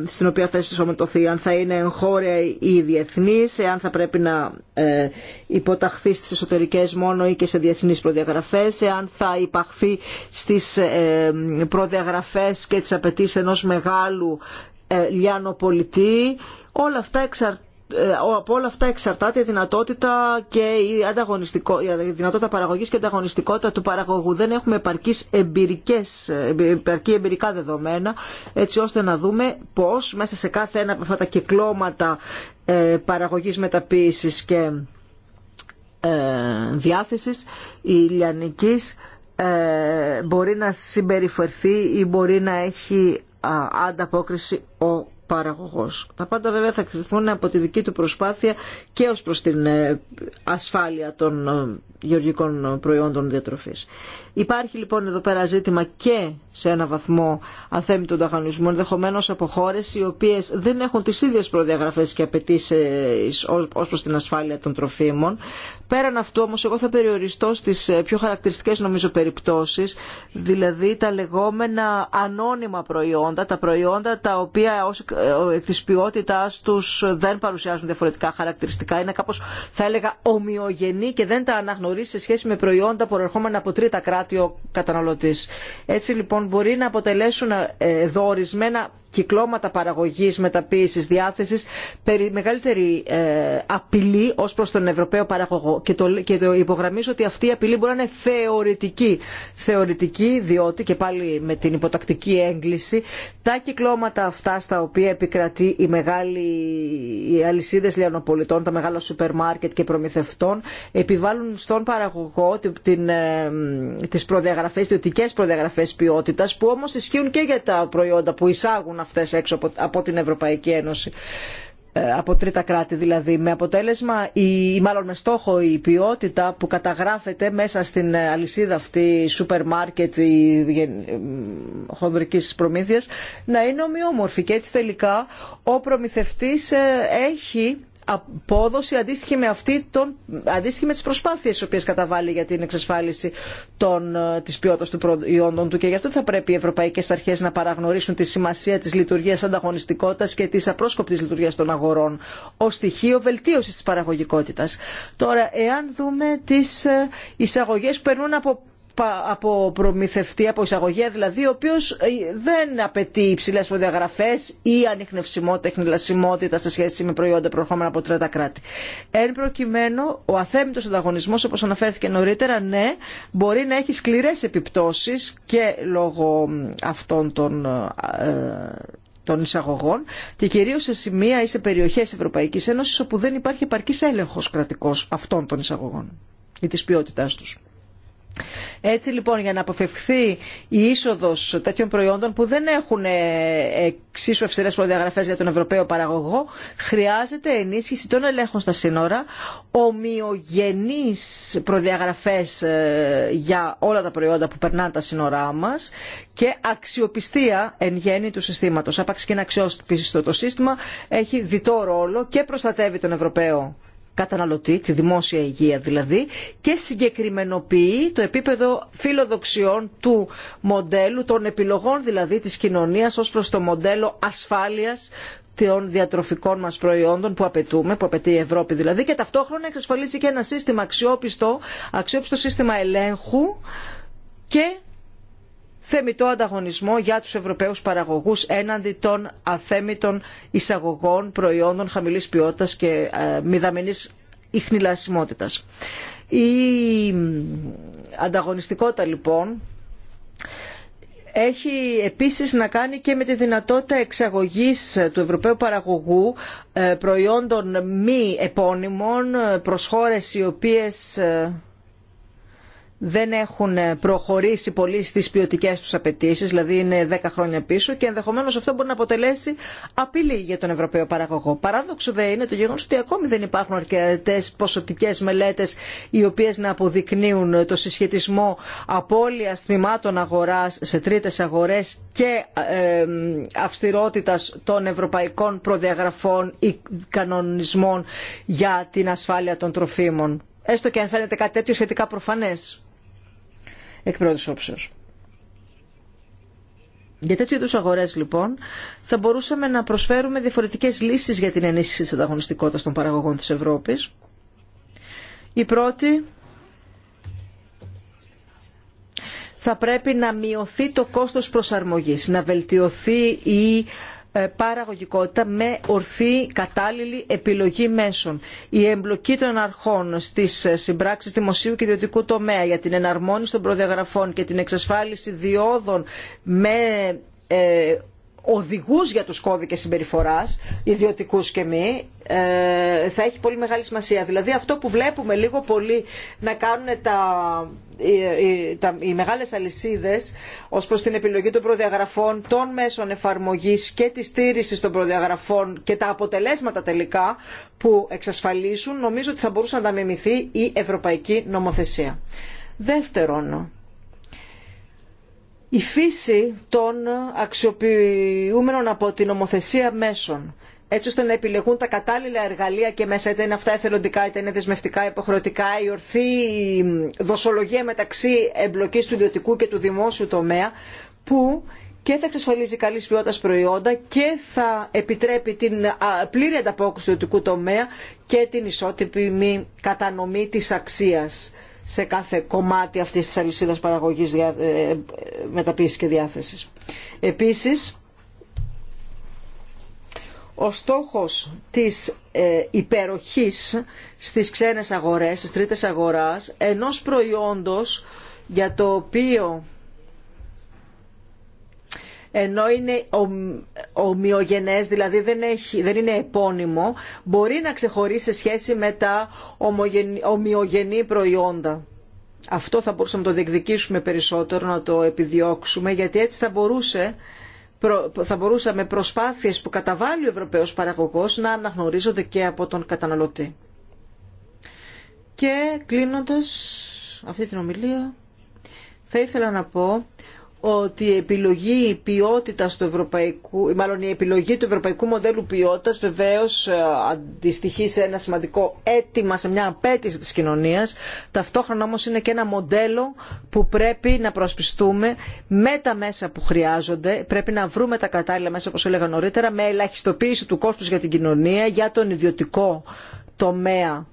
στην οποία θα συσσωμετωθεί. αν θα είναι εγχώρια ή διεθνής, εάν θα πρέπει να ε, υποταχθεί στις εσωτερικές μόνο ή και σε διεθνείς προδιαγραφές, εάν θα υπαχθεί στις ε, προδιαγραφές και τις απαιτήσει ενός μεγάλου ε, λιανοπολιτή. Όλα αυτά εξαρτάται. Ε, από όλα αυτά εξαρτάται η δυνατότητα, και η, ανταγωνιστικό, η δυνατότητα παραγωγής και η ανταγωνιστικότητα του παραγωγού. Δεν έχουμε εμπειρικές, επαρκή εμπειρικά δεδομένα έτσι ώστε να δούμε πώς μέσα σε κάθε ένα από αυτά τα κυκλώματα ε, παραγωγής μεταποίησης και ε, διάθεσης η λιανικής μπορεί να συμπεριφερθεί ή μπορεί να έχει ανταπόκριση ο παραγωγός. Τα πάντα βέβαια θα κρυθούν από τη δική του προσπάθεια και ως προς την ε, ασφάλεια των ε, γεωργικών προϊόντων διατροφής. Υπάρχει λοιπόν εδώ πέρα ζήτημα και σε ένα βαθμό θέμει τον ανταγωνισμού, ενδεχομένω από χώρε οι οποίε δεν έχουν τι ίδιε προδιαγραφέ και απαιτήσει ε, ω προ την ασφάλεια των τροφίμων. Πέραν αυτού όμω, εγώ θα περιοριστώ στι ε, πιο χαρακτηριστικέ νομίζω περιπτώσει, δηλαδή τα λεγόμενα ανώνυμα προϊόντα, τα προϊόντα τα οποία ω ε, εκ τη ποιότητά του δεν παρουσιάζουν διαφορετικά χαρακτηριστικά, είναι κάπω θα έλεγα ομοιογενή και δεν τα αναγνωρίζει σε σχέση με προϊόντα προερχόμενα από τρίτα κράτη ο καταναλωτής. Έτσι λοιπόν μπορεί να αποτελέσουν ε, εδώ κυκλώματα παραγωγή μεταποίησης, διάθεσης περί μεγαλύτερη ε, απειλή ω προ τον Ευρωπαίο παραγωγό. Και το, και υπογραμμίζω ότι αυτή η απειλή μπορεί να είναι θεωρητική. Θεωρητική διότι και πάλι με την υποτακτική έγκληση τα κυκλώματα αυτά στα οποία επικρατεί η μεγάλη, οι αλυσίδες λιανοπολιτών, τα μεγάλα σούπερ μάρκετ και προμηθευτών επιβάλλουν στον παραγωγό τι ε, τις προδιαγραφές, ιδιωτικέ προδιαγραφές ποιότητας που όμω ισχύουν και για τα προϊόντα που εισάγουν αυτές έξω από, την Ευρωπαϊκή Ένωση ε, από τρίτα κράτη δηλαδή με αποτέλεσμα ή μάλλον με στόχο η ποιότητα που καταγράφεται μέσα στην ε, αλυσίδα αυτή σούπερ μάρκετ ή χονδρικής προμήθειας να είναι ομοιόμορφη και έτσι τελικά ο προμηθευτής ε, έχει απόδοση αντίστοιχη με, αυτή των, αντίστοιχη με τις προσπάθειες τις οποίες καταβάλει για την εξασφάλιση των, ε, της ποιότητας του προϊόντων του και γι' αυτό θα πρέπει οι ευρωπαϊκές αρχές να παραγνωρίσουν τη σημασία της λειτουργίας ανταγωνιστικότητας και της απρόσκοπτης λειτουργίας των αγορών ως στοιχείο βελτίωσης της παραγωγικότητας. Τώρα, εάν δούμε τις ε, εισαγωγές που περνούν από από προμηθευτή, από εισαγωγέα δηλαδή, ο οποίο ε, δεν απαιτεί υψηλέ προδιαγραφέ ή ανιχνευσιμότητα, εχνηλασιμότητα σε σχέση με προϊόντα προερχόμενα από τρίτα κράτη. Εν προκειμένου, ο αθέμητο ανταγωνισμό, όπω αναφέρθηκε νωρίτερα, ναι, μπορεί να έχει σκληρέ επιπτώσει και λόγω αυτών των ε, των εισαγωγών και κυρίω σε σημεία ή σε περιοχέ Ευρωπαϊκή Ένωση όπου δεν υπάρχει επαρκή έλεγχο κρατικό αυτών των εισαγωγών ή τη ποιότητά του. Έτσι λοιπόν για να αποφευχθεί η είσοδος τέτοιων προϊόντων που δεν έχουν ε, εξίσου αυστηρές προδιαγραφές για τον Ευρωπαίο παραγωγό χρειάζεται ενίσχυση των ελέγχων στα σύνορα, ομοιογενείς προδιαγραφές ε, για όλα τα προϊόντα που περνάνε τα σύνορά μας και αξιοπιστία εν γέννη του συστήματος. Άπαξ και ένα αξιόπιστο το σύστημα έχει διτό ρόλο και προστατεύει τον Ευρωπαίο καταναλωτή, τη δημόσια υγεία δηλαδή, και συγκεκριμενοποιεί το επίπεδο φιλοδοξιών του μοντέλου, των επιλογών δηλαδή της κοινωνίας ως προς το μοντέλο ασφάλειας των διατροφικών μας προϊόντων που απαιτούμε, που απαιτεί η Ευρώπη δηλαδή και ταυτόχρονα εξασφαλίζει και ένα σύστημα αξιόπιστο, αξιόπιστο σύστημα ελέγχου και θεμητό ανταγωνισμό για τους ευρωπαίους παραγωγούς έναντι των αθέμητων εισαγωγών προϊόντων χαμηλής ποιότητας και ε, μηδαμινής ιχνηλασιμότητας. Η ανταγωνιστικότητα λοιπόν έχει επίσης να κάνει και με τη δυνατότητα εξαγωγής του ευρωπαίου παραγωγού ε, προϊόντων μη επώνυμων ε, προς χώρες οι οποίες δεν έχουν προχωρήσει πολύ στι ποιοτικέ του απαιτήσει, δηλαδή είναι 10 χρόνια πίσω και ενδεχομένω αυτό μπορεί να αποτελέσει απειλή για τον Ευρωπαίο παραγωγό. Παράδοξο δε είναι το γεγονό ότι ακόμη δεν υπάρχουν αρκετέ ποσοτικές μελέτε οι οποίε να αποδεικνύουν το συσχετισμό απώλεια τμήματων αγορά σε τρίτε αγορέ και ε, αυστηρότητα των ευρωπαϊκών προδιαγραφών ή κανονισμών για την ασφάλεια των τροφίμων έστω και αν φαίνεται κάτι τέτοιο σχετικά προφανές εκ πρώτη όψεω. Για τέτοιου είδου αγορέ, λοιπόν, θα μπορούσαμε να προσφέρουμε διαφορετικέ λύσει για την ενίσχυση τη ανταγωνιστικότητα των παραγωγών τη Ευρώπη. Η πρώτη θα πρέπει να μειωθεί το κόστος προσαρμογής, να βελτιωθεί η ε, παραγωγικότητα με ορθή κατάλληλη επιλογή μέσων. Η εμπλοκή των αρχών στις ε, συμπράξεις δημοσίου και ιδιωτικού τομέα για την εναρμόνιση των προδιαγραφών και την εξασφάλιση διόδων με ε, οδηγούς για τους κώδικες συμπεριφοράς, ιδιωτικούς και μη, ε, θα έχει πολύ μεγάλη σημασία. Δηλαδή αυτό που βλέπουμε λίγο πολύ να κάνουν τα, οι, τα, οι μεγάλες αλυσίδες ως προς την επιλογή των προδιαγραφών, των μέσων εφαρμογής και τη στήριση των προδιαγραφών και τα αποτελέσματα τελικά που εξασφαλίσουν, νομίζω ότι θα μπορούσε να τα μιμηθεί η ευρωπαϊκή νομοθεσία. Δεύτερον, η φύση των αξιοποιούμενων από την νομοθεσία μέσων έτσι ώστε να επιλεγούν τα κατάλληλα εργαλεία και μέσα, είτε είναι αυτά εθελοντικά, είτε είναι δεσμευτικά, υποχρεωτικά, η ορθή δοσολογία μεταξύ εμπλοκής του ιδιωτικού και του δημόσιου τομέα, που και θα εξασφαλίζει καλή ποιότητα προϊόντα και θα επιτρέπει την πλήρη ανταπόκριση του ιδιωτικού τομέα και την ισότιμη κατανομή της αξίας σε κάθε κομμάτι αυτής της αλυσίδας παραγωγής ε, μεταποίησης και διάθεσης. Επίσης, ο στόχος της ε, υπεροχής στις ξένες αγορές, στις τρίτες αγοράς, ενός προϊόντος για το οποίο ενώ είναι ομοιογενές, δηλαδή δεν, είναι επώνυμο, μπορεί να ξεχωρίσει σε σχέση με τα ομοιογενή προϊόντα. Αυτό θα μπορούσαμε να το διεκδικήσουμε περισσότερο, να το επιδιώξουμε, γιατί έτσι θα μπορούσε θα μπορούσαμε προσπάθειες που καταβάλει ο Ευρωπαίος παραγωγός να αναγνωρίζονται και από τον καταναλωτή. Και κλείνοντας αυτή την ομιλία θα ήθελα να πω ότι η επιλογή ποιότητα του ευρωπαϊκού, μάλλον η επιλογή του ευρωπαϊκού μοντέλου ποιότητα βεβαίω ε, αντιστοιχεί σε ένα σημαντικό αίτημα, σε μια απέτηση της κοινωνίας. Ταυτόχρονα όμως είναι και ένα μοντέλο που πρέπει να προασπιστούμε με τα μέσα που χρειάζονται. Πρέπει να βρούμε τα κατάλληλα μέσα, όπως έλεγα νωρίτερα, με ελαχιστοποίηση του κόστου για την κοινωνία, για τον ιδιωτικό τομέα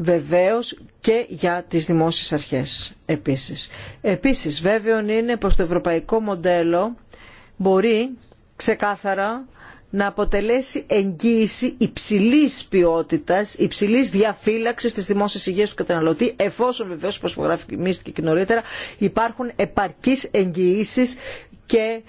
βεβαίως και για τις δημόσιες αρχές επίσης. Επίσης βέβαιον είναι πως το ευρωπαϊκό μοντέλο μπορεί ξεκάθαρα να αποτελέσει εγγύηση υψηλής ποιότητας, υψηλής διαφύλαξης της δημόσιας υγείας του καταναλωτή, εφόσον βεβαίως, όπως υπογράφηκε και νωρίτερα, υπάρχουν επαρκείς εγγυήσεις και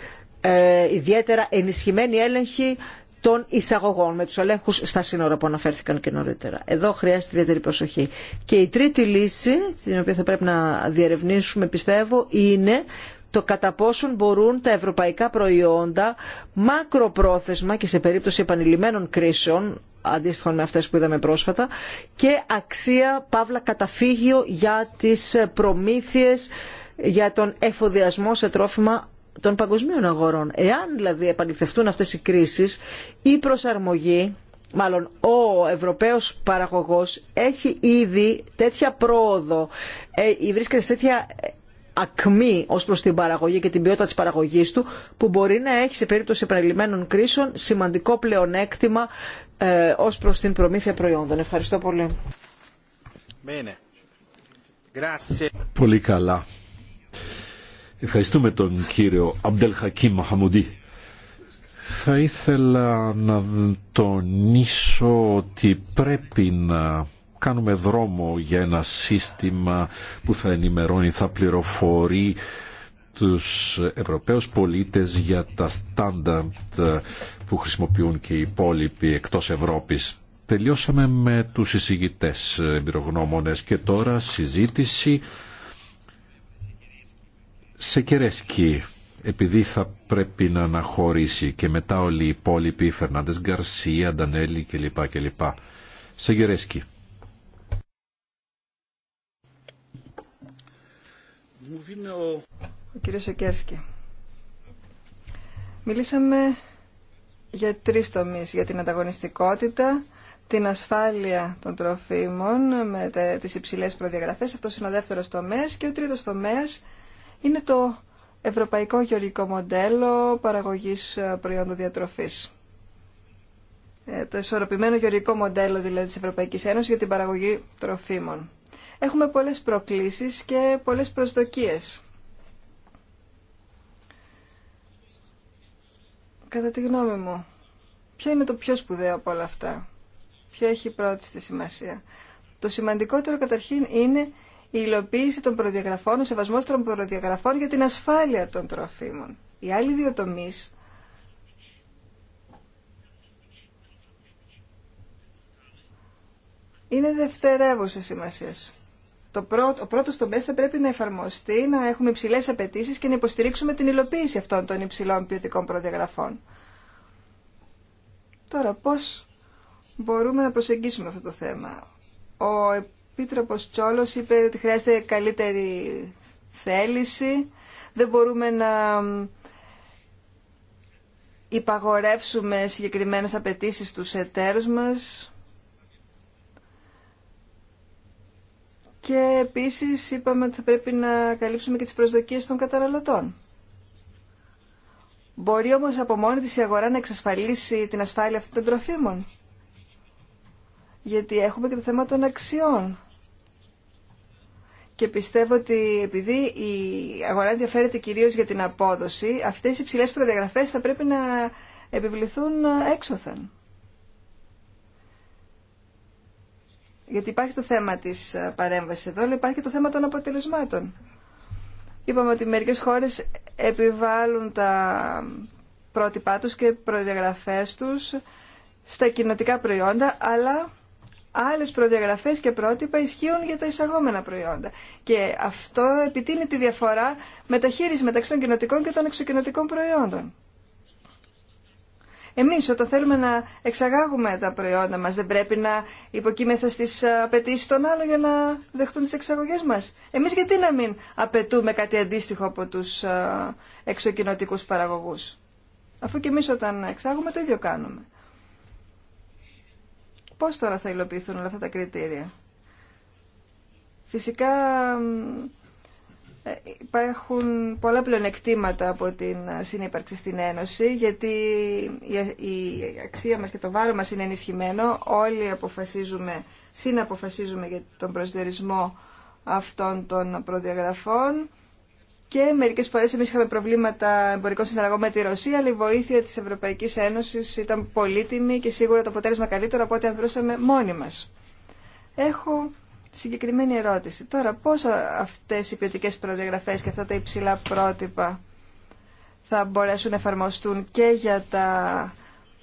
ε, ιδιαίτερα ενισχυμένη έλεγχη των εισαγωγών, με τους ελέγχους στα σύνορα που αναφέρθηκαν και νωρίτερα. Εδώ χρειάζεται ιδιαίτερη προσοχή. Και η τρίτη λύση, την οποία θα πρέπει να διερευνήσουμε, πιστεύω, είναι το κατά πόσον μπορούν τα ευρωπαϊκά προϊόντα μακροπρόθεσμα και σε περίπτωση επανειλημμένων κρίσεων, αντίστοιχων με αυτές που είδαμε πρόσφατα, και αξία, παύλα, καταφύγιο για τις προμήθειες, για τον εφοδιασμό σε τρόφιμα των παγκοσμίων αγορών. Εάν δηλαδή επαληθευτούν αυτές οι κρίσεις, η προσαρμογή, μάλλον ο Ευρωπαίος παραγωγός έχει ήδη τέτοια πρόοδο, ε, βρίσκεται σε τέτοια ακμή ως προς την παραγωγή και την ποιότητα της παραγωγής του, που μπορεί να έχει σε περίπτωση επαναλημμένων κρίσεων σημαντικό πλεονέκτημα ε, ως προς την προμήθεια προϊόντων. Ευχαριστώ πολύ. Πολύ καλά. Ευχαριστούμε τον κύριο Αμπτελχακή Μαχαμουντή. Θα ήθελα να τονίσω ότι πρέπει να κάνουμε δρόμο για ένα σύστημα που θα ενημερώνει, θα πληροφορεί τους Ευρωπαίους πολίτες για τα στάνταρτ που χρησιμοποιούν και οι υπόλοιποι εκτός Ευρώπης. Τελειώσαμε με τους εισηγητές εμπειρογνώμονες και τώρα συζήτηση σε Κερέσκι, επειδή θα πρέπει να αναχωρήσει και μετά όλοι οι υπόλοιποι, Φερνάντες Γκαρσία, Ντανέλη κλπ. κλπ. Σε Κερέσκι. Ο κύριος Σεκέρσκι. Μιλήσαμε για τρεις τομείς, για την ανταγωνιστικότητα, την ασφάλεια των τροφίμων με τις υψηλές προδιαγραφές, αυτός είναι ο δεύτερος τομέας και ο τρίτος τομέας είναι το ευρωπαϊκό γεωργικό μοντέλο παραγωγής ε, προϊόντων διατροφής. Ε, το ισορροπημένο γεωργικό μοντέλο δηλαδή της Ευρωπαϊκής Ένωσης για την παραγωγή τροφίμων. Έχουμε πολλές προκλήσεις και πολλές προσδοκίες. Κατά τη γνώμη μου, ποιο είναι το πιο σπουδαίο από όλα αυτά. Ποιο έχει πρώτη στη σημασία. Το σημαντικότερο καταρχήν είναι η υλοποίηση των προδιαγραφών, ο σεβασμό των προδιαγραφών για την ασφάλεια των τροφίμων. Οι άλλοι δύο τομεί. είναι δευτερεύουσε σημασία. Το πρώτο, ο πρώτος θα πρέπει να εφαρμοστεί, να έχουμε υψηλές απαιτήσει και να υποστηρίξουμε την υλοποίηση αυτών των υψηλών ποιοτικών προδιαγραφών. Τώρα, πώς μπορούμε να προσεγγίσουμε αυτό το θέμα. Ο Επίτροπος Τσόλος είπε ότι χρειάζεται καλύτερη θέληση. Δεν μπορούμε να υπαγορεύσουμε συγκεκριμένες απαιτήσει στους εταίρους μας. Και επίσης είπαμε ότι θα πρέπει να καλύψουμε και τις προσδοκίες των καταναλωτών. Μπορεί όμως από μόνη της η αγορά να εξασφαλίσει την ασφάλεια αυτών των τροφίμων. Γιατί έχουμε και το θέμα των αξιών και πιστεύω ότι επειδή η αγορά ενδιαφέρεται κυρίως για την απόδοση, αυτές οι ψηλές προδιαγραφές θα πρέπει να επιβληθούν έξωθεν. Γιατί υπάρχει το θέμα της παρέμβασης εδώ, αλλά υπάρχει το θέμα των αποτελεσμάτων. Είπαμε ότι μερικές χώρες επιβάλλουν τα πρότυπά τους και προδιαγραφές τους στα κοινοτικά προϊόντα, αλλά Άλλε προδιαγραφέ και πρότυπα ισχύουν για τα εισαγόμενα προϊόντα. Και αυτό επιτείνει τη διαφορά μεταχείριση μεταξύ των κοινοτικών και των εξοκοινοτικών προϊόντων. Εμείς όταν θέλουμε να εξαγάγουμε τα προϊόντα μας δεν πρέπει να υποκείμεθα στις απαιτήσει των άλλων για να δεχτούν τις εξαγωγές μας. Εμείς γιατί να μην απαιτούμε κάτι αντίστοιχο από τους ε, εξοκοινοτικούς παραγωγούς. Αφού και εμείς όταν εξάγουμε το ίδιο κάνουμε. Πώς τώρα θα υλοποιηθούν όλα αυτά τα κριτήρια. Φυσικά ε, υπάρχουν πολλά πλεονεκτήματα από την συνύπαρξη στην Ένωση γιατί η αξία μας και το βάρο μας είναι ενισχυμένο όλοι αποφασίζουμε, συναποφασίζουμε για τον προσδιορισμό αυτών των προδιαγραφών και μερικέ φορέ εμεί είχαμε προβλήματα εμπορικών συναλλαγών με τη Ρωσία, αλλά η βοήθεια τη Ευρωπαϊκή Ένωση ήταν πολύτιμη και σίγουρα το αποτέλεσμα καλύτερο από ό,τι αν δρούσαμε μόνοι μα. Έχω συγκεκριμένη ερώτηση. Τώρα, πώ αυτέ οι ποιοτικέ προδιαγραφέ και αυτά τα υψηλά πρότυπα θα μπορέσουν να εφαρμοστούν και για τα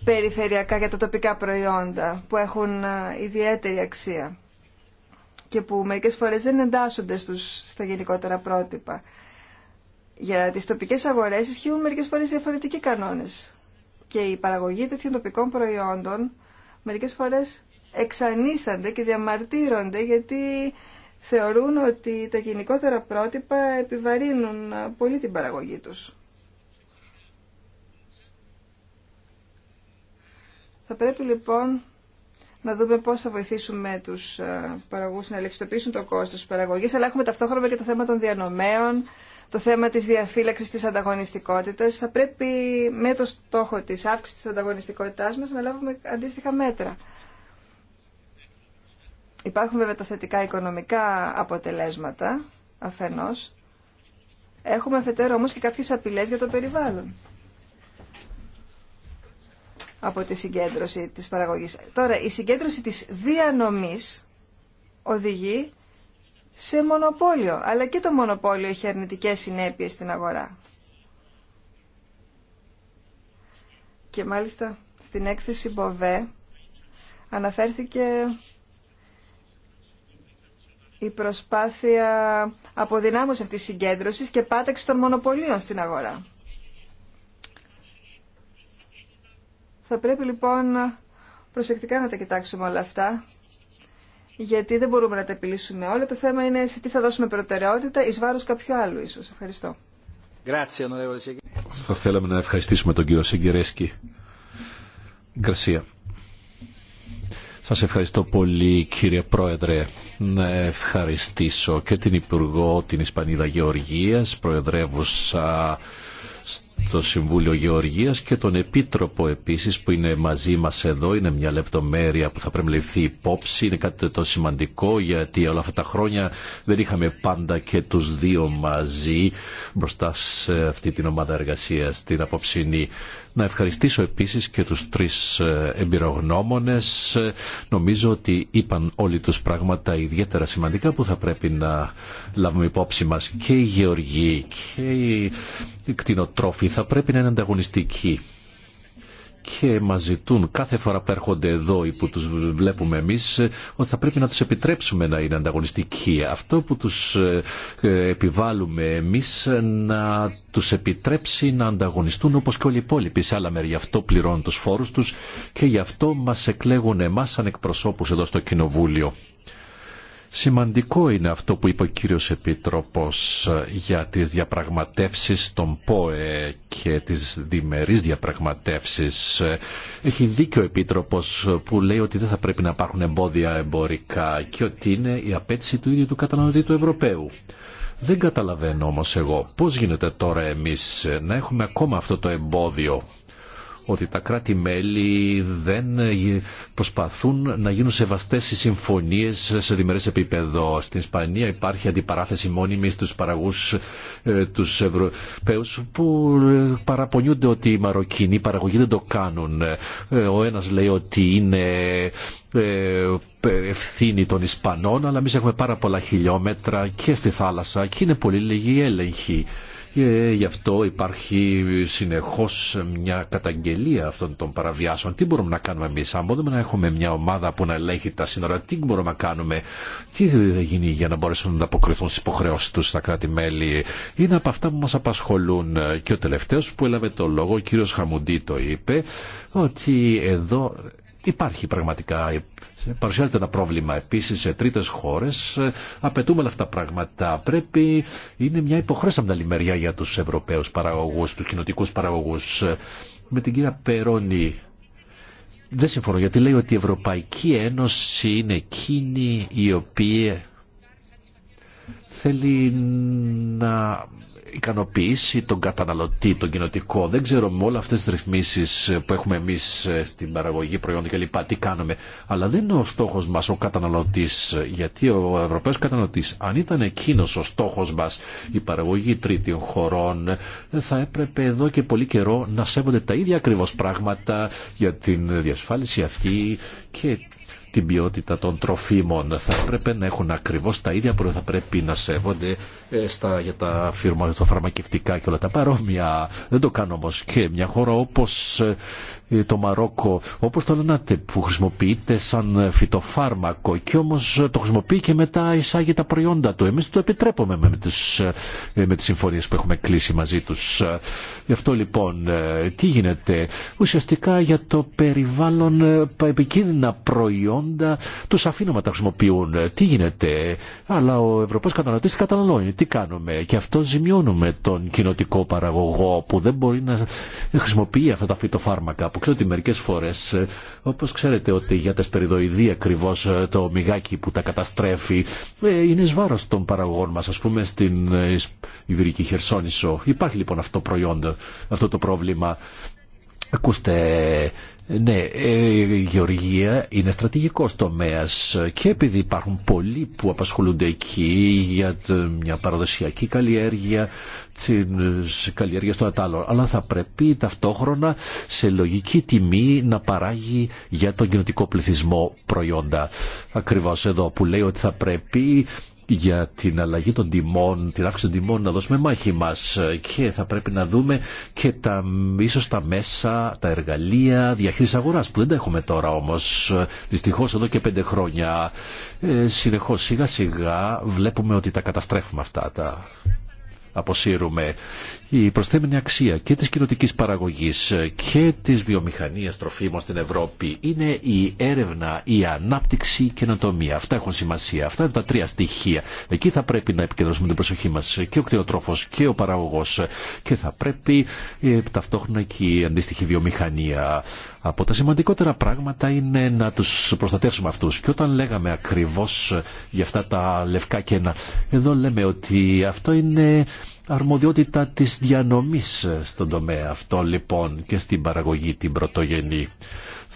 περιφερειακά, για τα τοπικά προϊόντα που έχουν ιδιαίτερη αξία και που μερικές φορές δεν εντάσσονται στους, στα γενικότερα πρότυπα. Για τις τοπικές αγορές ισχύουν μερικές φορές διαφορετικοί κανόνες και η παραγωγή τέτοιων τοπικών προϊόντων μερικές φορές εξανίστανται και διαμαρτύρονται γιατί θεωρούν ότι τα γενικότερα πρότυπα επιβαρύνουν πολύ την παραγωγή τους. Θα πρέπει λοιπόν να δούμε πώς θα βοηθήσουμε τους ε, παραγωγούς να ελευθερωποιήσουν το κόστος της παραγωγής, αλλά έχουμε ταυτόχρονα και το θέμα των διανομέων, το θέμα της διαφύλαξης της ανταγωνιστικότητας, θα πρέπει με το στόχο της αύξησης της ανταγωνιστικότητάς μας να λάβουμε αντίστοιχα μέτρα. Υπάρχουν βέβαια τα θετικά οικονομικά αποτελέσματα, αφενός. Έχουμε αφετέρου όμως και κάποιες απειλές για το περιβάλλον από τη συγκέντρωση της παραγωγής. Τώρα, η συγκέντρωση της διανομής οδηγεί σε μονοπόλιο. Αλλά και το μονοπόλιο έχει αρνητικές συνέπειες στην αγορά. Και μάλιστα στην έκθεση Μποβέ αναφέρθηκε η προσπάθεια αποδυνάμωση αυτής της συγκέντρωσης και πάταξη των μονοπωλίων στην αγορά. Θα πρέπει λοιπόν προσεκτικά να τα κοιτάξουμε όλα αυτά γιατί δεν μπορούμε να τα επιλύσουμε όλα. Το θέμα είναι σε τι θα δώσουμε προτεραιότητα εις βάρος κάποιου άλλου ίσως. Ευχαριστώ. Θα θέλαμε να ευχαριστήσουμε τον κύριο Σιγκερέσκη. Γκαρσία. Σας ευχαριστώ πολύ κύριε Πρόεδρε. Να ευχαριστήσω και την Υπουργό, την Ισπανίδα Γεωργίας, Προεδρεύουσα στο Συμβούλιο Γεωργίας και τον Επίτροπο επίσης που είναι μαζί μας εδώ. Είναι μια λεπτομέρεια που θα πρέπει να ληφθεί υπόψη. Είναι κάτι το σημαντικό γιατί όλα αυτά τα χρόνια δεν είχαμε πάντα και τους δύο μαζί μπροστά σε αυτή την ομάδα εργασίας, την απόψινή. Να ευχαριστήσω επίσης και τους τρεις ε, εμπειρογνώμονες. Νομίζω ότι είπαν όλοι τους πράγματα ιδιαίτερα σημαντικά που θα πρέπει να λάβουμε υπόψη μας και οι γεωργοί και οι κτηνοτρόφοι θα πρέπει να είναι ανταγωνιστικοί και μα ζητούν κάθε φορά που έρχονται εδώ ή που τους βλέπουμε εμείς ε, ότι θα πρέπει να τους επιτρέψουμε να είναι ανταγωνιστικοί. Αυτό που τους ε, ε, επιβάλλουμε εμείς να τους επιτρέψει να ανταγωνιστούν όπως και όλοι οι υπόλοιποι σε άλλα μέρη. Γι' αυτό πληρώνουν τους φόρους τους και γι' αυτό μας εκλέγουν εμά σαν εκπροσώπους εδώ στο Κοινοβούλιο. Σημαντικό είναι αυτό που είπε ο κύριος Επίτροπος ε, για τις διαπραγματεύσεις των ΠΟΕ και τις διμερείς διαπραγματεύσεις. Ε, έχει δίκιο ο Επίτροπος που λέει ότι δεν θα πρέπει να υπάρχουν εμπόδια εμπορικά και ότι είναι η απέτηση του ίδιου του καταναλωτή του Ευρωπαίου. Δεν καταλαβαίνω όμως εγώ πώς γίνεται τώρα εμείς να έχουμε ακόμα αυτό το εμπόδιο ότι τα κράτη-μέλη δεν προσπαθούν να γίνουν σεβαστές οι συμφωνίες σε διμερές επίπεδο. Στην Ισπανία υπάρχει αντιπαράθεση μόνιμη στους παραγούς ε, τους Ευρωπαίους που ε, παραπονιούνται ότι οι Μαροκινοί παραγωγοί δεν το κάνουν. Ε, ο ένας λέει ότι είναι ε, ευθύνη των Ισπανών, αλλά εμεί έχουμε πάρα πολλά χιλιόμετρα και στη θάλασσα και είναι πολύ λίγοι έλεγχη... Και γι' αυτό υπάρχει συνεχώς μια καταγγελία αυτών των παραβιάσεων. Τι μπορούμε να κάνουμε εμείς, αν μπορούμε να έχουμε μια ομάδα που να ελέγχει τα σύνορα, τι μπορούμε να κάνουμε, τι θα γίνει για να μπορέσουν να αποκριθούν στις υποχρεώσεις τους στα κράτη-μέλη. Είναι από αυτά που μας απασχολούν. Και ο τελευταίος που έλαβε το λόγο, ο κύριος Χαμουντή το είπε, ότι εδώ υπάρχει πραγματικά, παρουσιάζεται ένα πρόβλημα. Επίσης σε τρίτες χώρες ε, απαιτούμε όλα αυτά τα πράγματα. Πρέπει, είναι μια υποχρέωση από την άλλη μεριά για τους Ευρωπαίους παραγωγούς, τους κοινοτικού παραγωγούς. Ε, με την κυρία Περόνη δεν συμφωνώ γιατί λέει ότι η Ευρωπαϊκή Ένωση είναι εκείνη η οποία θέλει να ικανοποιήσει τον καταναλωτή, τον κοινοτικό. Δεν ξέρω με όλες αυτές τις ρυθμίσεις που έχουμε εμείς ε, στην παραγωγή προϊόντων κλπ. τι κάνουμε. Αλλά δεν είναι ο στόχος μας ο καταναλωτής, γιατί ο Ευρωπαίος καταναλωτής, αν ήταν εκείνος ο στόχος μας, η παραγωγή τρίτων χωρών, ε, θα έπρεπε εδώ και πολύ καιρό να σέβονται τα ίδια ακριβώς πράγματα για την διασφάλιση αυτή και την ποιότητα των τροφίμων. Θα πρέπει να έχουν ακριβώ τα ίδια που θα πρέπει να σέβονται ε, στα, για τα φαρμακευτικά και όλα τα παρόμοια. Δεν το κάνω όμω και μια χώρα όπως ε, το Μαρόκο, Όπω το Λονάτε, που χρησιμοποιείται σαν φυτοφάρμακο και όμω το χρησιμοποιεί και μετά εισάγει τα προϊόντα του. Εμεί το επιτρέπουμε με τις, με τις ε, συμφωνίε που έχουμε κλείσει μαζί του. Γι' αυτό λοιπόν τι γίνεται. Ουσιαστικά για το περιβάλλον επικίνδυνα προϊόντα προϊόντα, τους αφήνουμε να τα χρησιμοποιούν. Τι γίνεται, αλλά ο Ευρωπαίος καταναλωτής καταναλώνει. Τι κάνουμε και αυτό ζημιώνουμε τον κοινοτικό παραγωγό που δεν μπορεί να χρησιμοποιεί αυτά τα φυτοφάρμακα που ξέρω ότι μερικέ φορέ. Όπω ξέρετε ότι για τα σπεριδοειδή ακριβώ ε, το μιγάκι που τα καταστρέφει, ε, είναι εις των παραγωγών μα, α πούμε στην ε, Ιβυρική Χερσόνησο. Υπάρχει λοιπόν αυτό, προϊόν, αυτό το πρόβλημα. Ακούστε, ναι, ε, η γεωργία είναι στρατηγικός τομέας και επειδή υπάρχουν πολλοί που απασχολούνται εκεί για μια παραδοσιακή καλλιέργεια, την καλλιέργεια των ατάλων, αλλά θα πρέπει ταυτόχρονα σε λογική τιμή να παράγει για τον κοινωτικό πληθυσμό προϊόντα. Ακριβώς εδώ που λέει ότι θα πρέπει για την αλλαγή των τιμών, την αύξηση των τιμών να δώσουμε μάχη μας και θα πρέπει να δούμε και τα, ίσως τα μέσα, τα εργαλεία διαχείριση αγοράς που δεν τα έχουμε τώρα όμως δυστυχώ εδώ και πέντε χρόνια ε, Συνεχώ, σιγά σιγά βλέπουμε ότι τα καταστρέφουμε αυτά τα αποσύρουμε η προσθέμενη αξία και της κοινωτικής παραγωγής και της βιομηχανίας τροφίμων στην Ευρώπη είναι η έρευνα, η ανάπτυξη και η καινοτομία. Αυτά έχουν σημασία. Αυτά είναι τα τρία στοιχεία. Εκεί θα πρέπει να επικεντρώσουμε την προσοχή μας και ο κτηνοτρόφος και ο παραγωγός και θα πρέπει ε, ταυτόχρονα και η αντίστοιχη βιομηχανία. Από τα σημαντικότερα πράγματα είναι να τους προστατεύσουμε αυτούς. Και όταν λέγαμε ακριβώς για αυτά τα λευκά κένα, εδώ λέμε ότι αυτό είναι αρμοδιότητα της διανομής στον τομέα αυτό λοιπόν και στην παραγωγή την πρωτογενή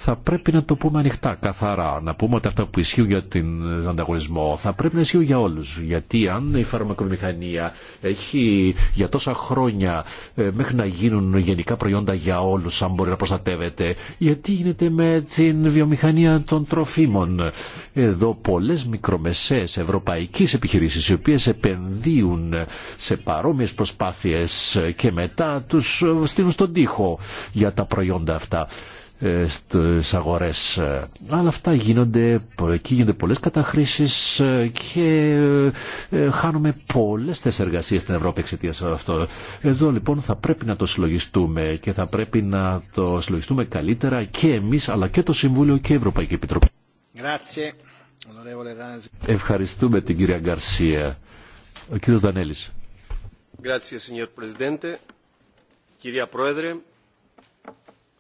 θα πρέπει να το πούμε ανοιχτά, καθαρά. Να πούμε ότι αυτά που ισχύουν για τον ανταγωνισμό θα πρέπει να ισχύουν για όλου. Γιατί αν η φαρμακομηχανία έχει για τόσα χρόνια ε, μέχρι να γίνουν γενικά προϊόντα για όλου, αν μπορεί να προστατεύεται, γιατί γίνεται με την βιομηχανία των τροφίμων. Εδώ πολλέ μικρομεσαίε ευρωπαϊκέ επιχειρήσει οι οποίε επενδύουν σε παρόμοιε προσπάθειε και μετά του ε, στείλουν στον τοίχο για τα προϊόντα αυτά στις αγορές. Αλλά αυτά γίνονται, εκεί γίνονται πολλές καταχρήσεις και ε, χάνουμε πολλές τις εργασίες στην Ευρώπη εξαιτίας αυτό. Εδώ λοιπόν θα πρέπει να το συλλογιστούμε και θα πρέπει να το συλλογιστούμε καλύτερα και εμείς αλλά και το Συμβούλιο και η Ευρωπαϊκή Επιτροπή. Ευχαριστούμε την κυρία Γκαρσία. Ο κύριος Δανέλης. Grazie, Κυρία Πρόεδρε,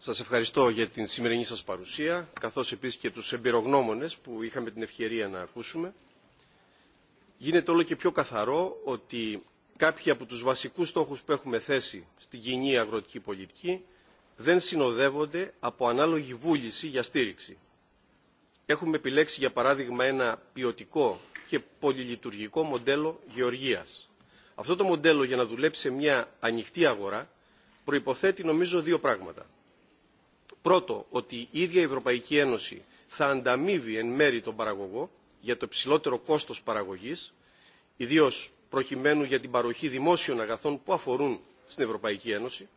σας ευχαριστώ για την σημερινή σας παρουσία, καθώς επίσης και τους εμπειρογνώμονες που είχαμε την ευκαιρία να ακούσουμε. Γίνεται όλο και πιο καθαρό ότι κάποιοι από τους βασικούς στόχους που έχουμε θέσει στην κοινή αγροτική πολιτική δεν συνοδεύονται από ανάλογη βούληση για στήριξη. Έχουμε επιλέξει για παράδειγμα ένα ποιοτικό και πολυλειτουργικό μοντέλο γεωργίας. Αυτό το μοντέλο για να δουλέψει σε μια ανοιχτή αγορά προϋποθέτει νομίζω δύο πράγματα. Πρώτο, ότι η ίδια η Ευρωπαϊκή Ένωση θα ανταμείβει εν μέρη τον παραγωγό για το υψηλότερο κόστος παραγωγής, ιδίως προκειμένου για την παροχή δημόσιων αγαθών που αφορούν στην Ευρωπαϊκή Ένωση.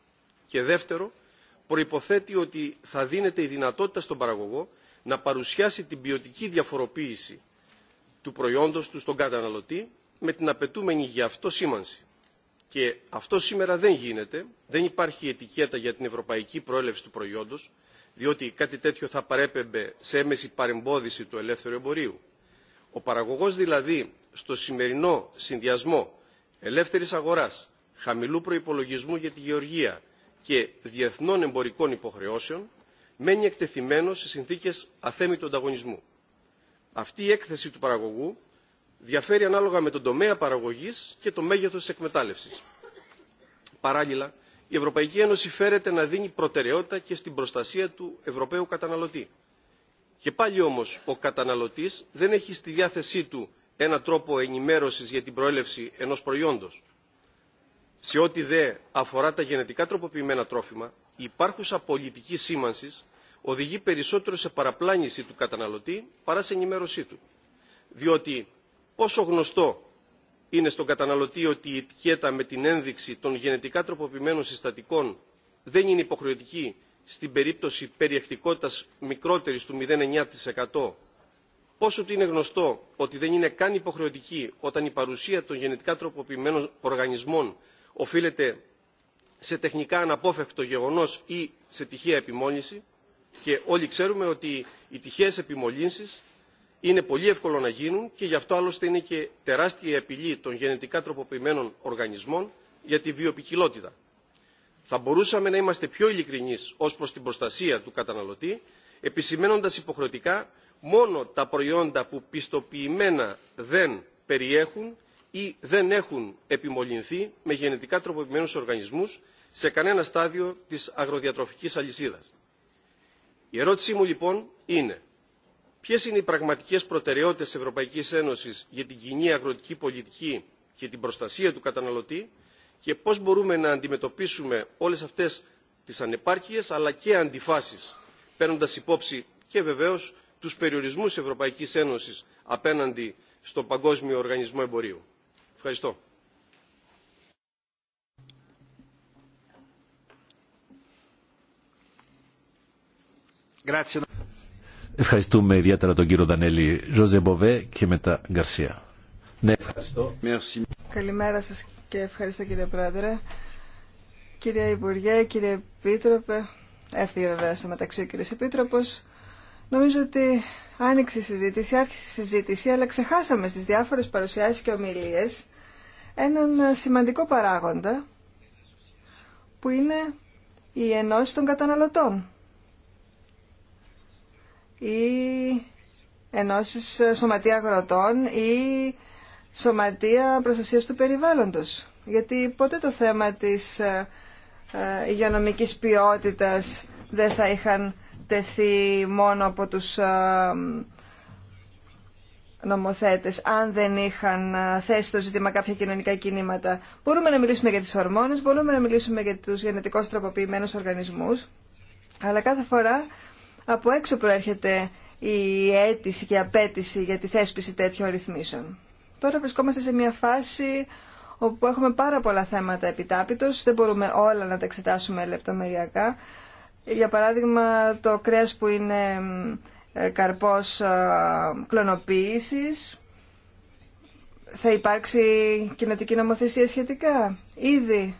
Και δεύτερο, προϋποθέτει ότι θα δίνεται η δυνατότητα στον παραγωγό να παρουσιάσει την ποιοτική διαφοροποίηση του προϊόντος του στον καταναλωτή με την απαιτούμενη γι' αυτό σήμανση. Και αυτό σήμερα δεν γίνεται. Δεν υπάρχει ετικέτα για την ευρωπαϊκή προέλευση του προϊόντος, διότι κάτι τέτοιο θα παρέπεμπε σε έμεση παρεμπόδιση του ελεύθερου εμπορίου. Ο παραγωγός δηλαδή στο σημερινό συνδυασμό ελεύθερης αγοράς, χαμηλού προϋπολογισμού για τη γεωργία και διεθνών εμπορικών υποχρεώσεων, μένει εκτεθειμένο σε συνθήκες αθέμητου ανταγωνισμού. Αυτή η έκθεση του παραγωγού διαφέρει ανάλογα με τον τομέα παραγωγής και το μέγεθος της εκμετάλλευσης. Παράλληλα, η Ευρωπαϊκή Ένωση φέρεται να δίνει προτεραιότητα και στην προστασία του Ευρωπαίου καταναλωτή. Και πάλι όμως ο καταναλωτής δεν έχει στη διάθεσή του ένα τρόπο ενημέρωσης για την προέλευση ενός προϊόντος. Σε ό,τι δε αφορά τα γενετικά τροποποιημένα τρόφιμα, η υπάρχουσα πολιτική σήμανση οδηγεί περισσότερο σε παραπλάνηση του καταναλωτή παρά σε ενημέρωσή του. Διότι Πόσο γνωστό είναι στον καταναλωτή ότι η ετικέτα με την ένδειξη των γενετικά τροποποιημένων συστατικών δεν είναι υποχρεωτική στην περίπτωση περιεκτικότητας μικρότερης του 0,9%, πόσο είναι γνωστό ότι δεν είναι καν υποχρεωτική όταν η παρουσία των γενετικά τροποποιημένων οργανισμών οφείλεται σε τεχνικά αναπόφευκτο γεγονός ή σε τυχαία επιμόλυνση και όλοι ξέρουμε ότι οι τυχαίες επιμολύνσεις είναι πολύ εύκολο να γίνουν και γι' αυτό άλλωστε είναι και τεράστια η απειλή των γενετικά τροποποιημένων οργανισμών για τη βιοπικιλότητα. Θα μπορούσαμε να είμαστε πιο ειλικρινεί ω προ την προστασία του καταναλωτή, επισημένοντα υποχρεωτικά μόνο τα προϊόντα που πιστοποιημένα δεν περιέχουν ή δεν έχουν επιμολυνθεί με γενετικά τροποποιημένου οργανισμού σε κανένα στάδιο τη αγροδιατροφική αλυσίδα. Η ερώτησή μου λοιπόν είναι ποιε είναι οι πραγματικέ προτεραιότητε τη Ευρωπαϊκή Ένωση για την κοινή αγροτική πολιτική και την προστασία του καταναλωτή και πώ μπορούμε να αντιμετωπίσουμε όλε αυτέ τι ανεπάρκειε αλλά και αντιφάσει, παίρνοντα υπόψη και βεβαίω του περιορισμού τη Ευρωπαϊκή Ένωση απέναντι στον Παγκόσμιο Οργανισμό Εμπορίου. Ευχαριστώ. Ευχαριστούμε ιδιαίτερα τον κύριο Δανέλη Ζωζε Μποβέ και μετά Γκαρσία. Ναι, ευχαριστώ. Καλημέρα σας και ευχαριστώ κύριε Πρόεδρε. Κύριε Υπουργέ, κύριε Επίτροπε, έφυγε βέβαια στο μεταξύ ο κύριος Επίτροπος. Νομίζω ότι άνοιξε η συζήτηση, άρχισε η συζήτηση, αλλά ξεχάσαμε στις διάφορες παρουσιάσεις και ομιλίες έναν σημαντικό παράγοντα που είναι η ενώση των καταναλωτών ή ενώσεις σωματεία αγροτών ή σωματεία προστασίας του περιβάλλοντος. Γιατί ποτέ το θέμα της ε, ε, υγειονομικής ποιότητας δεν θα είχαν τεθεί μόνο από τους ε, νομοθέτες αν δεν είχαν θέσει το ζήτημα κάποια κοινωνικά κινήματα. Μπορούμε να μιλήσουμε για τις ορμόνες, μπορούμε να μιλήσουμε για τους γενετικώς τροποποιημένους οργανισμούς, αλλά κάθε φορά από έξω προέρχεται η αίτηση και η απέτηση για τη θέσπιση τέτοιων ρυθμίσεων. Τώρα βρισκόμαστε σε μια φάση όπου έχουμε πάρα πολλά θέματα επιτάπητος, δεν μπορούμε όλα να τα εξετάσουμε λεπτομεριακά. Για παράδειγμα το κρέας που είναι ε, καρπός ε, κλωνοποίησης, θα υπάρξει κοινοτική νομοθεσία σχετικά. Ήδη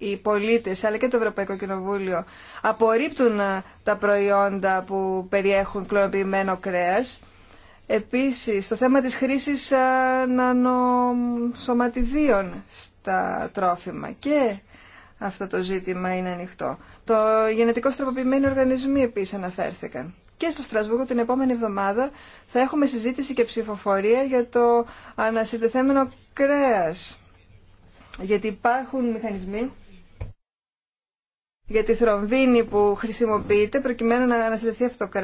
οι πολίτες αλλά και το Ευρωπαϊκό Κοινοβούλιο απορρίπτουν ε, τα προϊόντα που περιέχουν κλωνοποιημένο κρέας. Επίσης, το θέμα της χρήσης ε, νανοσωματιδίων στα τρόφιμα και αυτό το ζήτημα είναι ανοιχτό. Το γενετικό στροποποιημένο οργανισμοί επίσης αναφέρθηκαν. Και στο Στρασβούργο την επόμενη εβδομάδα θα έχουμε συζήτηση και ψηφοφορία για το ανασυντεθέμενο κρέας. Γιατί υπάρχουν μηχανισμοί για τη θρομβίνη που χρησιμοποιείται προκειμένου να ανασυνδεθεί αυτό το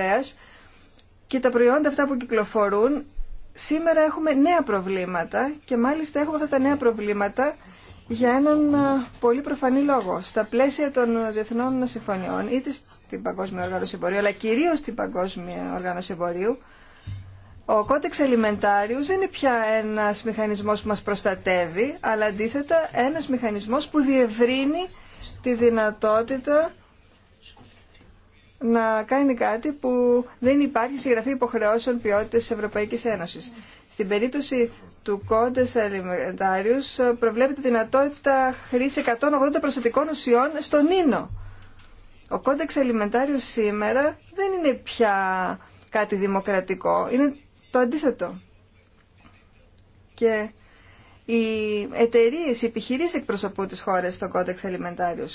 και τα προϊόντα αυτά που κυκλοφορούν σήμερα έχουμε νέα προβλήματα και μάλιστα έχουμε αυτά τα νέα προβλήματα για έναν πολύ προφανή λόγο. Στα πλαίσια των διεθνών συμφωνιών είτε στην Παγκόσμια Οργάνωση Εμπορίου αλλά κυρίως στην Παγκόσμια Οργάνωση Εμπορίου ο κώτεξ αλιμεντάριου δεν είναι πια ένας μηχανισμός που μας προστατεύει αλλά αντίθετα ένας μηχανισμός που διευρύνει τη δυνατότητα να κάνει κάτι που δεν υπάρχει στη γραφή υποχρεώσεων ποιότητα τη Ευρωπαϊκή Ένωση. Στην περίπτωση του κόντες αλιμεντάριου, ε, προβλέπεται δυνατότητα χρήση 180 προσθετικών ουσιών στον ίνο. Ο κόντεξ αλιμεντάριου σήμερα δεν είναι πια κάτι δημοκρατικό, είναι το αντίθετο. Και οι εταιρείε, οι επιχειρήσει εκπροσωπούν τι χώρε στον κόντεξ Αλιμεντάριου.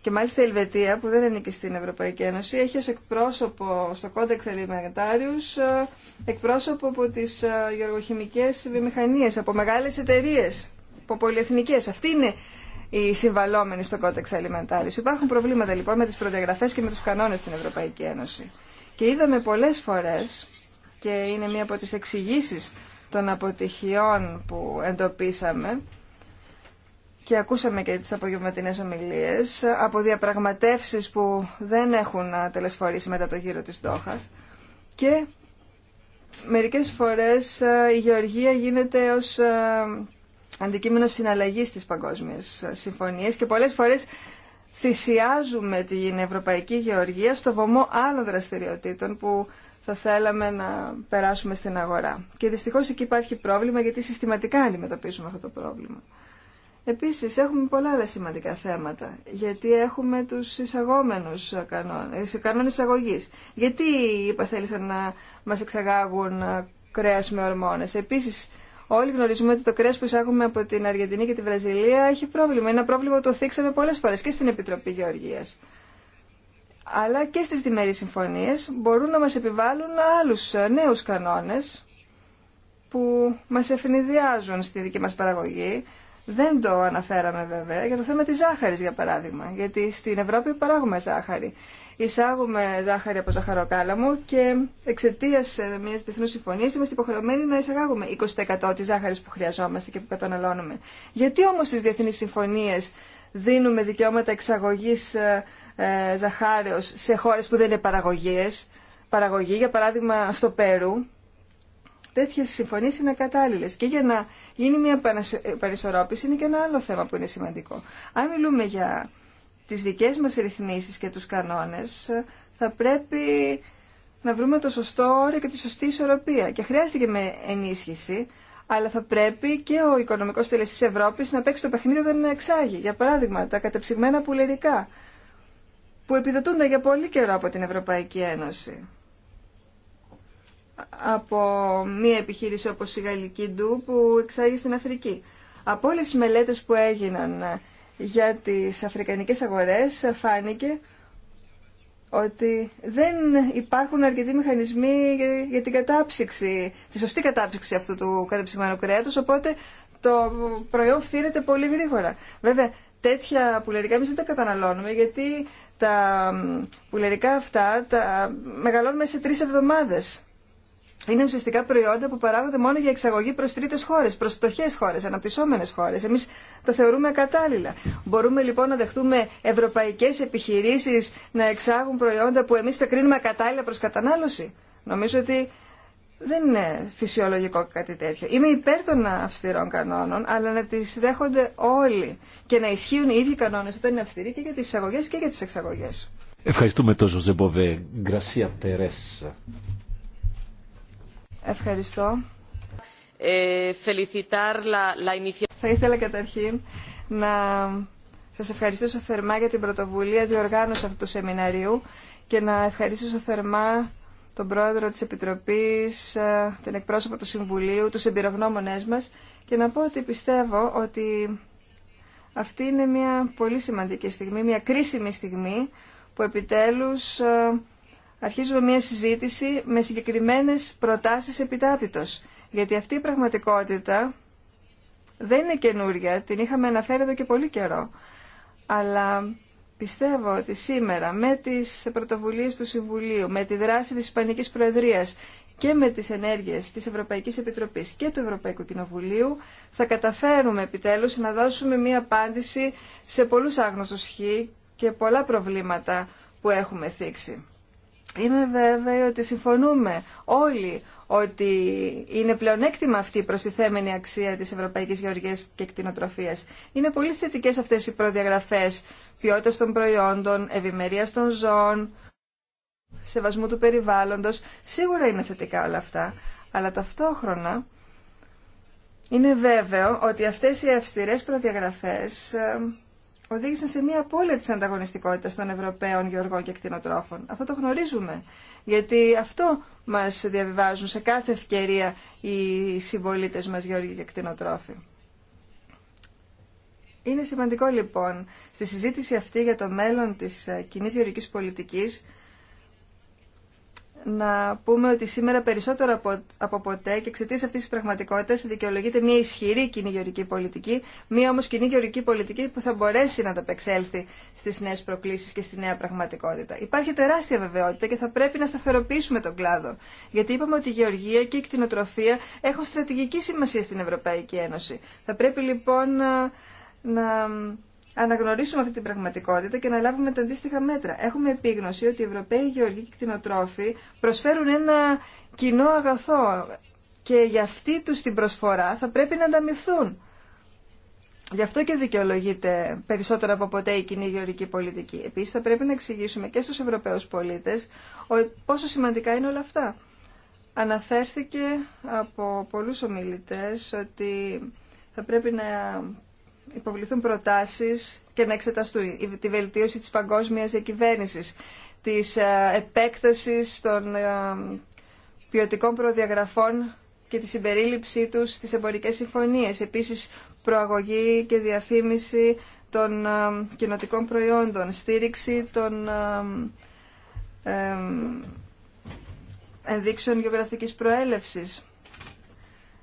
Και μάλιστα η Ελβετία, που δεν ανήκει στην Ευρωπαϊκή Ένωση, έχει ω εκπρόσωπο στο κόντεξ Αλιμεντάριου εκπρόσωπο από τι ε, γεωργοχημικέ βιομηχανίε, από μεγάλε εταιρείε, από πολυεθνικέ. Αυτή είναι οι συμβαλόμενοι στο κόντεξ αλιμεντάριου. Υπάρχουν προβλήματα λοιπόν με τι προδιαγραφέ και με του κανόνε στην Ευρωπαϊκή Ένωση. Και είδαμε πολλέ φορέ και είναι μία από τις εξηγήσει των αποτυχιών που εντοπίσαμε και ακούσαμε και τις απογευματινές ομιλίες από διαπραγματεύσεις που δεν έχουν τελεσφορήσει μετά το γύρο της Δόχας και μερικές φορές ε, η γεωργία γίνεται ως ε, αντικείμενο συναλλαγής της παγκόσμιας συμφωνίας και πολλές φορές θυσιάζουμε την ευρωπαϊκή γεωργία στο βωμό άλλων δραστηριοτήτων που θα θέλαμε να περάσουμε στην αγορά. Και δυστυχώς εκεί υπάρχει πρόβλημα γιατί συστηματικά αντιμετωπίζουμε αυτό το πρόβλημα. Επίσης έχουμε πολλά άλλα σημαντικά θέματα, γιατί έχουμε τους εισαγόμενους κανόνες, ε, κανόνες εισαγωγής. Γιατί είπα θέλησαν να μας εξαγάγουν ε, κρέας με ορμόνες. Επίσης όλοι γνωρίζουμε ότι το κρέας που εισάγουμε από την Αργεντινή και τη Βραζιλία έχει πρόβλημα. Είναι ένα πρόβλημα που το θίξαμε πολλές φορές και στην Επιτροπή Γεωργίας αλλά και στις διμερείς συμφωνίες μπορούν να μας επιβάλλουν άλλους ε, νέους κανόνες που μας ευνηδιάζουν στη δική μας παραγωγή. Δεν το αναφέραμε βέβαια για το θέμα της ζάχαρης για παράδειγμα, γιατί στην Ευρώπη παράγουμε ζάχαρη. Εισάγουμε ζάχαρη από ζαχαροκάλαμο και εξαιτία ε, μια διεθνού συμφωνία είμαστε υποχρεωμένοι να εισαγάγουμε 20% τη ζάχαρη που χρειαζόμαστε και που καταναλώνουμε. Γιατί όμω στι διεθνεί συμφωνίε δίνουμε δικαιώματα εξαγωγή ε, ε, ζαχάριος σε χώρες που δεν είναι παραγωγές, παραγωγή, για παράδειγμα στο Πέρου, τέτοιε συμφωνίε είναι κατάλληλε. Και για να γίνει μια παρισορρόπηση είναι και ένα άλλο θέμα που είναι σημαντικό. Αν μιλούμε για τι δικέ μα ρυθμίσει και του κανόνε, θα πρέπει να βρούμε το σωστό όριο και τη σωστή ισορροπία. Και χρειάστηκε με ενίσχυση, αλλά θα πρέπει και ο οικονομικό τελεστή Ευρώπη να παίξει το παιχνίδι όταν εξάγει. Για παράδειγμα, τα κατεψυγμένα πουλερικά που επιδοτούνται για πολύ καιρό από την Ευρωπαϊκή Ένωση. Από μία επιχείρηση όπως η Γαλλική Ντου που εξάγει στην Αφρική. Από όλες τις μελέτες που έγιναν για τις αφρικανικές αγορές φάνηκε ότι δεν υπάρχουν αρκετοί μηχανισμοί για την κατάψυξη, τη σωστή κατάψυξη αυτού του κατεψυγμένου κρέατος, οπότε το προϊόν φθήρεται πολύ γρήγορα. Βέβαια, τέτοια πουλερικά εμείς δεν τα καταναλώνουμε γιατί τα πουλερικά αυτά τα μεγαλώνουμε σε τρεις εβδομάδες. Είναι ουσιαστικά προϊόντα που παράγονται μόνο για εξαγωγή προ τρίτε χώρε, προ φτωχέ χώρε, αναπτυσσόμενες χώρε. Εμεί τα θεωρούμε ακατάλληλα. Μπορούμε λοιπόν να δεχτούμε ευρωπαϊκέ επιχειρήσει να εξάγουν προϊόντα που εμεί τα κρίνουμε ακατάλληλα προ κατανάλωση. Νομίζω ότι δεν είναι φυσιολογικό κάτι τέτοιο. Είμαι υπέρ των αυστηρών κανόνων, αλλά να τις δέχονται όλοι και να ισχύουν οι ίδιοι κανόνες όταν είναι αυστηροί και για τις εισαγωγές και για τις εξαγωγές. Ευχαριστούμε τόσο, Μποβέ. Γκρασία Περές. Ευχαριστώ. Ε, Θα ήθελα καταρχήν να σας ευχαριστήσω θερμά για την πρωτοβουλία διοργάνωση αυτού του σεμιναρίου και να ευχαριστήσω θερμά τον πρόεδρο της Επιτροπής, ε, την εκπρόσωπο του Συμβουλίου, τους εμπειρογνώμονές μας και να πω ότι πιστεύω ότι αυτή είναι μια πολύ σημαντική στιγμή, μια κρίσιμη στιγμή που επιτέλους ε, αρχίζουμε μια συζήτηση με συγκεκριμένες προτάσεις επιτάπητος. Γιατί αυτή η πραγματικότητα δεν είναι καινούρια, την είχαμε αναφέρει εδώ και πολύ καιρό. Αλλά Πιστεύω ότι σήμερα με τις πρωτοβουλίες του Συμβουλίου, με τη δράση της Ισπανικής Προεδρίας και με τις ενέργειες της Ευρωπαϊκής Επιτροπής και του Ευρωπαϊκού Κοινοβουλίου θα καταφέρουμε επιτέλους να δώσουμε μία απάντηση σε πολλούς άγνωστους χι και πολλά προβλήματα που έχουμε θίξει. Είμαι βέβαιη ότι συμφωνούμε όλοι ότι είναι πλεονέκτημα αυτή η προστιθέμενη αξία της Ευρωπαϊκής Γεωργίας και Κτηνοτροφίας. Είναι πολύ θετικές αυτές οι προδιαγραφές ποιότητας των προϊόντων, ευημερία των ζώων, σεβασμού του περιβάλλοντος. Σίγουρα είναι θετικά όλα αυτά, αλλά ταυτόχρονα είναι βέβαιο ότι αυτές οι αυστηρές προδιαγραφές ε, οδήγησαν σε μια απώλεια τη ανταγωνιστικότητα των Ευρωπαίων γεωργών και κτηνοτρόφων. Αυτό το γνωρίζουμε, γιατί αυτό μας διαβιβάζουν σε κάθε ευκαιρία οι συμπολίτε μας γεωργοί και κτηνοτρόφοι. Είναι σημαντικό λοιπόν στη συζήτηση αυτή για το μέλλον της ε, κοινή γεωργικής πολιτικής να πούμε ότι σήμερα περισσότερο από, ποτέ και εξαιτία αυτή τη πραγματικότητα δικαιολογείται μια ισχυρή κοινή γεωρική πολιτική, μια όμω κοινή γεωρική πολιτική που θα μπορέσει να ανταπεξέλθει στι νέε προκλήσει και στη νέα πραγματικότητα. Υπάρχει τεράστια βεβαιότητα και θα πρέπει να σταθεροποιήσουμε τον κλάδο. Γιατί είπαμε ότι η γεωργία και η κτηνοτροφία έχουν στρατηγική σημασία στην Ευρωπαϊκή Ένωση. Θα πρέπει λοιπόν ε, να αναγνωρίσουμε αυτή την πραγματικότητα και να λάβουμε τα αντίστοιχα μέτρα. Έχουμε επίγνωση ότι οι Ευρωπαίοι γεωργοί και κτηνοτρόφοι προσφέρουν ένα κοινό αγαθό και για αυτή τους την προσφορά θα πρέπει να ανταμυφθούν. Γι' αυτό και δικαιολογείται περισσότερο από ποτέ η κοινή γεωργική πολιτική. Επίσης θα πρέπει να εξηγήσουμε και στους Ευρωπαίους πολίτες πόσο σημαντικά είναι όλα αυτά. Αναφέρθηκε από πολλούς ομιλητές ότι θα πρέπει να υποβληθούν προτάσεις και να εξεταστούν τη βελτίωση της παγκόσμιας διακυβέρνηση, της ε, επέκτασης των ε, ποιοτικών προδιαγραφών και τη συμπερίληψή τους στις εμπορικές συμφωνίες. Επίσης, προαγωγή και διαφήμιση των ε, κοινοτικών προϊόντων, στήριξη των ενδείξεων γεωγραφικής προέλευσης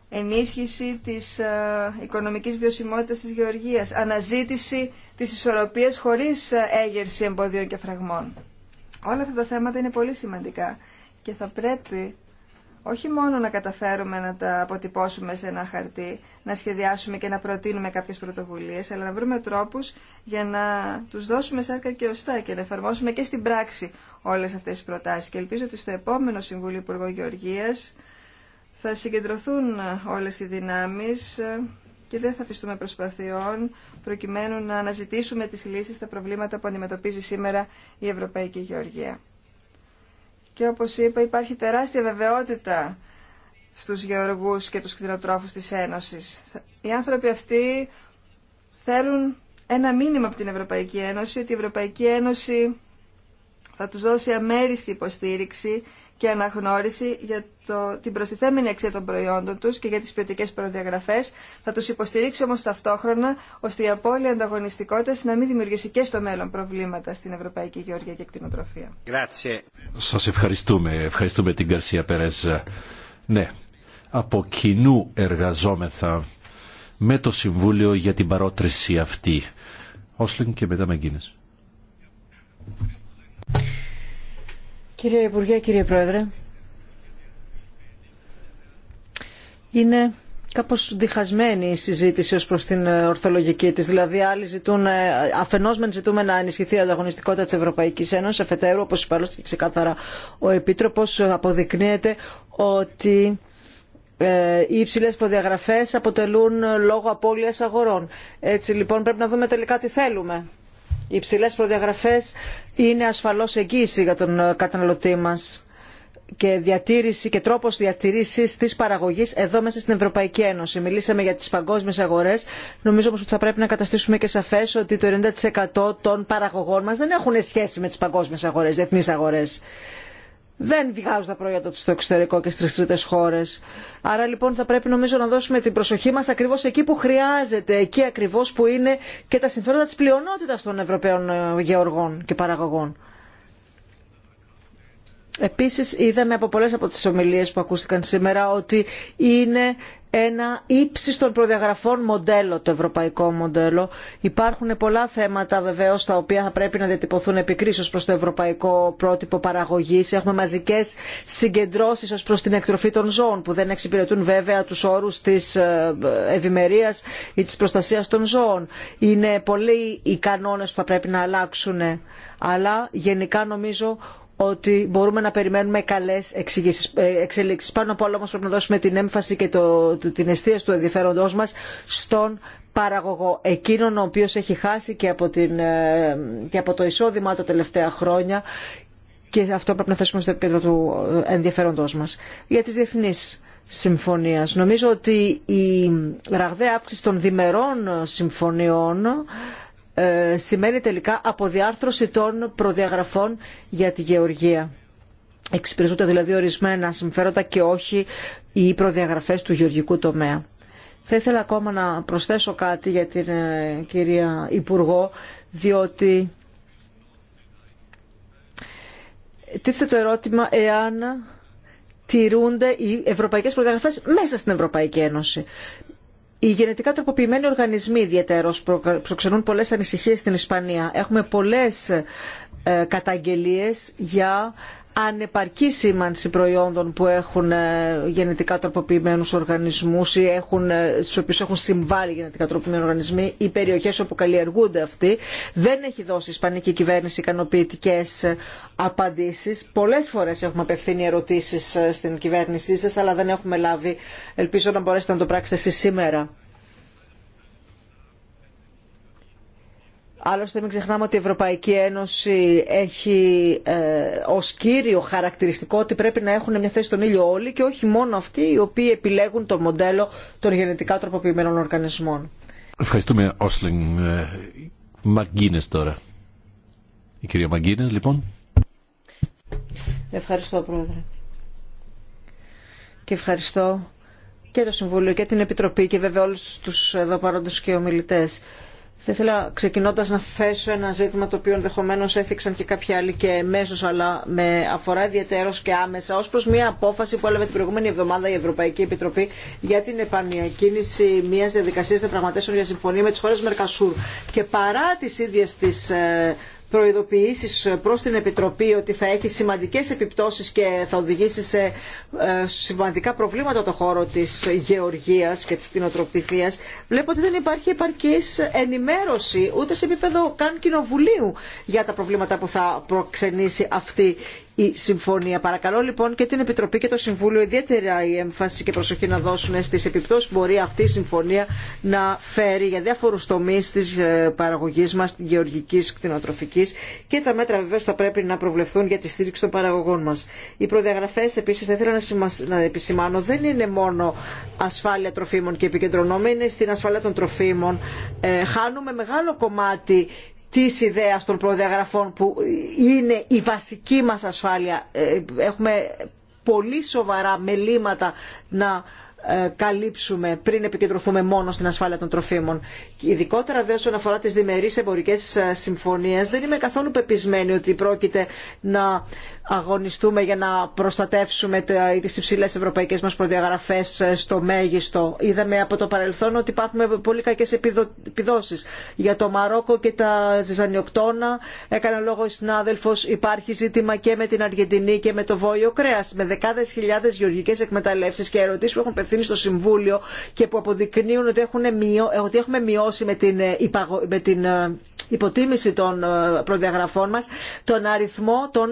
ενίσχυση της ε, οικονομικής βιωσιμότητας της γεωργίας, αναζήτηση της ισορροπίας χωρίς ε, έγερση εμπόδιων και φραγμών. Όλα αυτά τα θέματα είναι πολύ σημαντικά και θα πρέπει όχι μόνο να καταφέρουμε να τα αποτυπώσουμε σε ένα χαρτί, να σχεδιάσουμε και να προτείνουμε κάποιες πρωτοβουλίες, αλλά να βρούμε τρόπους για να τους δώσουμε σάρκα και ωστά και να εφαρμόσουμε και στην πράξη όλες αυτές τις προτάσεις. Και ελπίζω ότι στο επόμενο Συμβούλιο Υπουργό Γεωργίας θα συγκεντρωθούν όλες οι δυνάμεις ε, και δεν θα αφιστούμε προσπαθειών προκειμένου να αναζητήσουμε τις λύσεις στα προβλήματα που αντιμετωπίζει σήμερα η Ευρωπαϊκή Γεωργία. Και όπως είπα υπάρχει τεράστια βεβαιότητα στους γεωργούς και τους κτηνοτρόφους της Ένωσης. Οι άνθρωποι αυτοί θέλουν ένα μήνυμα από την Ευρωπαϊκή Ένωση ότι η Ευρωπαϊκή Ένωση θα τους δώσει αμέριστη υποστήριξη και αναγνώριση για το, την προστιθέμενη αξία των προϊόντων τους και για τις ποιοτικές προδιαγραφές. Θα τους υποστηρίξει όμως ταυτόχρονα ώστε η απώλεια ανταγωνιστικότητας να μην δημιουργήσει και στο μέλλον προβλήματα στην Ευρωπαϊκή Γεωργία και Κτηνοτροφία. Σας ευχαριστούμε. Ευχαριστούμε την Καρσία Περέζ. Ναι, από κοινού εργαζόμεθα με το Συμβούλιο για την παρότριση αυτή. Όσλιν και μετά Μαγκίνες. Κύριε Υπουργέ, κύριε Πρόεδρε, είναι κάπως διχασμένη η συζήτηση ως προς την ε, ορθολογική της. Δηλαδή άλλοι ζητούν, ε, αφενός μεν ζητούμε να ενισχυθεί η ανταγωνιστικότητα της Ευρωπαϊκής Ένωσης, αφετέρου όπως και ξεκάθαρα ο Επίτροπος αποδεικνύεται ότι ε, οι υψηλέ προδιαγραφές αποτελούν λόγο απώλειας αγορών. Έτσι λοιπόν πρέπει να δούμε τελικά τι θέλουμε. Οι υψηλές προδιαγραφές είναι ασφαλώς εγγύηση για τον ε, καταναλωτή μας και διατήρηση και τρόπος διατηρήσης της παραγωγής εδώ μέσα στην Ευρωπαϊκή Ένωση. Μιλήσαμε για τις παγκόσμιες αγορές. Νομίζω ότι θα πρέπει να καταστήσουμε και σαφές ότι το 90% των παραγωγών μας δεν έχουν σχέση με τις παγκόσμιες αγορές, διεθνείς αγορές δεν βγάζουν τα προϊόντα του στο εξωτερικό και στι τρίτε χώρε. Άρα λοιπόν θα πρέπει νομίζω να δώσουμε την προσοχή μα ακριβώ εκεί που χρειάζεται, εκεί ακριβώ που είναι και τα συμφέροντα τη πλειονότητα των Ευρωπαίων ε, γεωργών και παραγωγών. Επίσης είδαμε από πολλές από τις ομιλίες που ακούστηκαν σήμερα ότι είναι ένα ύψιστον προδιαγραφών μοντέλο το ευρωπαϊκό μοντέλο. Υπάρχουν πολλά θέματα βεβαίως τα οποία θα πρέπει να διατυπωθούν επικρίσεις προς το ευρωπαϊκό πρότυπο παραγωγής. Έχουμε μαζικές συγκεντρώσεις ως προς την εκτροφή των ζώων που δεν εξυπηρετούν βέβαια τους όρους της ε, ευημερία ή της προστασίας των ζώων. Είναι πολλοί οι κανόνες που θα πρέπει να αλλάξουν αλλά γενικά νομίζω ότι μπορούμε να περιμένουμε καλές ε, εξελίξει. Πάνω απ' όλα όμως πρέπει να δώσουμε την έμφαση και την εστίαση του ενδιαφέροντό μας στον παραγωγό, εκείνον ο οποίος έχει χάσει και από, την, ε, και από το εισόδημά τα τελευταία χρόνια και αυτό πρέπει να θέσουμε στο επίκεντρο του ε, ενδιαφέροντός μας. Για τις διεθνεί συμφωνίες. Νομίζω ότι η ραγδαία αύξηση των διμερών συμφωνιών ε, σημαίνει τελικά αποδιάρθρωση των προδιαγραφών για τη γεωργία. Εξυπηρετούνται δηλαδή ορισμένα συμφέροντα και όχι οι προδιαγραφές του γεωργικού τομέα. Θα ήθελα ακόμα να προσθέσω κάτι για την ε, κυρία Υπουργό, διότι τίθεται το ερώτημα εάν τηρούνται οι ευρωπαϊκές προδιαγραφές μέσα στην Ευρωπαϊκή Ένωση. Οι γενετικά τροποποιημένοι οργανισμοί ιδιαίτερω προξενούν πολλές ανησυχίες στην Ισπανία. Έχουμε πολλές ε, καταγγελίες για ανεπαρκή σήμανση προϊόντων που έχουν ε, γενετικά τροποποιημένους οργανισμούς ή έχουν, ε, στους οποίους έχουν συμβάλει γενετικά τροποποιημένοι οργανισμοί οι περιοχές όπου καλλιεργούνται αυτοί δεν έχει δώσει η ισπανική κυβέρνηση ικανοποιητικέ ε, απαντήσεις. Πολλές φορές έχουμε απευθύνει ερωτήσεις στην κυβέρνησή σας αλλά δεν έχουμε λάβει. Ελπίζω να μπορέσετε να το πράξετε εσείς σήμερα Άλλωστε μην ξεχνάμε ότι η Ευρωπαϊκή Ένωση έχει ε, ως κύριο χαρακτηριστικό ότι πρέπει να έχουν μια θέση στον ήλιο όλοι και όχι μόνο αυτοί οι οποίοι επιλέγουν το μοντέλο των γενετικά τροποποιημένων οργανισμών. Ευχαριστούμε οσλίν ε, Μαγκίνες τώρα. Η κυρία Μαγκίνες λοιπόν. Ευχαριστώ Πρόεδρε. Και ευχαριστώ και το Συμβούλιο και την Επιτροπή και βέβαια όλους τους εδώ παρόντους και ομιλητές. Θα ήθελα ξεκινώντα να θέσω ένα ζήτημα το οποίο ενδεχομένω έθιξαν και κάποιοι άλλοι και μέσω, αλλά με αφορά ιδιαίτερω και άμεσα, ω προ μια απόφαση που έλαβε την προηγούμενη εβδομάδα η Ευρωπαϊκή Επιτροπή για την επανειακίνηση μια διαδικασία διαπραγματεύσεων για συμφωνία με τι χώρε Μερκασούρ. Και παρά τι ίδιε τι ε, προειδοποιήσεις προς την Επιτροπή ότι θα έχει σημαντικές επιπτώσεις και θα οδηγήσει σε ε, σημαντικά προβλήματα το χώρο της γεωργίας και της κτηνοτροπηθίας, βλέπω ότι δεν υπάρχει επαρκής ενημέρωση ούτε σε επίπεδο καν κοινοβουλίου για τα προβλήματα που θα προξενήσει αυτή η συμφωνία. Παρακαλώ λοιπόν και την Επιτροπή και το Συμβούλιο ιδιαίτερα η έμφαση και προσοχή να δώσουν στις επιπτώσεις που μπορεί αυτή η συμφωνία να φέρει για διάφορους τομείς της ε, παραγωγής μας, της γεωργικής, κτηνοτροφικής και τα μέτρα βεβαίως θα πρέπει να προβλεφθούν για τη στήριξη των παραγωγών μας. Οι προδιαγραφές επίσης θα ήθελα να επισημάνω δεν είναι μόνο ασφάλεια τροφίμων και επικεντρωνόμενη στην ασφάλεια των τροφίμων. Ε, χάνουμε μεγάλο κομμάτι της ιδέας των προδιαγραφών που είναι η βασική μας ασφάλεια. Ε, έχουμε πολύ σοβαρά μελήματα να ε, καλύψουμε πριν επικεντρωθούμε μόνο στην ασφάλεια των τροφίμων. Ειδικότερα δε όσον αφορά τις διμερείς εμπορικές ε, συμφωνίες δεν είμαι καθόλου πεπισμένη ότι πρόκειται να αγωνιστούμε για να προστατεύσουμε τι υψηλέ ευρωπαϊκέ μα προδιαγραφέ ε, στο μέγιστο. Είδαμε από το παρελθόν ότι υπάρχουν πολύ κακέ επιδόσεις. Για το Μαρόκο και τα ζυζανιοκτώνα έκανε λόγο η συνάδελφο, υπάρχει ζήτημα και με την Αργεντινή και με το Βόλιο κρέα. με δεκάδε χιλιάδε γεωργικές εκμεταλλεύσεις και ερωτήσει που έχουν πεθύνει στο Συμβούλιο και που αποδεικνύουν ότι, έχουν μειώ... Ε, ότι έχουμε μειώσει με την, ε, υπαγω... με την υποτίμηση των προδιαγραφών μα, τον αριθμό των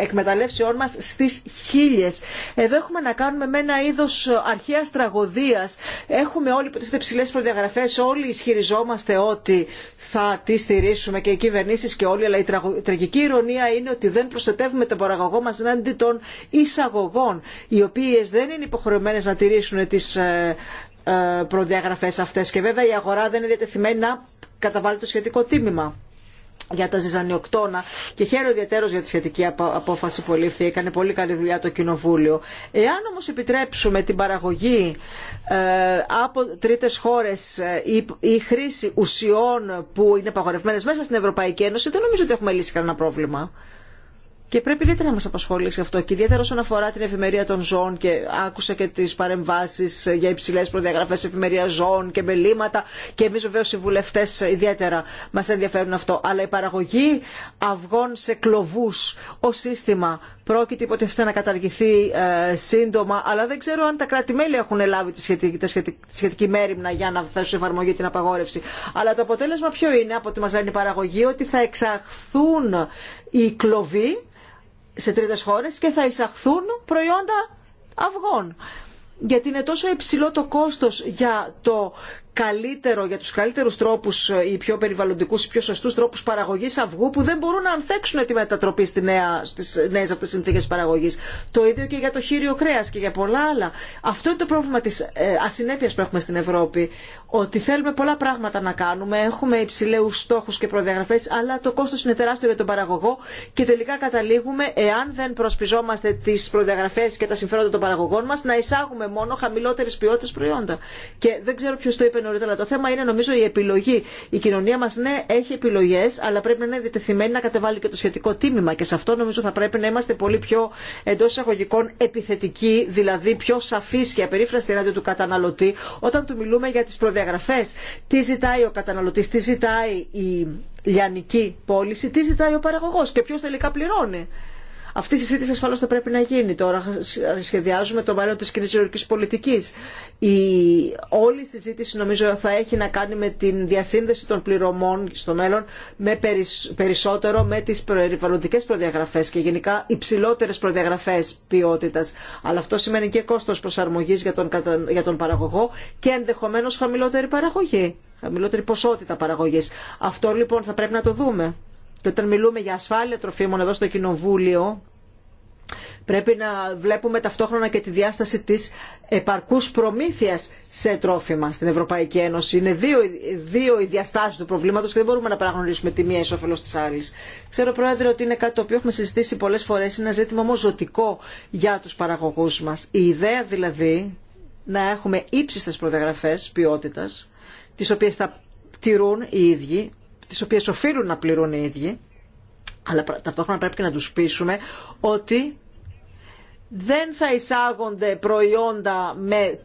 εκμεταλλεύσεών μας στις χίλιες. Εδώ έχουμε να κάνουμε με ένα είδος αρχαίας τραγωδίας. Έχουμε όλοι τι ψηλές προδιαγραφές, όλοι ισχυριζόμαστε ότι θα τη στηρίσουμε και οι κυβερνήσεις και όλοι, αλλά η τραγική ηρωνία είναι ότι δεν προστατεύουμε τον παραγωγό μας εναντί των εισαγωγών, οι οποίες δεν είναι υποχρεωμένες να τηρήσουν τις ε, ε, προδιαγραφές αυτές και βέβαια η αγορά δεν είναι διατεθειμένη να καταβάλει το σχετικό τίμημα για τα ζυζανιοκτώνα και χαίρομαι ιδιαίτερω για τη σχετική απόφαση που λήφθη. Έκανε πολύ καλή δουλειά το Κοινοβούλιο. Εάν όμως επιτρέψουμε την παραγωγή ε, από τρίτες χώρες ή ε, χρήση ουσιών που είναι απαγορευμένε μέσα στην Ευρωπαϊκή Ένωση, δεν νομίζω ότι έχουμε λύσει κανένα πρόβλημα. Και πρέπει ιδιαίτερα να μα απασχολήσει αυτό. Και ιδιαίτερα όσον αφορά την εφημερία των ζώων, και άκουσα και τι παρεμβάσει για υψηλέ προδιαγραφέ εφημερία ζώων και μελήματα. Και εμεί βεβαίω οι βουλευτέ ιδιαίτερα μα ενδιαφέρουν αυτό. Αλλά η παραγωγή αυγών σε κλοβού ω σύστημα πρόκειται υποτίθεται να καταργηθεί ε, σύντομα. Αλλά δεν ξέρω αν τα κράτη-μέλη έχουν λάβει τη σχετική, τη σχετική, μέρημνα για να θέσουν εφαρμογή την απαγόρευση. Αλλά το αποτέλεσμα ποιο είναι από ό,τι μα λένε ότι θα εξαχθούν οι κλοβοί σε τρίτες χώρες και θα εισαχθούν προϊόντα αυγών. Γιατί είναι τόσο υψηλό το κόστος για το καλύτερο, για τους καλύτερους τρόπους ε, οι πιο περιβαλλοντικούς οι πιο σωστούς τρόπους παραγωγής αυγού που δεν μπορούν να ανθέξουν τη μετατροπή στη νέα, στις νέες αυτές συνθήκες παραγωγής. Το ίδιο και για το χείριο κρέας και για πολλά άλλα. Αυτό είναι το πρόβλημα της ε, ασυνέπειας που έχουμε στην Ευρώπη. Ότι θέλουμε πολλά πράγματα να κάνουμε, έχουμε υψηλέου στόχους και προδιαγραφές, αλλά το κόστος είναι τεράστιο για τον παραγωγό και τελικά καταλήγουμε, εάν δεν προσπιζόμαστε τις προδιαγραφές και τα συμφέροντα των παραγωγών μας, να εισάγουμε μόνο χαμηλότερης ποιότητας προϊόντα. Και δεν ξέρω ποιο το είπε νωρίτερα. Το θέμα είναι νομίζω η επιλογή. Η κοινωνία μα ναι έχει επιλογέ αλλά πρέπει να είναι διτεθειμένη να κατεβάλει και το σχετικό τίμημα και σε αυτό νομίζω θα πρέπει να είμαστε πολύ πιο εντό εισαγωγικών επιθετικοί, δηλαδή πιο σαφεί και απερίφραστη ενάντια του καταναλωτή όταν του μιλούμε για τι προδιαγραφέ. Τι ζητάει ο καταναλωτή, τι ζητάει η λιανική πώληση, τι ζητάει ο παραγωγό και ποιο τελικά πληρώνει. Αυτή η συζήτηση ασφαλώ θα πρέπει να γίνει. Τώρα σχεδιάζουμε το μέλλον τη κοινή γεωργική πολιτική. Η... Όλη η συζήτηση νομίζω θα έχει να κάνει με την διασύνδεση των πληρωμών στο μέλλον με περισσότερο με τι περιβαλλοντικέ προδιαγραφέ και γενικά υψηλότερε προδιαγραφέ ποιότητα. Αλλά αυτό σημαίνει και κόστο προσαρμογή για, τον... για τον παραγωγό και ενδεχομένω χαμηλότερη παραγωγή. Χαμηλότερη ποσότητα παραγωγή. Αυτό λοιπόν θα πρέπει να το δούμε. Και όταν μιλούμε για ασφάλεια τροφίμων εδώ στο Κοινοβούλιο, πρέπει να βλέπουμε ταυτόχρονα και τη διάσταση της επαρκούς προμήθειας σε τρόφιμα στην Ευρωπαϊκή Ένωση. Είναι δύο, δύο οι διαστάσεις του προβλήματος και δεν μπορούμε να παραγνωρίσουμε τη μία ισόφελος της άλλης. Ξέρω, Πρόεδρε, ότι είναι κάτι το οποίο έχουμε συζητήσει πολλές φορές. Είναι ένα ζήτημα όμως ζωτικό για τους παραγωγούς μας. Η ιδέα δηλαδή να έχουμε ύψιστες προδιαγραφές ποιότητας, τις οποίες θα τηρούν οι ίδιοι τις οποίες οφείλουν να πληρούν οι ίδιοι, αλλά ταυτόχρονα πρέπει και να τους πείσουμε ότι δεν θα εισάγονται προϊόντα με, ε,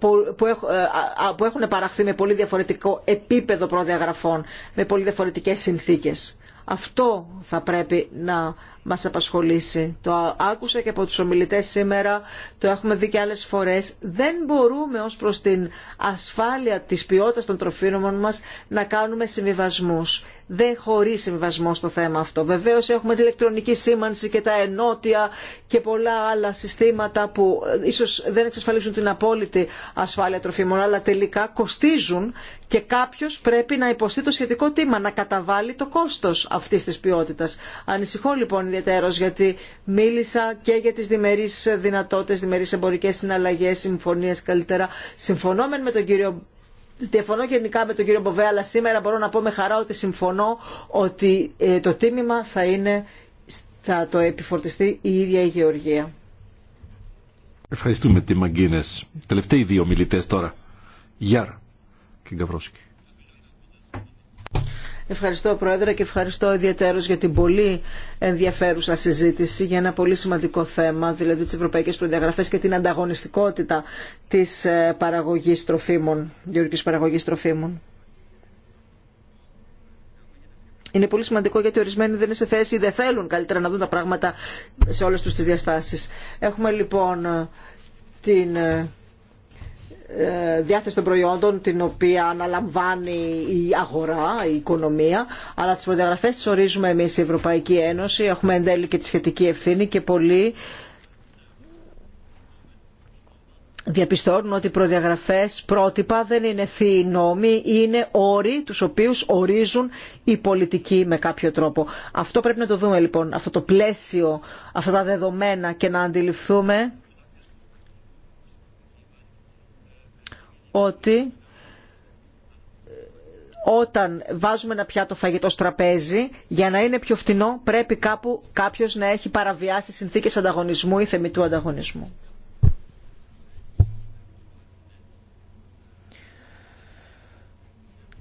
που έχουν παραχθεί με πολύ διαφορετικό επίπεδο προδιαγραφών, με πολύ διαφορετικές συνθήκες. Αυτό θα πρέπει να μας απασχολήσει. Το άκουσα και από τους ομιλητές σήμερα, το έχουμε δει και άλλες φορές. Δεν μπορούμε ως προς την ασφάλεια της ποιότητας των τροφίμων μας να κάνουμε συμβιβασμούς δεν χωρεί συμβασμό στο θέμα αυτό. Βεβαίω έχουμε την ηλεκτρονική σήμανση και τα ενότια και πολλά άλλα συστήματα που ίσω δεν εξασφαλίζουν την απόλυτη ασφάλεια τροφίμων, αλλά τελικά κοστίζουν και κάποιο πρέπει να υποστεί το σχετικό τίμα, να καταβάλει το κόστο αυτή τη ποιότητα. Ανησυχώ λοιπόν ιδιαίτερω γιατί μίλησα και για τι διμερεί δυνατότητε, διμερεί εμπορικέ συναλλαγέ, συμφωνίε καλύτερα. Συμφωνώ με τον κύριο Διαφωνώ γενικά με τον κύριο Μποβέ, αλλά σήμερα μπορώ να πω με χαρά ότι συμφωνώ ότι ε, το τίμημα θα είναι, θα το επιφορτιστεί η ίδια η Γεωργία. Ευχαριστούμε τη Μαγκίνες. Τελευταίοι δύο μιλητές τώρα. Γιάρ και Γκαβρόσκη. Ευχαριστώ Πρόεδρε και ευχαριστώ ιδιαίτερως για την πολύ ενδιαφέρουσα συζήτηση για ένα πολύ σημαντικό θέμα, δηλαδή τις ευρωπαϊκές προδιαγραφές και την ανταγωνιστικότητα της ε, παραγωγής τροφίμων, γεωργικής παραγωγής τροφίμων. Είναι πολύ σημαντικό γιατί ορισμένοι δεν είναι σε θέση ή δεν θέλουν καλύτερα να δουν τα πράγματα σε όλες τους τις διαστάσεις. Έχουμε λοιπόν την ε, ε, διάθεση των προϊόντων την οποία αναλαμβάνει η αγορά, η οικονομία, αλλά τις προδιαγραφές τις ορίζουμε εμείς η Ευρωπαϊκή Ένωση, έχουμε εν τέλει και τη σχετική ευθύνη και πολλοί διαπιστώνουν ότι οι προδιαγραφές πρότυπα δεν είναι θείοι νόμοι, είναι όροι τους οποίους ορίζουν οι πολιτικοί με κάποιο τρόπο. Αυτό πρέπει να το δούμε λοιπόν, αυτό το πλαίσιο, αυτά τα δεδομένα και να αντιληφθούμε ότι όταν βάζουμε ένα πιάτο φαγητό στο τραπέζι, για να είναι πιο φτηνό πρέπει κάπου κάποιος να έχει παραβιάσει συνθήκες ανταγωνισμού ή θεμητού ανταγωνισμού.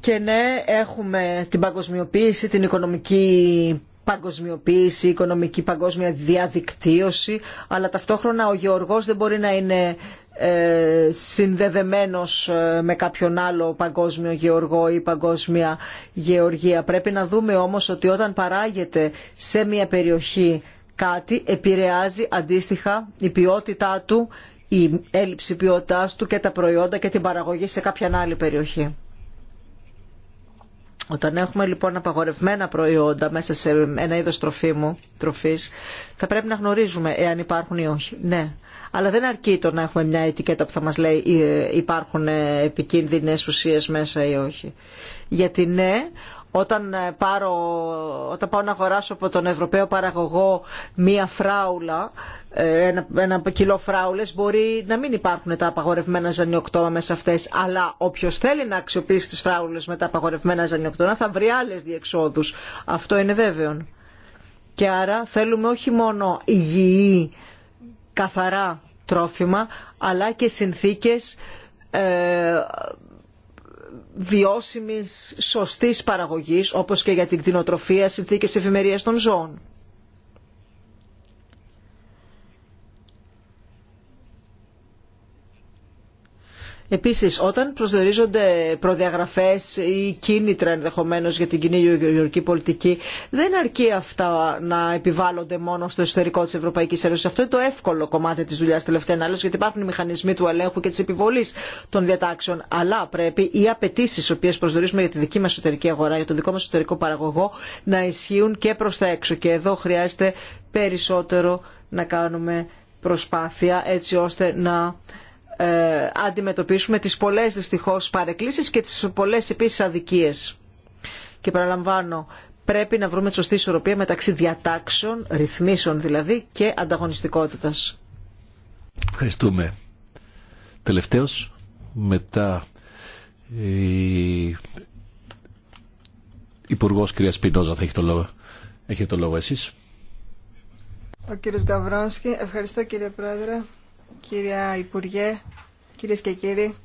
Και ναι, έχουμε την παγκοσμιοποίηση, την οικονομική παγκοσμιοποίηση, οικονομική παγκόσμια διαδικτύωση, αλλά ταυτόχρονα ο γεωργός δεν μπορεί να είναι ε, συνδεδεμένος ε, με κάποιον άλλο παγκόσμιο γεωργό ή παγκόσμια γεωργία. Πρέπει να δούμε όμως ότι όταν παράγεται σε μια περιοχή κάτι επηρεάζει αντίστοιχα η ποιότητά του, η έλλειψη ποιότητάς του και τα προϊόντα και την παραγωγή σε κάποια άλλη περιοχή. Όταν έχουμε λοιπόν απαγορευμένα προϊόντα μέσα σε ένα είδος μου τροφής, θα πρέπει να γνωρίζουμε εάν υπάρχουν ή όχι. Ναι, αλλά δεν αρκεί το να έχουμε μια ετικέτα που θα μας λέει ε, υπάρχουν ε, επικίνδυνες ουσίες μέσα ή όχι. Γιατί ναι, όταν, ε, πάρω, όταν πάω να αγοράσω από τον Ευρωπαίο παραγωγό μία φράουλα, ένα, ένα κιλό φράουλες, μπορεί να μην υπάρχουν τα απαγορευμένα ζανιοκτώμα μέσα αυτές, αλλά όποιο θέλει να αξιοποιήσει τις φράουλες με τα απαγορευμένα ζανιοκτώμα θα βρει άλλε διεξόδους. Αυτό είναι βέβαιο. Και άρα θέλουμε όχι μόνο υγιή καθαρά τρόφιμα αλλά και συνθήκες ε, βιώσιμης σωστής παραγωγής όπως και για την κτηνοτροφία συνθήκες ευημερίας των ζώων. Επίσης, όταν προσδιορίζονται προδιαγραφές ή κίνητρα ενδεχομένω για την κοινή γεωργική πολιτική, δεν αρκεί αυτά να επιβάλλονται μόνο στο εσωτερικό της Ευρωπαϊκής Ένωσης. Αυτό είναι το εύκολο κομμάτι της δουλειάς τελευταία ανάλυση, γιατί υπάρχουν οι μηχανισμοί του ελέγχου και της επιβολής των διατάξεων. Αλλά πρέπει οι απαιτήσει οι οποίες προσδιορίζουμε για τη δική μας εσωτερική αγορά, για το δικό μας εσωτερικό παραγωγό, να ισχύουν και προς τα έξω. Και εδώ χρειάζεται περισσότερο να κάνουμε προσπάθεια έτσι ώστε να ε, αντιμετωπίσουμε τις πολλές δυστυχώς παρεκκλήσεις και τις πολλές επίσης αδικίες. Και παραλαμβάνω, πρέπει να βρούμε τη σωστή ισορροπία μεταξύ διατάξεων, ρυθμίσεων δηλαδή και ανταγωνιστικότητας. Ευχαριστούμε. Τελευταίος, μετά η Υπουργός κυρία Σπινόζα θα έχει το λόγο. Έχετε το λόγο εσείς. Ο κύριος Γκαβρόνσκι. Ευχαριστώ κύριε Πρόεδρε κυρία Υπουργέ, κυρίες και κύριοι.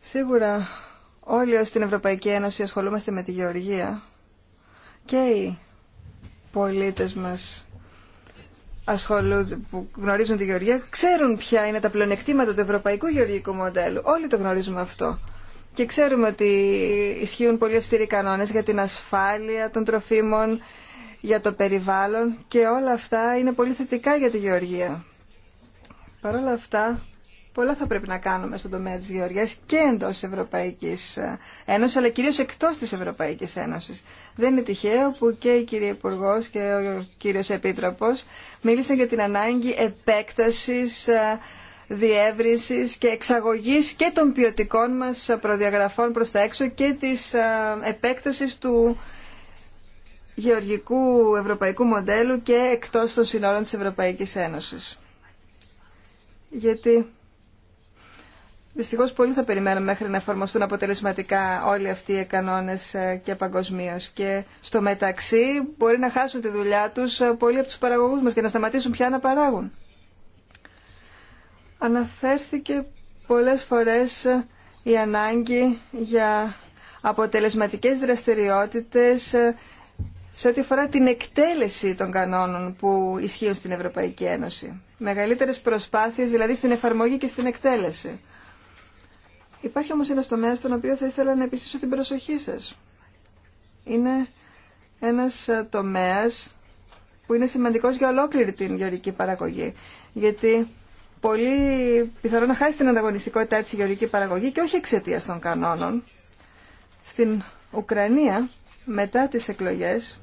Σίγουρα όλοι ως την Ευρωπαϊκή Ένωση ασχολούμαστε με τη γεωργία και οι πολίτες μας που γνωρίζουν τη γεωργία ξέρουν ποια είναι τα πλεονεκτήματα του ευρωπαϊκού γεωργικού μοντέλου. Όλοι το γνωρίζουμε αυτό. Και ξέρουμε ότι ισχύουν πολύ αυστηροί κανόνες για την ασφάλεια των τροφίμων, για το περιβάλλον και όλα αυτά είναι πολύ θετικά για τη γεωργία. Παρ' όλα αυτά, πολλά θα πρέπει να κάνουμε στον τομέα της γεωργίας και εντός Ευρωπαϊκής ε, Ένωσης, αλλά κυρίως εκτός της Ευρωπαϊκής Ένωσης. Δεν είναι τυχαίο που και η κυρία Υπουργό και ο κύριος Επίτροπος μίλησαν για την ανάγκη επέκτασης ε, διεύρυνσης και εξαγωγής και των ποιοτικών μας προδιαγραφών προς τα έξω και της ε, επέκτασης του γεωργικού ευρωπαϊκού μοντέλου και εκτός των συνόρων της Ευρωπαϊκής Ένωσης γιατί δυστυχώς πολύ θα περιμένουμε μέχρι να εφαρμοστούν αποτελεσματικά όλοι αυτοί οι κανόνες ε, και παγκοσμίω. Και στο μεταξύ μπορεί να χάσουν τη δουλειά τους ε, πολλοί από τους παραγωγούς μας και να σταματήσουν πια να παράγουν. Αναφέρθηκε πολλές φορές ε, η ανάγκη για αποτελεσματικές δραστηριότητες σε ό,τι αφορά την εκτέλεση των κανόνων που ισχύουν στην Ευρωπαϊκή Ένωση μεγαλύτερες προσπάθειες, δηλαδή στην εφαρμογή και στην εκτέλεση. Υπάρχει όμως ένας τομέας στον οποίο θα ήθελα να επιστήσω την προσοχή σας. Είναι ένας ε, τομέας που είναι σημαντικός για ολόκληρη την γεωρική παραγωγή. Γιατί πολύ πιθανόν να χάσει την ανταγωνιστικότητά της η γεωργική παραγωγή και όχι εξαιτία των κανόνων. Στην Ουκρανία, μετά τις εκλογές,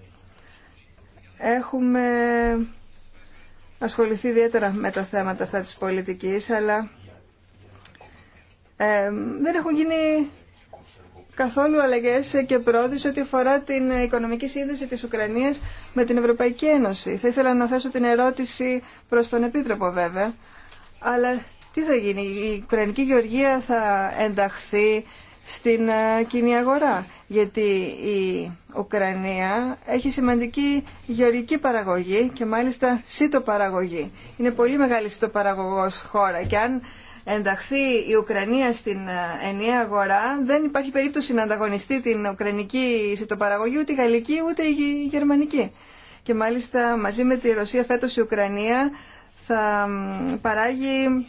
έχουμε ασχοληθεί ιδιαίτερα με τα θέματα αυτά της πολιτικής, αλλά ε, δεν έχουν γίνει καθόλου αλλαγές και σε ό,τι αφορά την οικονομική σύνδεση της Ουκρανίας με την Ευρωπαϊκή Ένωση. Θα ήθελα να θέσω την ερώτηση προς τον Επίτροπο βέβαια, αλλά τι θα γίνει, η Ουκρανική Γεωργία θα ενταχθεί στην ε, κοινή αγορά. Γιατί η Ουκρανία έχει σημαντική γεωργική παραγωγή και μάλιστα παραγωγή Είναι πολύ μεγάλη σιτοπαραγωγός χώρα και αν ενταχθεί η Ουκρανία στην ε, ενιαία αγορά δεν υπάρχει περίπτωση να ανταγωνιστεί την Ουκρανική παραγωγή ούτε η Γαλλική ούτε η Γερμανική. Και μάλιστα μαζί με τη Ρωσία φέτος η Ουκρανία θα παράγει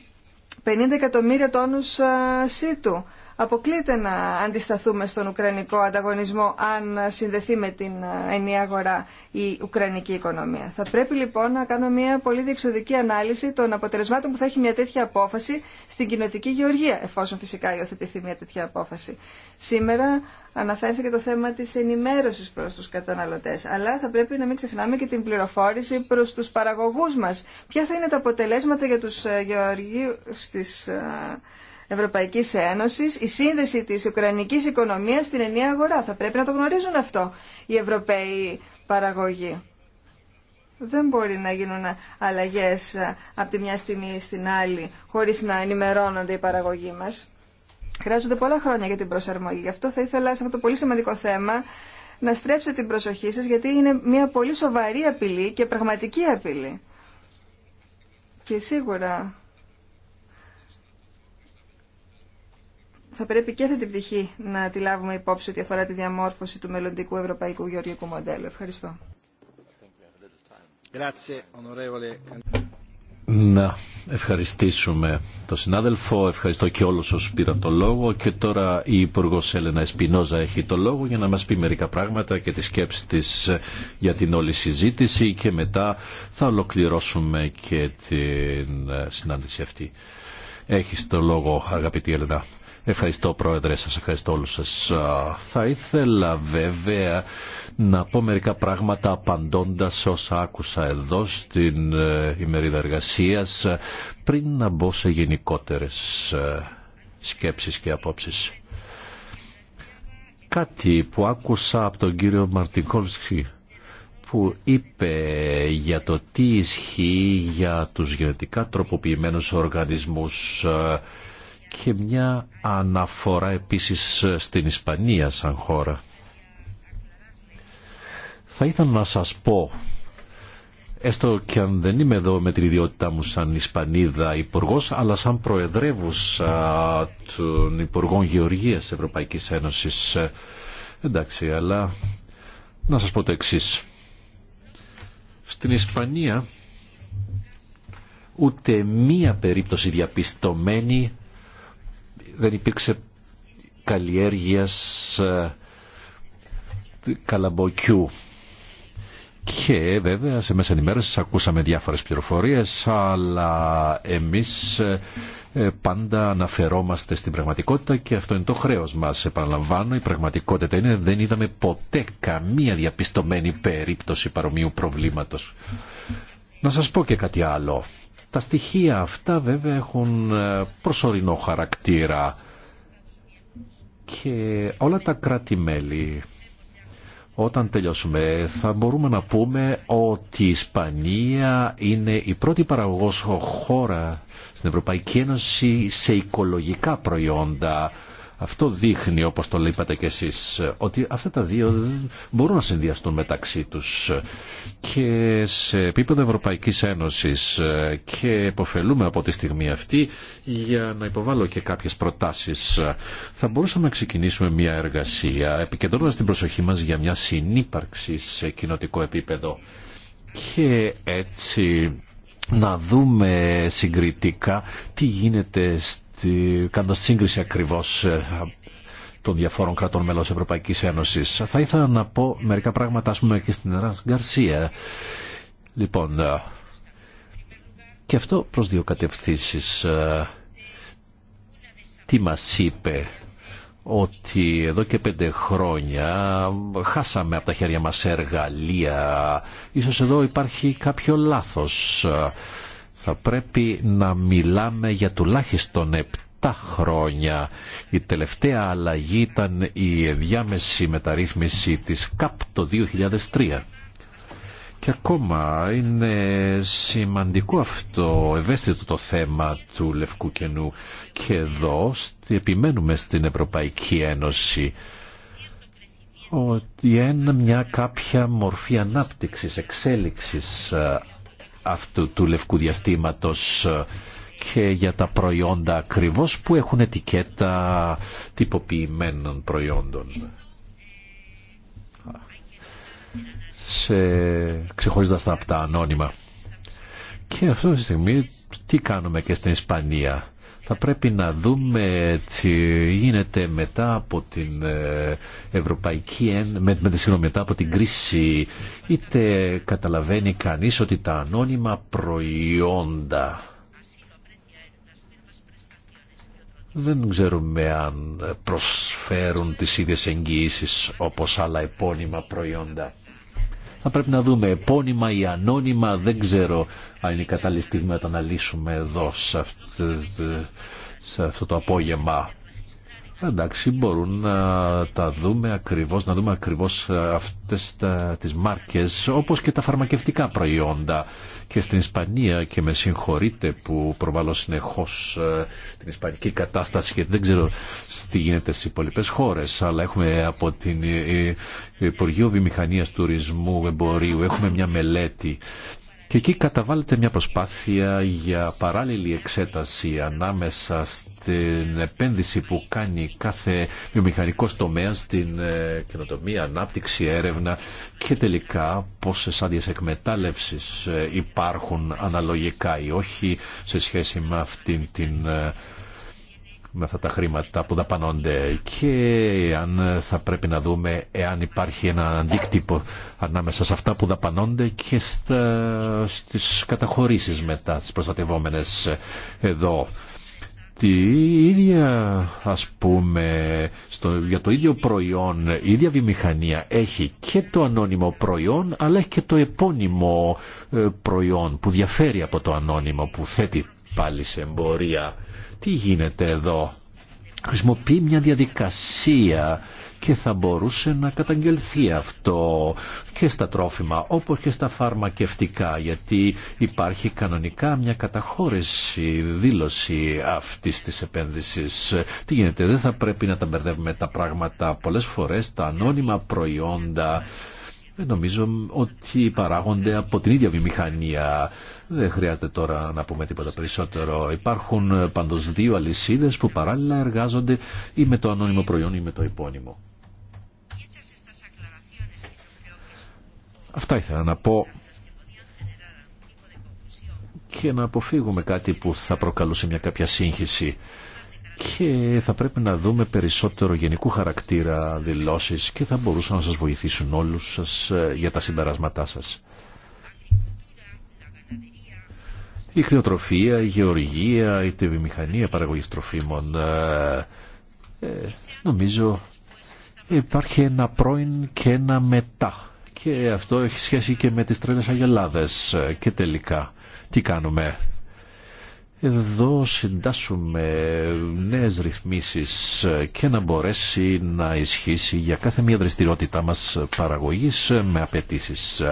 50 εκατομμύρια τόνους ε, σίτου Αποκλείται να αντισταθούμε στον ουκρανικό ανταγωνισμό αν συνδεθεί με την ενιαία αγορά η ουκρανική οικονομία. Θα πρέπει λοιπόν να κάνουμε μια πολύ διεξοδική ανάλυση των αποτελεσμάτων που θα έχει μια τέτοια απόφαση στην κοινοτική γεωργία, εφόσον φυσικά υιοθετηθεί μια τέτοια απόφαση. Σήμερα αναφέρθηκε το θέμα της ενημέρωσης προς τους καταναλωτές, αλλά θα πρέπει να μην ξεχνάμε και την πληροφόρηση προς τους παραγωγούς μας. Ποια θα είναι τα αποτελέσματα για τους ε, γεωργίους της ε, Ευρωπαϊκή Ένωση, η σύνδεση της ουκρανικής οικονομίας στην ενιαία αγορά. Θα πρέπει να το γνωρίζουν αυτό οι Ευρωπαίοι παραγωγοί. Δεν μπορεί να γίνουν αλλαγές από τη μια στιγμή στην άλλη χωρίς να ενημερώνονται οι παραγωγοί μας. Χρειάζονται πολλά χρόνια για την προσαρμογή. Γι' αυτό θα ήθελα σε αυτό το πολύ σημαντικό θέμα να στρέψετε την προσοχή σας γιατί είναι μια πολύ σοβαρή απειλή και πραγματική απειλή. Και σίγουρα θα πρέπει και αυτή την πτυχή να τη λάβουμε υπόψη ότι αφορά τη διαμόρφωση του μελλοντικού ευρωπαϊκού γεωργικού μοντέλου. Ευχαριστώ. Να ευχαριστήσουμε τον συνάδελφο, ευχαριστώ και όλους όσους πήραν το λόγο και τώρα η υπουργό Έλενα Εσπινόζα έχει το λόγο για να μας πει μερικά πράγματα και τη σκέψη της για την όλη συζήτηση και μετά θα ολοκληρώσουμε και την συνάντηση αυτή. Έχεις το λόγο αγαπητή Έλενα. Ευχαριστώ Πρόεδρε, σας ευχαριστώ όλους σας. Θα ήθελα βέβαια να πω μερικά πράγματα απαντώντας όσα άκουσα εδώ στην ε, ημερίδα εργασία πριν να μπω σε γενικότερες ε, σκέψεις και απόψεις. Κάτι που άκουσα από τον κύριο Μαρτικόλσκι που είπε για το τι ισχύει για τους γενετικά τροποποιημένους οργανισμούς ε, και μια αναφορά επίσης στην Ισπανία σαν χώρα. Θα ήθελα να σας πω, έστω και αν δεν είμαι εδώ με την ιδιότητά μου σαν Ισπανίδα υπουργό, αλλά σαν προεδρεύουσα των Υπουργών Γεωργίας Ευρωπαϊκής Ένωσης. Εντάξει, αλλά να σας πω το εξής. Στην Ισπανία ούτε μία περίπτωση διαπιστωμένη δεν υπήρξε καλλιέργειας καλαμποκιού. Και βέβαια σε μέσα ενημέρωση ακούσαμε διάφορες πληροφορίες, αλλά εμείς ε, πάντα αναφερόμαστε στην πραγματικότητα και αυτό είναι το χρέος μας. Επαναλαμβάνω, η πραγματικότητα είναι δεν είδαμε ποτέ καμία διαπιστωμένη περίπτωση παρομοίου προβλήματος. Να σας πω και κάτι άλλο. Τα στοιχεία αυτά βέβαια έχουν ε, προσωρινό χαρακτήρα και όλα τα κράτη-μέλη όταν τελειώσουμε θα μπορούμε να πούμε ότι η Ισπανία είναι η πρώτη παραγωγός χώρα στην Ευρωπαϊκή Ένωση σε οικολογικά προϊόντα αυτό δείχνει, όπως το είπατε κι εσείς, ότι αυτά τα δύο μπορούν να συνδυαστούν μεταξύ τους και σε επίπεδο Ευρωπαϊκής Ένωσης και υποφελούμε από τη στιγμή αυτή για να υποβάλω και κάποιες προτάσεις. Θα μπορούσαμε να ξεκινήσουμε μια εργασία επικεντρώνοντας την προσοχή μας για μια συνύπαρξη σε κοινοτικό επίπεδο και έτσι να δούμε συγκριτικά τι γίνεται κάνοντα σύγκριση ακριβώς ε, των διαφόρων κρατών μελών τη Ευρωπαϊκής Ένωσης. Θα ήθελα να πω μερικά πράγματα, α και στην Ελλάδα Γκαρσία. Λοιπόν, ε, και αυτό προς δύο κατευθύνσεις. Ε, τι μα είπε ότι εδώ και πέντε χρόνια χάσαμε από τα χέρια μας εργαλεία. Ίσως εδώ υπάρχει κάποιο λάθος θα πρέπει να μιλάμε για τουλάχιστον 7 χρόνια. Η τελευταία αλλαγή ήταν η διάμεση μεταρρύθμιση της ΚΑΠ το 2003. Και ακόμα είναι σημαντικό αυτό, ευαίσθητο το θέμα του Λευκού Κενού. Και εδώ επιμένουμε στην Ευρωπαϊκή Ένωση ότι είναι μια κάποια μορφή ανάπτυξης, εξέλιξης ε, αυτού του λευκού διαστήματος ε, και για τα προϊόντα ακριβώ που έχουν ετικέτα τυποποιημένων προϊόντων. Σε... Ξεχωρίζοντας τα από τα ανώνυμα. Και αυτή τη στιγμή τι κάνουμε και στην Ισπανία. Θα πρέπει να δούμε τι γίνεται μετά από την ε, Ευρωπαϊκή με, με, μετά από την κρίση. Είτε καταλαβαίνει κανείς ότι τα ανώνυμα προϊόντα δεν ξέρουμε αν προσφέρουν τις ίδιες εγγυήσεις όπως άλλα επώνυμα προϊόντα. Θα πρέπει να δούμε επώνυμα ή ανώνυμα, δεν ξέρω αν είναι η κατάλληλη στιγμή να τα αναλύσουμε εδώ σε ε, αυτό το απόγευμα. Εντάξει, μπορούν να τα δούμε ακριβώς, να δούμε ακριβώς ε, αυτές τα, τις μάρκες, όπως και τα φαρμακευτικά προϊόντα. Και στην Ισπανία, και με συγχωρείτε που προβάλλω συνεχώς ε, την ισπανική κατάσταση, γιατί δεν ξέρω τι γίνεται στις υπόλοιπες χώρες, αλλά έχουμε από την ε, Υπουργείο Βημηχανίας Τουρισμού Εμπορίου, έχουμε μια μελέτη και εκεί καταβάλλεται μια προσπάθεια για παράλληλη εξέταση ανάμεσα στην επένδυση που κάνει κάθε βιομηχανικό τομέα στην ε, καινοτομία, ανάπτυξη, έρευνα και τελικά πόσες άδειες εκμετάλλευσης ε, υπάρχουν αναλογικά ή όχι σε σχέση με αυτήν την ε, με αυτά τα χρήματα που δαπανώνται και αν θα πρέπει να δούμε εάν υπάρχει ένα αντίκτυπο ανάμεσα σε αυτά που δαπανώνται και στα, στις καταχωρήσεις μετά, τις προστατευόμενες εδώ. Τη ίδια, ας πούμε, στο, για το ίδιο προϊόν, η ίδια βιομηχανία έχει και το ανώνυμο προϊόν, αλλά έχει και το επώνυμο ε, προϊόν που διαφέρει από το ανώνυμο που θέτει πάλι σε εμπορία. Τι γίνεται εδώ. Χρησιμοποιεί μια διαδικασία και θα μπορούσε να καταγγελθεί αυτό και στα τρόφιμα όπως και στα φαρμακευτικά γιατί υπάρχει κανονικά μια καταχώρηση δήλωση αυτής της επένδυσης. Τι γίνεται, δεν θα πρέπει να τα μπερδεύουμε τα πράγματα. Πολλές φορές τα ανώνυμα προϊόντα ε, νομίζω ότι παράγονται από την ίδια βιομηχανία. Δεν χρειάζεται τώρα να πούμε τίποτα περισσότερο. Υπάρχουν ε, πάντω δύο αλυσίδε που παράλληλα εργάζονται ή με το ανώνυμο προϊόν ή με το υπόνυμο. Αυτά ήθελα να πω και να αποφύγουμε κάτι που θα προκαλούσε μια κάποια σύγχυση και θα πρέπει να δούμε περισσότερο γενικού χαρακτήρα δηλώσεις και θα μπορούσαν να σας βοηθήσουν όλους σας ε, για τα συμπεράσματά σας. Η κτηνοτροφία, η γεωργία, η τεβιμηχανία παραγωγής τροφίμων. Ε, ε, νομίζω υπάρχει ένα πρώην και ένα μετά. Και αυτό έχει σχέση και με τις τρέλες αγελάδες. Και τελικά, τι κάνουμε εδώ συντάσσουμε νέες ρυθμίσεις και να μπορέσει να ισχύσει για κάθε μια δραστηριότητά μας παραγωγής με απαιτήσεις.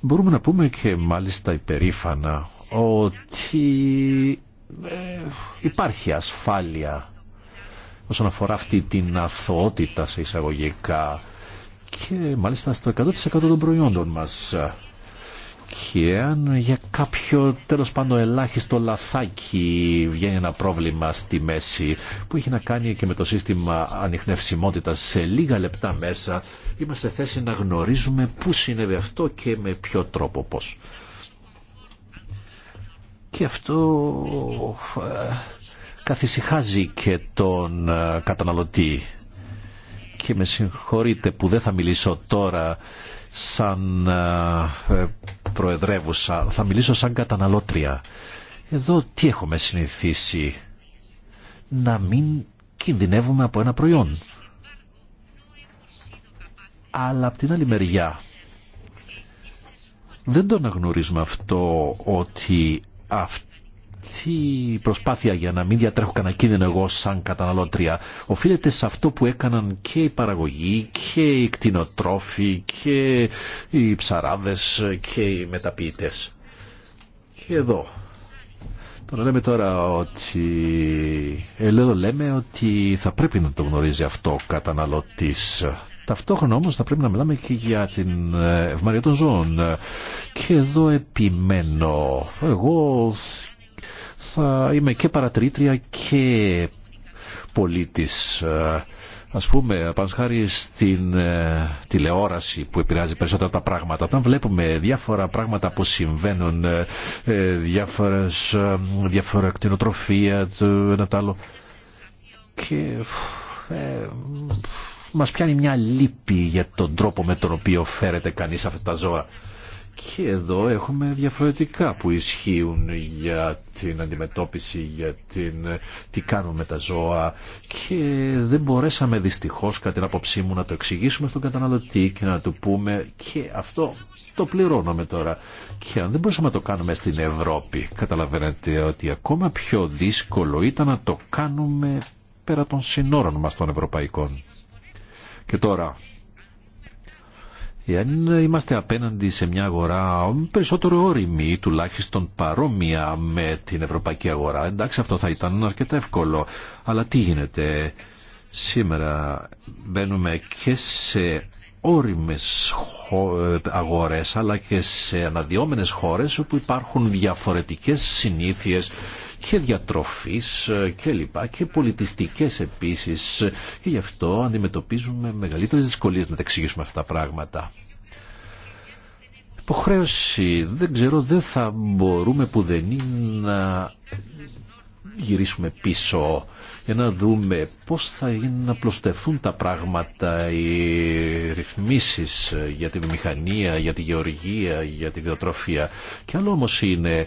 Μπορούμε να πούμε και μάλιστα υπερήφανα ότι ε, υπάρχει ασφάλεια όσον αφορά αυτή την αθωότητα σε εισαγωγικά και μάλιστα στο 100% των προϊόντων μας και αν για κάποιο τέλο πάντων ελάχιστο λαθάκι βγαίνει ένα πρόβλημα στη μέση που έχει να κάνει και με το σύστημα ανιχνευσιμότητας σε λίγα λεπτά μέσα είμαστε θέση να γνωρίζουμε πού συνέβη αυτό και με ποιο τρόπο πώς. Και αυτό ε, καθησυχάζει και τον ε, καταναλωτή και με συγχωρείτε που δεν θα μιλήσω τώρα σαν ε, προεδρεύουσα, θα μιλήσω σαν καταναλώτρια. Εδώ τι έχουμε συνηθίσει, να μην κινδυνεύουμε από ένα προϊόν. Αλλά από την άλλη μεριά, δεν το αναγνωρίζουμε αυτό ότι αυτό τι προσπάθεια για να μην διατρέχω κανένα κίνδυνο εγώ σαν καταναλώτρια οφείλεται σε αυτό που έκαναν και οι παραγωγοί και οι κτηνοτρόφοι και οι ψαράδες και οι μεταποιητές. Και εδώ. Τώρα λέμε τώρα ότι... Ε, εδώ λέμε ότι θα πρέπει να το γνωρίζει αυτό ο καταναλωτής. Ταυτόχρονα όμως θα πρέπει να μιλάμε και για την ε, ευμαρία των ζώων. Και εδώ επιμένω. Εγώ θα είμαι και παρατηρήτρια και πολίτης. Ε, ας πούμε, πάνω χάρη στην ε, τηλεόραση που επηρεάζει περισσότερα τα πράγματα. Όταν βλέπουμε διάφορα πράγματα που συμβαίνουν, ε, ε, διάφορες, ε, διάφορα κτηνοτροφία, το ένα άλλο, και μας πιάνει μια λύπη για τον τρόπο με τον οποίο φέρεται κανείς αυτά τα ζώα. Και εδώ έχουμε διαφορετικά που ισχύουν για την αντιμετώπιση, για την τι κάνουμε με τα ζώα και δεν μπορέσαμε δυστυχώς κατά την άποψή μου να το εξηγήσουμε στον καταναλωτή και να του πούμε και αυτό το πληρώνουμε τώρα. Και αν δεν μπορούσαμε να το κάνουμε στην Ευρώπη, καταλαβαίνετε ότι ακόμα πιο δύσκολο ήταν να το κάνουμε πέρα των συνόρων μας των ευρωπαϊκών. Και τώρα Εάν είμαστε απέναντι σε μια αγορά περισσότερο όρημη, τουλάχιστον παρόμοια με την ευρωπαϊκή αγορά, εντάξει αυτό θα ήταν αρκετά εύκολο. Αλλά τι γίνεται σήμερα, μπαίνουμε και σε όριμες ε, αγορές αλλά και σε αναδυόμενες χώρες όπου υπάρχουν διαφορετικές συνήθειες και διατροφής ε, και λοιπά και πολιτιστικές επίσης και γι' αυτό αντιμετωπίζουμε μεγαλύτερες δυσκολίες να τα εξηγήσουμε αυτά τα πράγματα. Υποχρέωση, δεν ξέρω, δεν θα μπορούμε που δεν είναι να γυρίσουμε πίσω για να δούμε πώς θα είναι να πλωστευτούν τα πράγματα, οι ρυθμίσεις για τη μηχανία, για τη γεωργία, για τη διατροφία. Και άλλο όμως είναι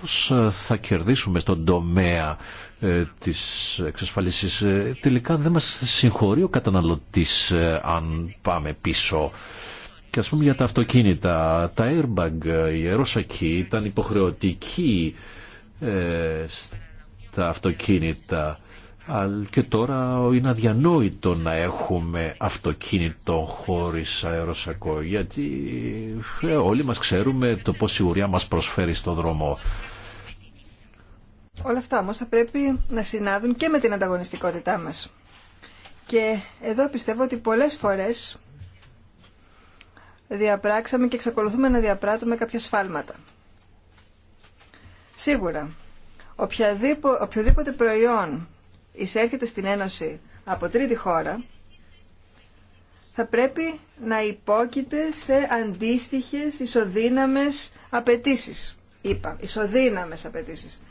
πώς ε, θα κερδίσουμε στον τομέα ε, της εξασφάλισης. Ε, τελικά δεν μας συγχωρεί ο καταναλωτής αν πάμε πίσω. Και ας πούμε για τα αυτοκίνητα, τα airbag, η αερόσακη ήταν υποχρεωτική ε, στα αυτοκίνητα και τώρα είναι αδιανόητο να έχουμε αυτοκίνητο χωρίς αεροσακό γιατί ε, όλοι μας ξέρουμε το πώς σιγουριά μας προσφέρει στον δρόμο. Όλα αυτά όμως θα πρέπει να συνάδουν και με την ανταγωνιστικότητά μας. Και εδώ πιστεύω ότι πολλές φορές διαπράξαμε και εξακολουθούμε να διαπράττουμε κάποια σφάλματα. Σίγουρα, οποιοδήποτε προϊόν εισέρχεται στην Ένωση από τρίτη χώρα, θα πρέπει να υπόκειται σε αντίστοιχες ισοδύναμες απαιτήσει. Είπα, ισοδύναμες απαιτήσεις.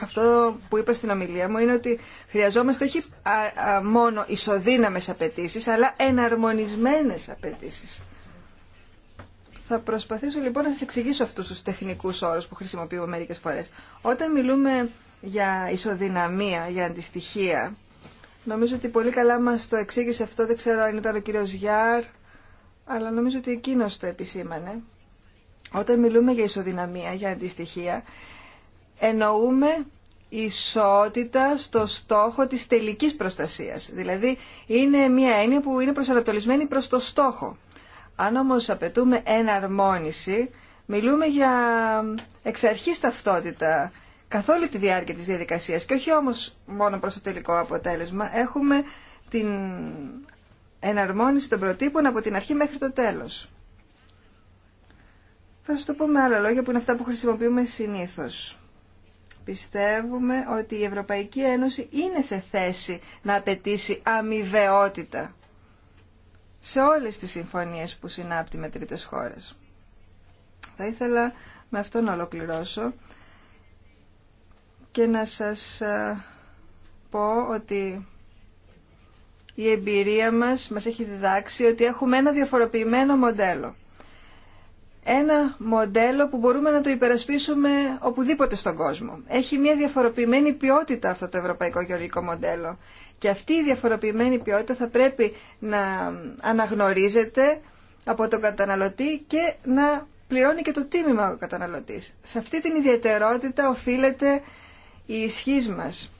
Αυτό που είπα στην ομιλία μου είναι ότι χρειαζόμαστε όχι μόνο ισοδύναμες απαιτήσει, αλλά εναρμονισμένες απαιτήσει. Θα προσπαθήσω λοιπόν να σας εξηγήσω αυτούς τους τεχνικούς όρους που χρησιμοποιούμε μερικές φορές. Όταν μιλούμε για ισοδυναμία, για αντιστοιχεία. Νομίζω ότι πολύ καλά μας το εξήγησε αυτό, δεν ξέρω αν ήταν ο κύριος Γιάρ, αλλά νομίζω ότι εκείνος το επισήμανε. Όταν μιλούμε για ισοδυναμία, για αντιστοιχεία, εννοούμε ισότητα στο στόχο της τελικής προστασίας. Δηλαδή είναι μια έννοια που είναι προσανατολισμένη προς το στόχο. Αν όμως απαιτούμε εναρμόνιση, μιλούμε για εξ αρχής ταυτότητα καθ' όλη τη διάρκεια της διαδικασίας και όχι όμως μόνο προς το τελικό αποτέλεσμα, έχουμε την εναρμόνιση των προτύπων από την αρχή μέχρι το τέλος. Θα σας το πω με άλλα λόγια που είναι αυτά που χρησιμοποιούμε συνήθως. Πιστεύουμε ότι η Ευρωπαϊκή Ένωση είναι σε θέση να απαιτήσει αμοιβαιότητα σε όλες τις συμφωνίες που συνάπτει με τρίτες χώρες. Θα ήθελα με αυτό να ολοκληρώσω και να σας ε, πω ότι η εμπειρία μας μας έχει διδάξει ότι έχουμε ένα διαφοροποιημένο μοντέλο. Ένα μοντέλο που μπορούμε να το υπερασπίσουμε οπουδήποτε στον κόσμο. Έχει μια διαφοροποιημένη ποιότητα αυτό το ευρωπαϊκό γεωργικό μοντέλο. Και αυτή η διαφοροποιημένη ποιότητα θα πρέπει να αναγνωρίζεται από τον καταναλωτή και να πληρώνει και το τίμημα ο καταναλωτής. Σε αυτή την ιδιαιτερότητα οφείλεται η ισχύ μας.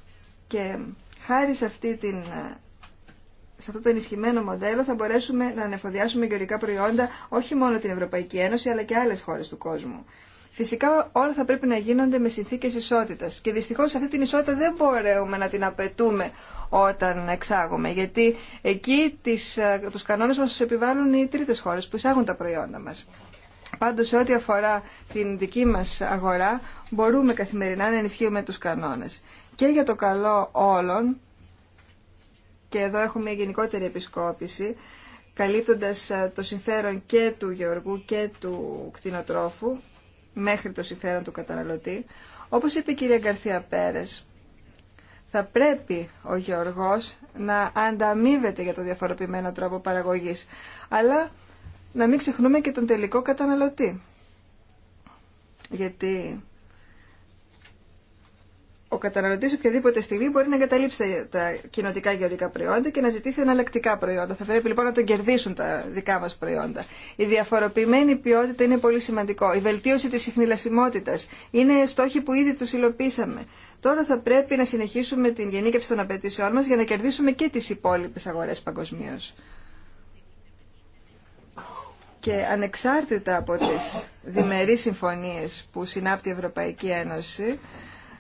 Και χάρη σε, αυτή την, αυτό το ενισχυμένο μοντέλο θα μπορέσουμε να ανεφοδιάσουμε γεωργικά προϊόντα όχι μόνο την Ευρωπαϊκή Ένωση αλλά και άλλες χώρες του κόσμου. Φυσικά όλα θα πρέπει να γίνονται με συνθήκες ισότητας και δυστυχώς αυτή την ισότητα δεν μπορούμε να την απαιτούμε όταν εξάγουμε γιατί εκεί τις, ε, τους κανόνες μας τους επιβάλλουν οι τρίτες χώρες που εισάγουν τα προϊόντα μας. Πάντως, σε ό,τι αφορά την δική μας αγορά, μπορούμε καθημερινά να ενισχύουμε τους κανόνες. Και για το καλό όλων, και εδώ έχουμε μια γενικότερη επισκόπηση, καλύπτοντας ε, το συμφέρον και του γεωργού και του κτηνοτρόφου, μέχρι το συμφέρον του καταναλωτή, όπως είπε η κυρία Γκαρθία Πέρες, θα πρέπει ο γεωργός να ανταμείβεται για το διαφοροποιημένο τρόπο παραγωγής. Αλλά να μην ξεχνούμε και τον τελικό καταναλωτή. Γιατί ο καταναλωτής οποιαδήποτε στιγμή μπορεί να εγκαταλείψει τα κοινοτικά γεωργικά προϊόντα και να ζητήσει εναλλακτικά προϊόντα. Θα πρέπει λοιπόν να τον κερδίσουν τα δικά μας προϊόντα. Η διαφοροποιημένη ποιότητα είναι πολύ σημαντικό. Η βελτίωση της συχνηλασιμότητας είναι στόχοι που ήδη τους υλοποίησαμε. Τώρα θα πρέπει να συνεχίσουμε την γενίκευση των απαιτήσεών μας για να κερδίσουμε και τις υπόλοιπες αγορές παγκοσμίω και ανεξάρτητα από τις διμερείς συμφωνίες που συνάπτει η Ευρωπαϊκή Ένωση,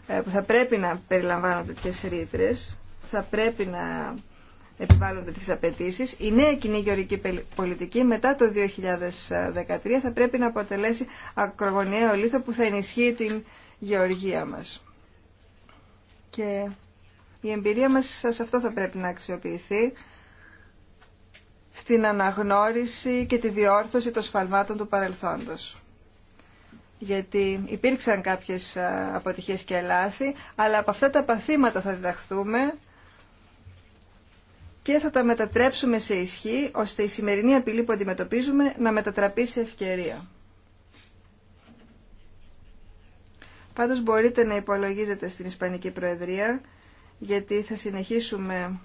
ε, που θα πρέπει να περιλαμβάνονται τέτοιες ρήτρε, θα πρέπει να επιβάλλονται τις απαιτήσει. Η νέα κοινή γεωρική πολιτική μετά το 2013 θα πρέπει να αποτελέσει ακρογωνιαίο λίθο που θα ενισχύει την γεωργία μας. Και η εμπειρία μας σε αυτό θα πρέπει να αξιοποιηθεί στην αναγνώριση και τη διόρθωση των σφαλμάτων του παρελθόντος. Γιατί υπήρξαν κάποιες ε, αποτυχίες και λάθη, αλλά από αυτά τα παθήματα θα διδαχθούμε και θα τα μετατρέψουμε σε ισχύ, ώστε η σημερινή απειλή που αντιμετωπίζουμε να μετατραπεί σε ευκαιρία. Πάντως μπορείτε να υπολογίζετε στην Ισπανική Προεδρία, γιατί θα συνεχίσουμε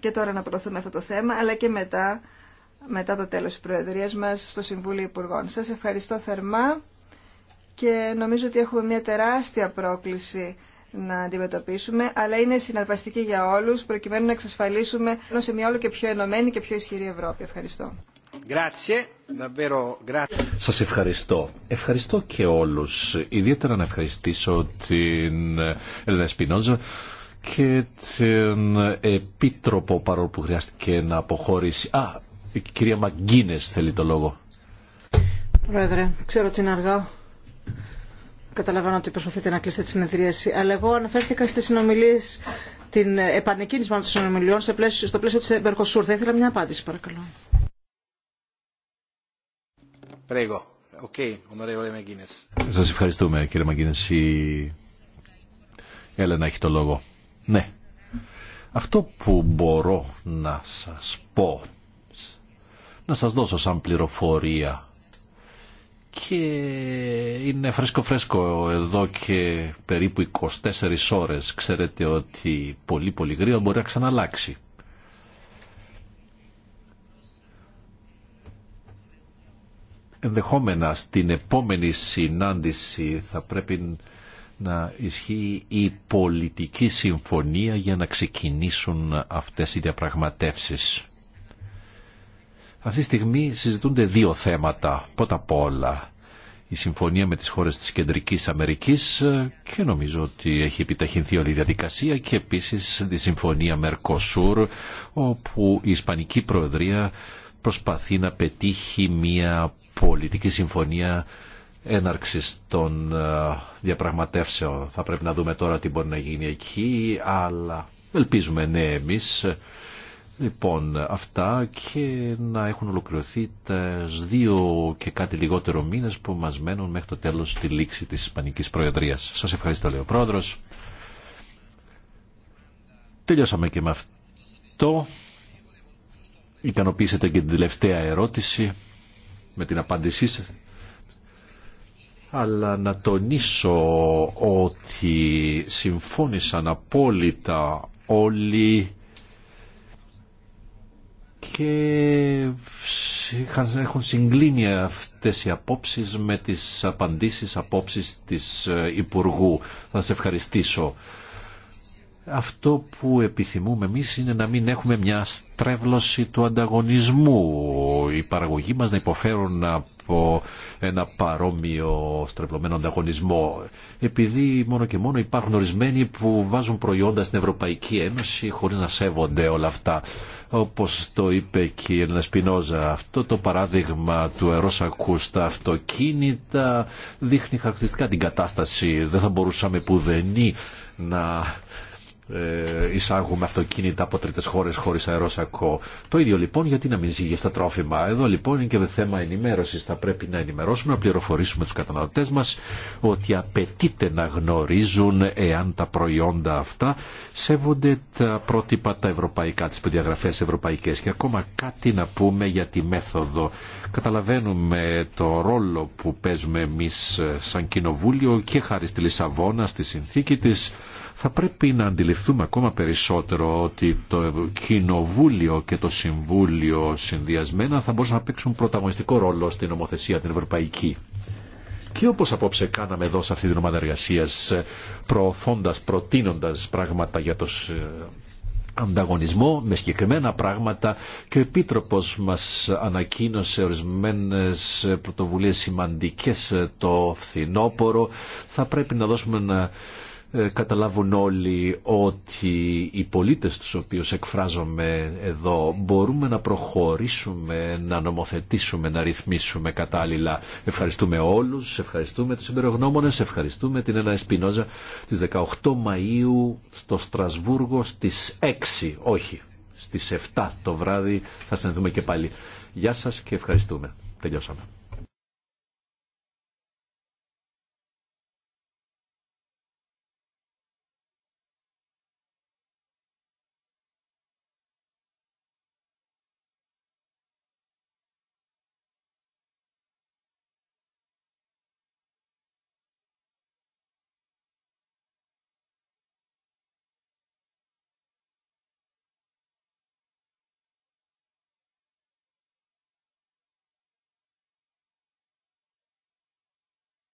και τώρα να προωθούμε αυτό το θέμα, αλλά και μετά, μετά το τέλος της Προεδρίας μας στο Συμβούλιο Υπουργών. Σας ευχαριστώ θερμά και νομίζω ότι έχουμε μια τεράστια πρόκληση να αντιμετωπίσουμε, αλλά είναι συναρπαστική για όλους, προκειμένου να εξασφαλίσουμε σε μια όλο και πιο ενωμένη και πιο ισχυρή Ευρώπη. Ευχαριστώ. Σας ευχαριστώ. Ευχαριστώ και όλους. Ιδιαίτερα να ευχαριστήσω την Ελένα Σπινόζα, και την Επίτροπο παρόλο που χρειάστηκε να αποχωρήσει. Α, η κυρία Μαγκίνες θέλει το λόγο. Πρόεδρε, ξέρω ότι είναι αργά. Καταλαβαίνω ότι προσπαθείτε να κλείσετε τη συνεδρίαση. Αλλά εγώ αναφέρθηκα στι συνομιλίε, την επανεκκίνηση μάλλον των συνομιλιών σε πλαίσιο, στο πλαίσιο τη Μπερκοσούρ. Θα ήθελα μια απάντηση, παρακαλώ. Πρέγω. Σα ευχαριστούμε, κύριε Μαγκίνε. Η Έλενα έχει το λόγο. Ναι. Αυτό που μπορώ να σας πω, να σας δώσω σαν πληροφορία και είναι φρέσκο φρέσκο εδώ και περίπου 24 ώρες ξέρετε ότι πολύ πολύ γρήγορα μπορεί να ξαναλλάξει. Ενδεχόμενα στην επόμενη συνάντηση θα πρέπει να ισχύει η πολιτική συμφωνία για να ξεκινήσουν αυτές οι διαπραγματεύσεις. Αυτή τη στιγμή συζητούνται δύο θέματα. Πρώτα απ' όλα η συμφωνία με τις χώρες της Κεντρικής Αμερικής και νομίζω ότι έχει επιταχυνθεί όλη η διαδικασία και επίσης τη συμφωνία Μερκοσούρ όπου η Ισπανική Προεδρία προσπαθεί να πετύχει μια πολιτική συμφωνία έναρξης των ε, διαπραγματεύσεων. Θα πρέπει να δούμε τώρα τι μπορεί να γίνει εκεί, αλλά ελπίζουμε ναι εμείς. Λοιπόν, αυτά και να έχουν ολοκληρωθεί τα δύο και κάτι λιγότερο μήνες που μας μένουν μέχρι το τέλος τη λήξη της Ισπανικής Προεδρίας. Σας ευχαριστώ, λέει ο Πρόεδρος. Τελειώσαμε και με αυτό. Υκανοποιήσετε και την τελευταία ερώτηση με την απάντησή σας αλλά να τονίσω ότι συμφώνησαν απόλυτα όλοι και έχουν συγκλίνει αυτές οι απόψεις με τις απαντήσεις απόψεις της ε, Υπουργού. Θα σε ευχαριστήσω αυτό που επιθυμούμε εμείς είναι να μην έχουμε μια στρέβλωση του ανταγωνισμού. Οι παραγωγοί μας να υποφέρουν από ένα παρόμοιο στρεβλωμένο ανταγωνισμό. Επειδή μόνο και μόνο υπάρχουν ορισμένοι που βάζουν προϊόντα στην Ευρωπαϊκή Ένωση χωρίς να σέβονται όλα αυτά. Όπως το είπε και η Ελένα αυτό το παράδειγμα του αερόσακου στα αυτοκίνητα δείχνει χαρακτηριστικά την κατάσταση. Δεν θα μπορούσαμε πουδενή να ε, εισάγουμε αυτοκίνητα από τρίτε χώρε χωρί αερόσακο. Το ίδιο λοιπόν γιατί να μην εισηγεί στα τρόφιμα. Εδώ λοιπόν είναι και το θέμα ενημέρωση Θα πρέπει να ενημερώσουμε, να πληροφορήσουμε του καταναλωτέ μα ότι απαιτείται να γνωρίζουν εάν τα προϊόντα αυτά σέβονται τα πρότυπα τα ευρωπαϊκά, τι περιγραφέ ευρωπαϊκέ Και ακόμα κάτι να πούμε για τη μέθοδο. Καταλαβαίνουμε το ρόλο που παίζουμε εμεί σαν κοινοβούλιο και χάρη στη Λισαβόνα, στη συνθήκη τη θα πρέπει να αντιληφθούμε ακόμα περισσότερο ότι το Κοινοβούλιο και το Συμβούλιο συνδυασμένα θα μπορούσαν να παίξουν πρωταγωνιστικό ρόλο στην νομοθεσία την ευρωπαϊκή. Και όπως απόψε κάναμε εδώ σε αυτή την ομάδα εργασία, προωθώντας, προτείνοντας πράγματα για τον ε, ανταγωνισμό με συγκεκριμένα πράγματα και ο Επίτροπος μας ανακοίνωσε ορισμένες πρωτοβουλίες σημαντικές ε, το φθινόπωρο. Θα πρέπει να δώσουμε ένα ε, καταλάβουν όλοι ότι οι πολίτες τους οποίους εκφράζομαι εδώ μπορούμε να προχωρήσουμε, να νομοθετήσουμε, να ρυθμίσουμε κατάλληλα. Ευχαριστούμε όλους, ευχαριστούμε τους εμπειρογνώμονες, ευχαριστούμε την Ελά Εσπινόζα της 18 Μαΐου στο Στρασβούργο στις 6, όχι, στις 7 το βράδυ θα συνεχθούμε και πάλι. Γεια σας και ευχαριστούμε. Τελειώσαμε.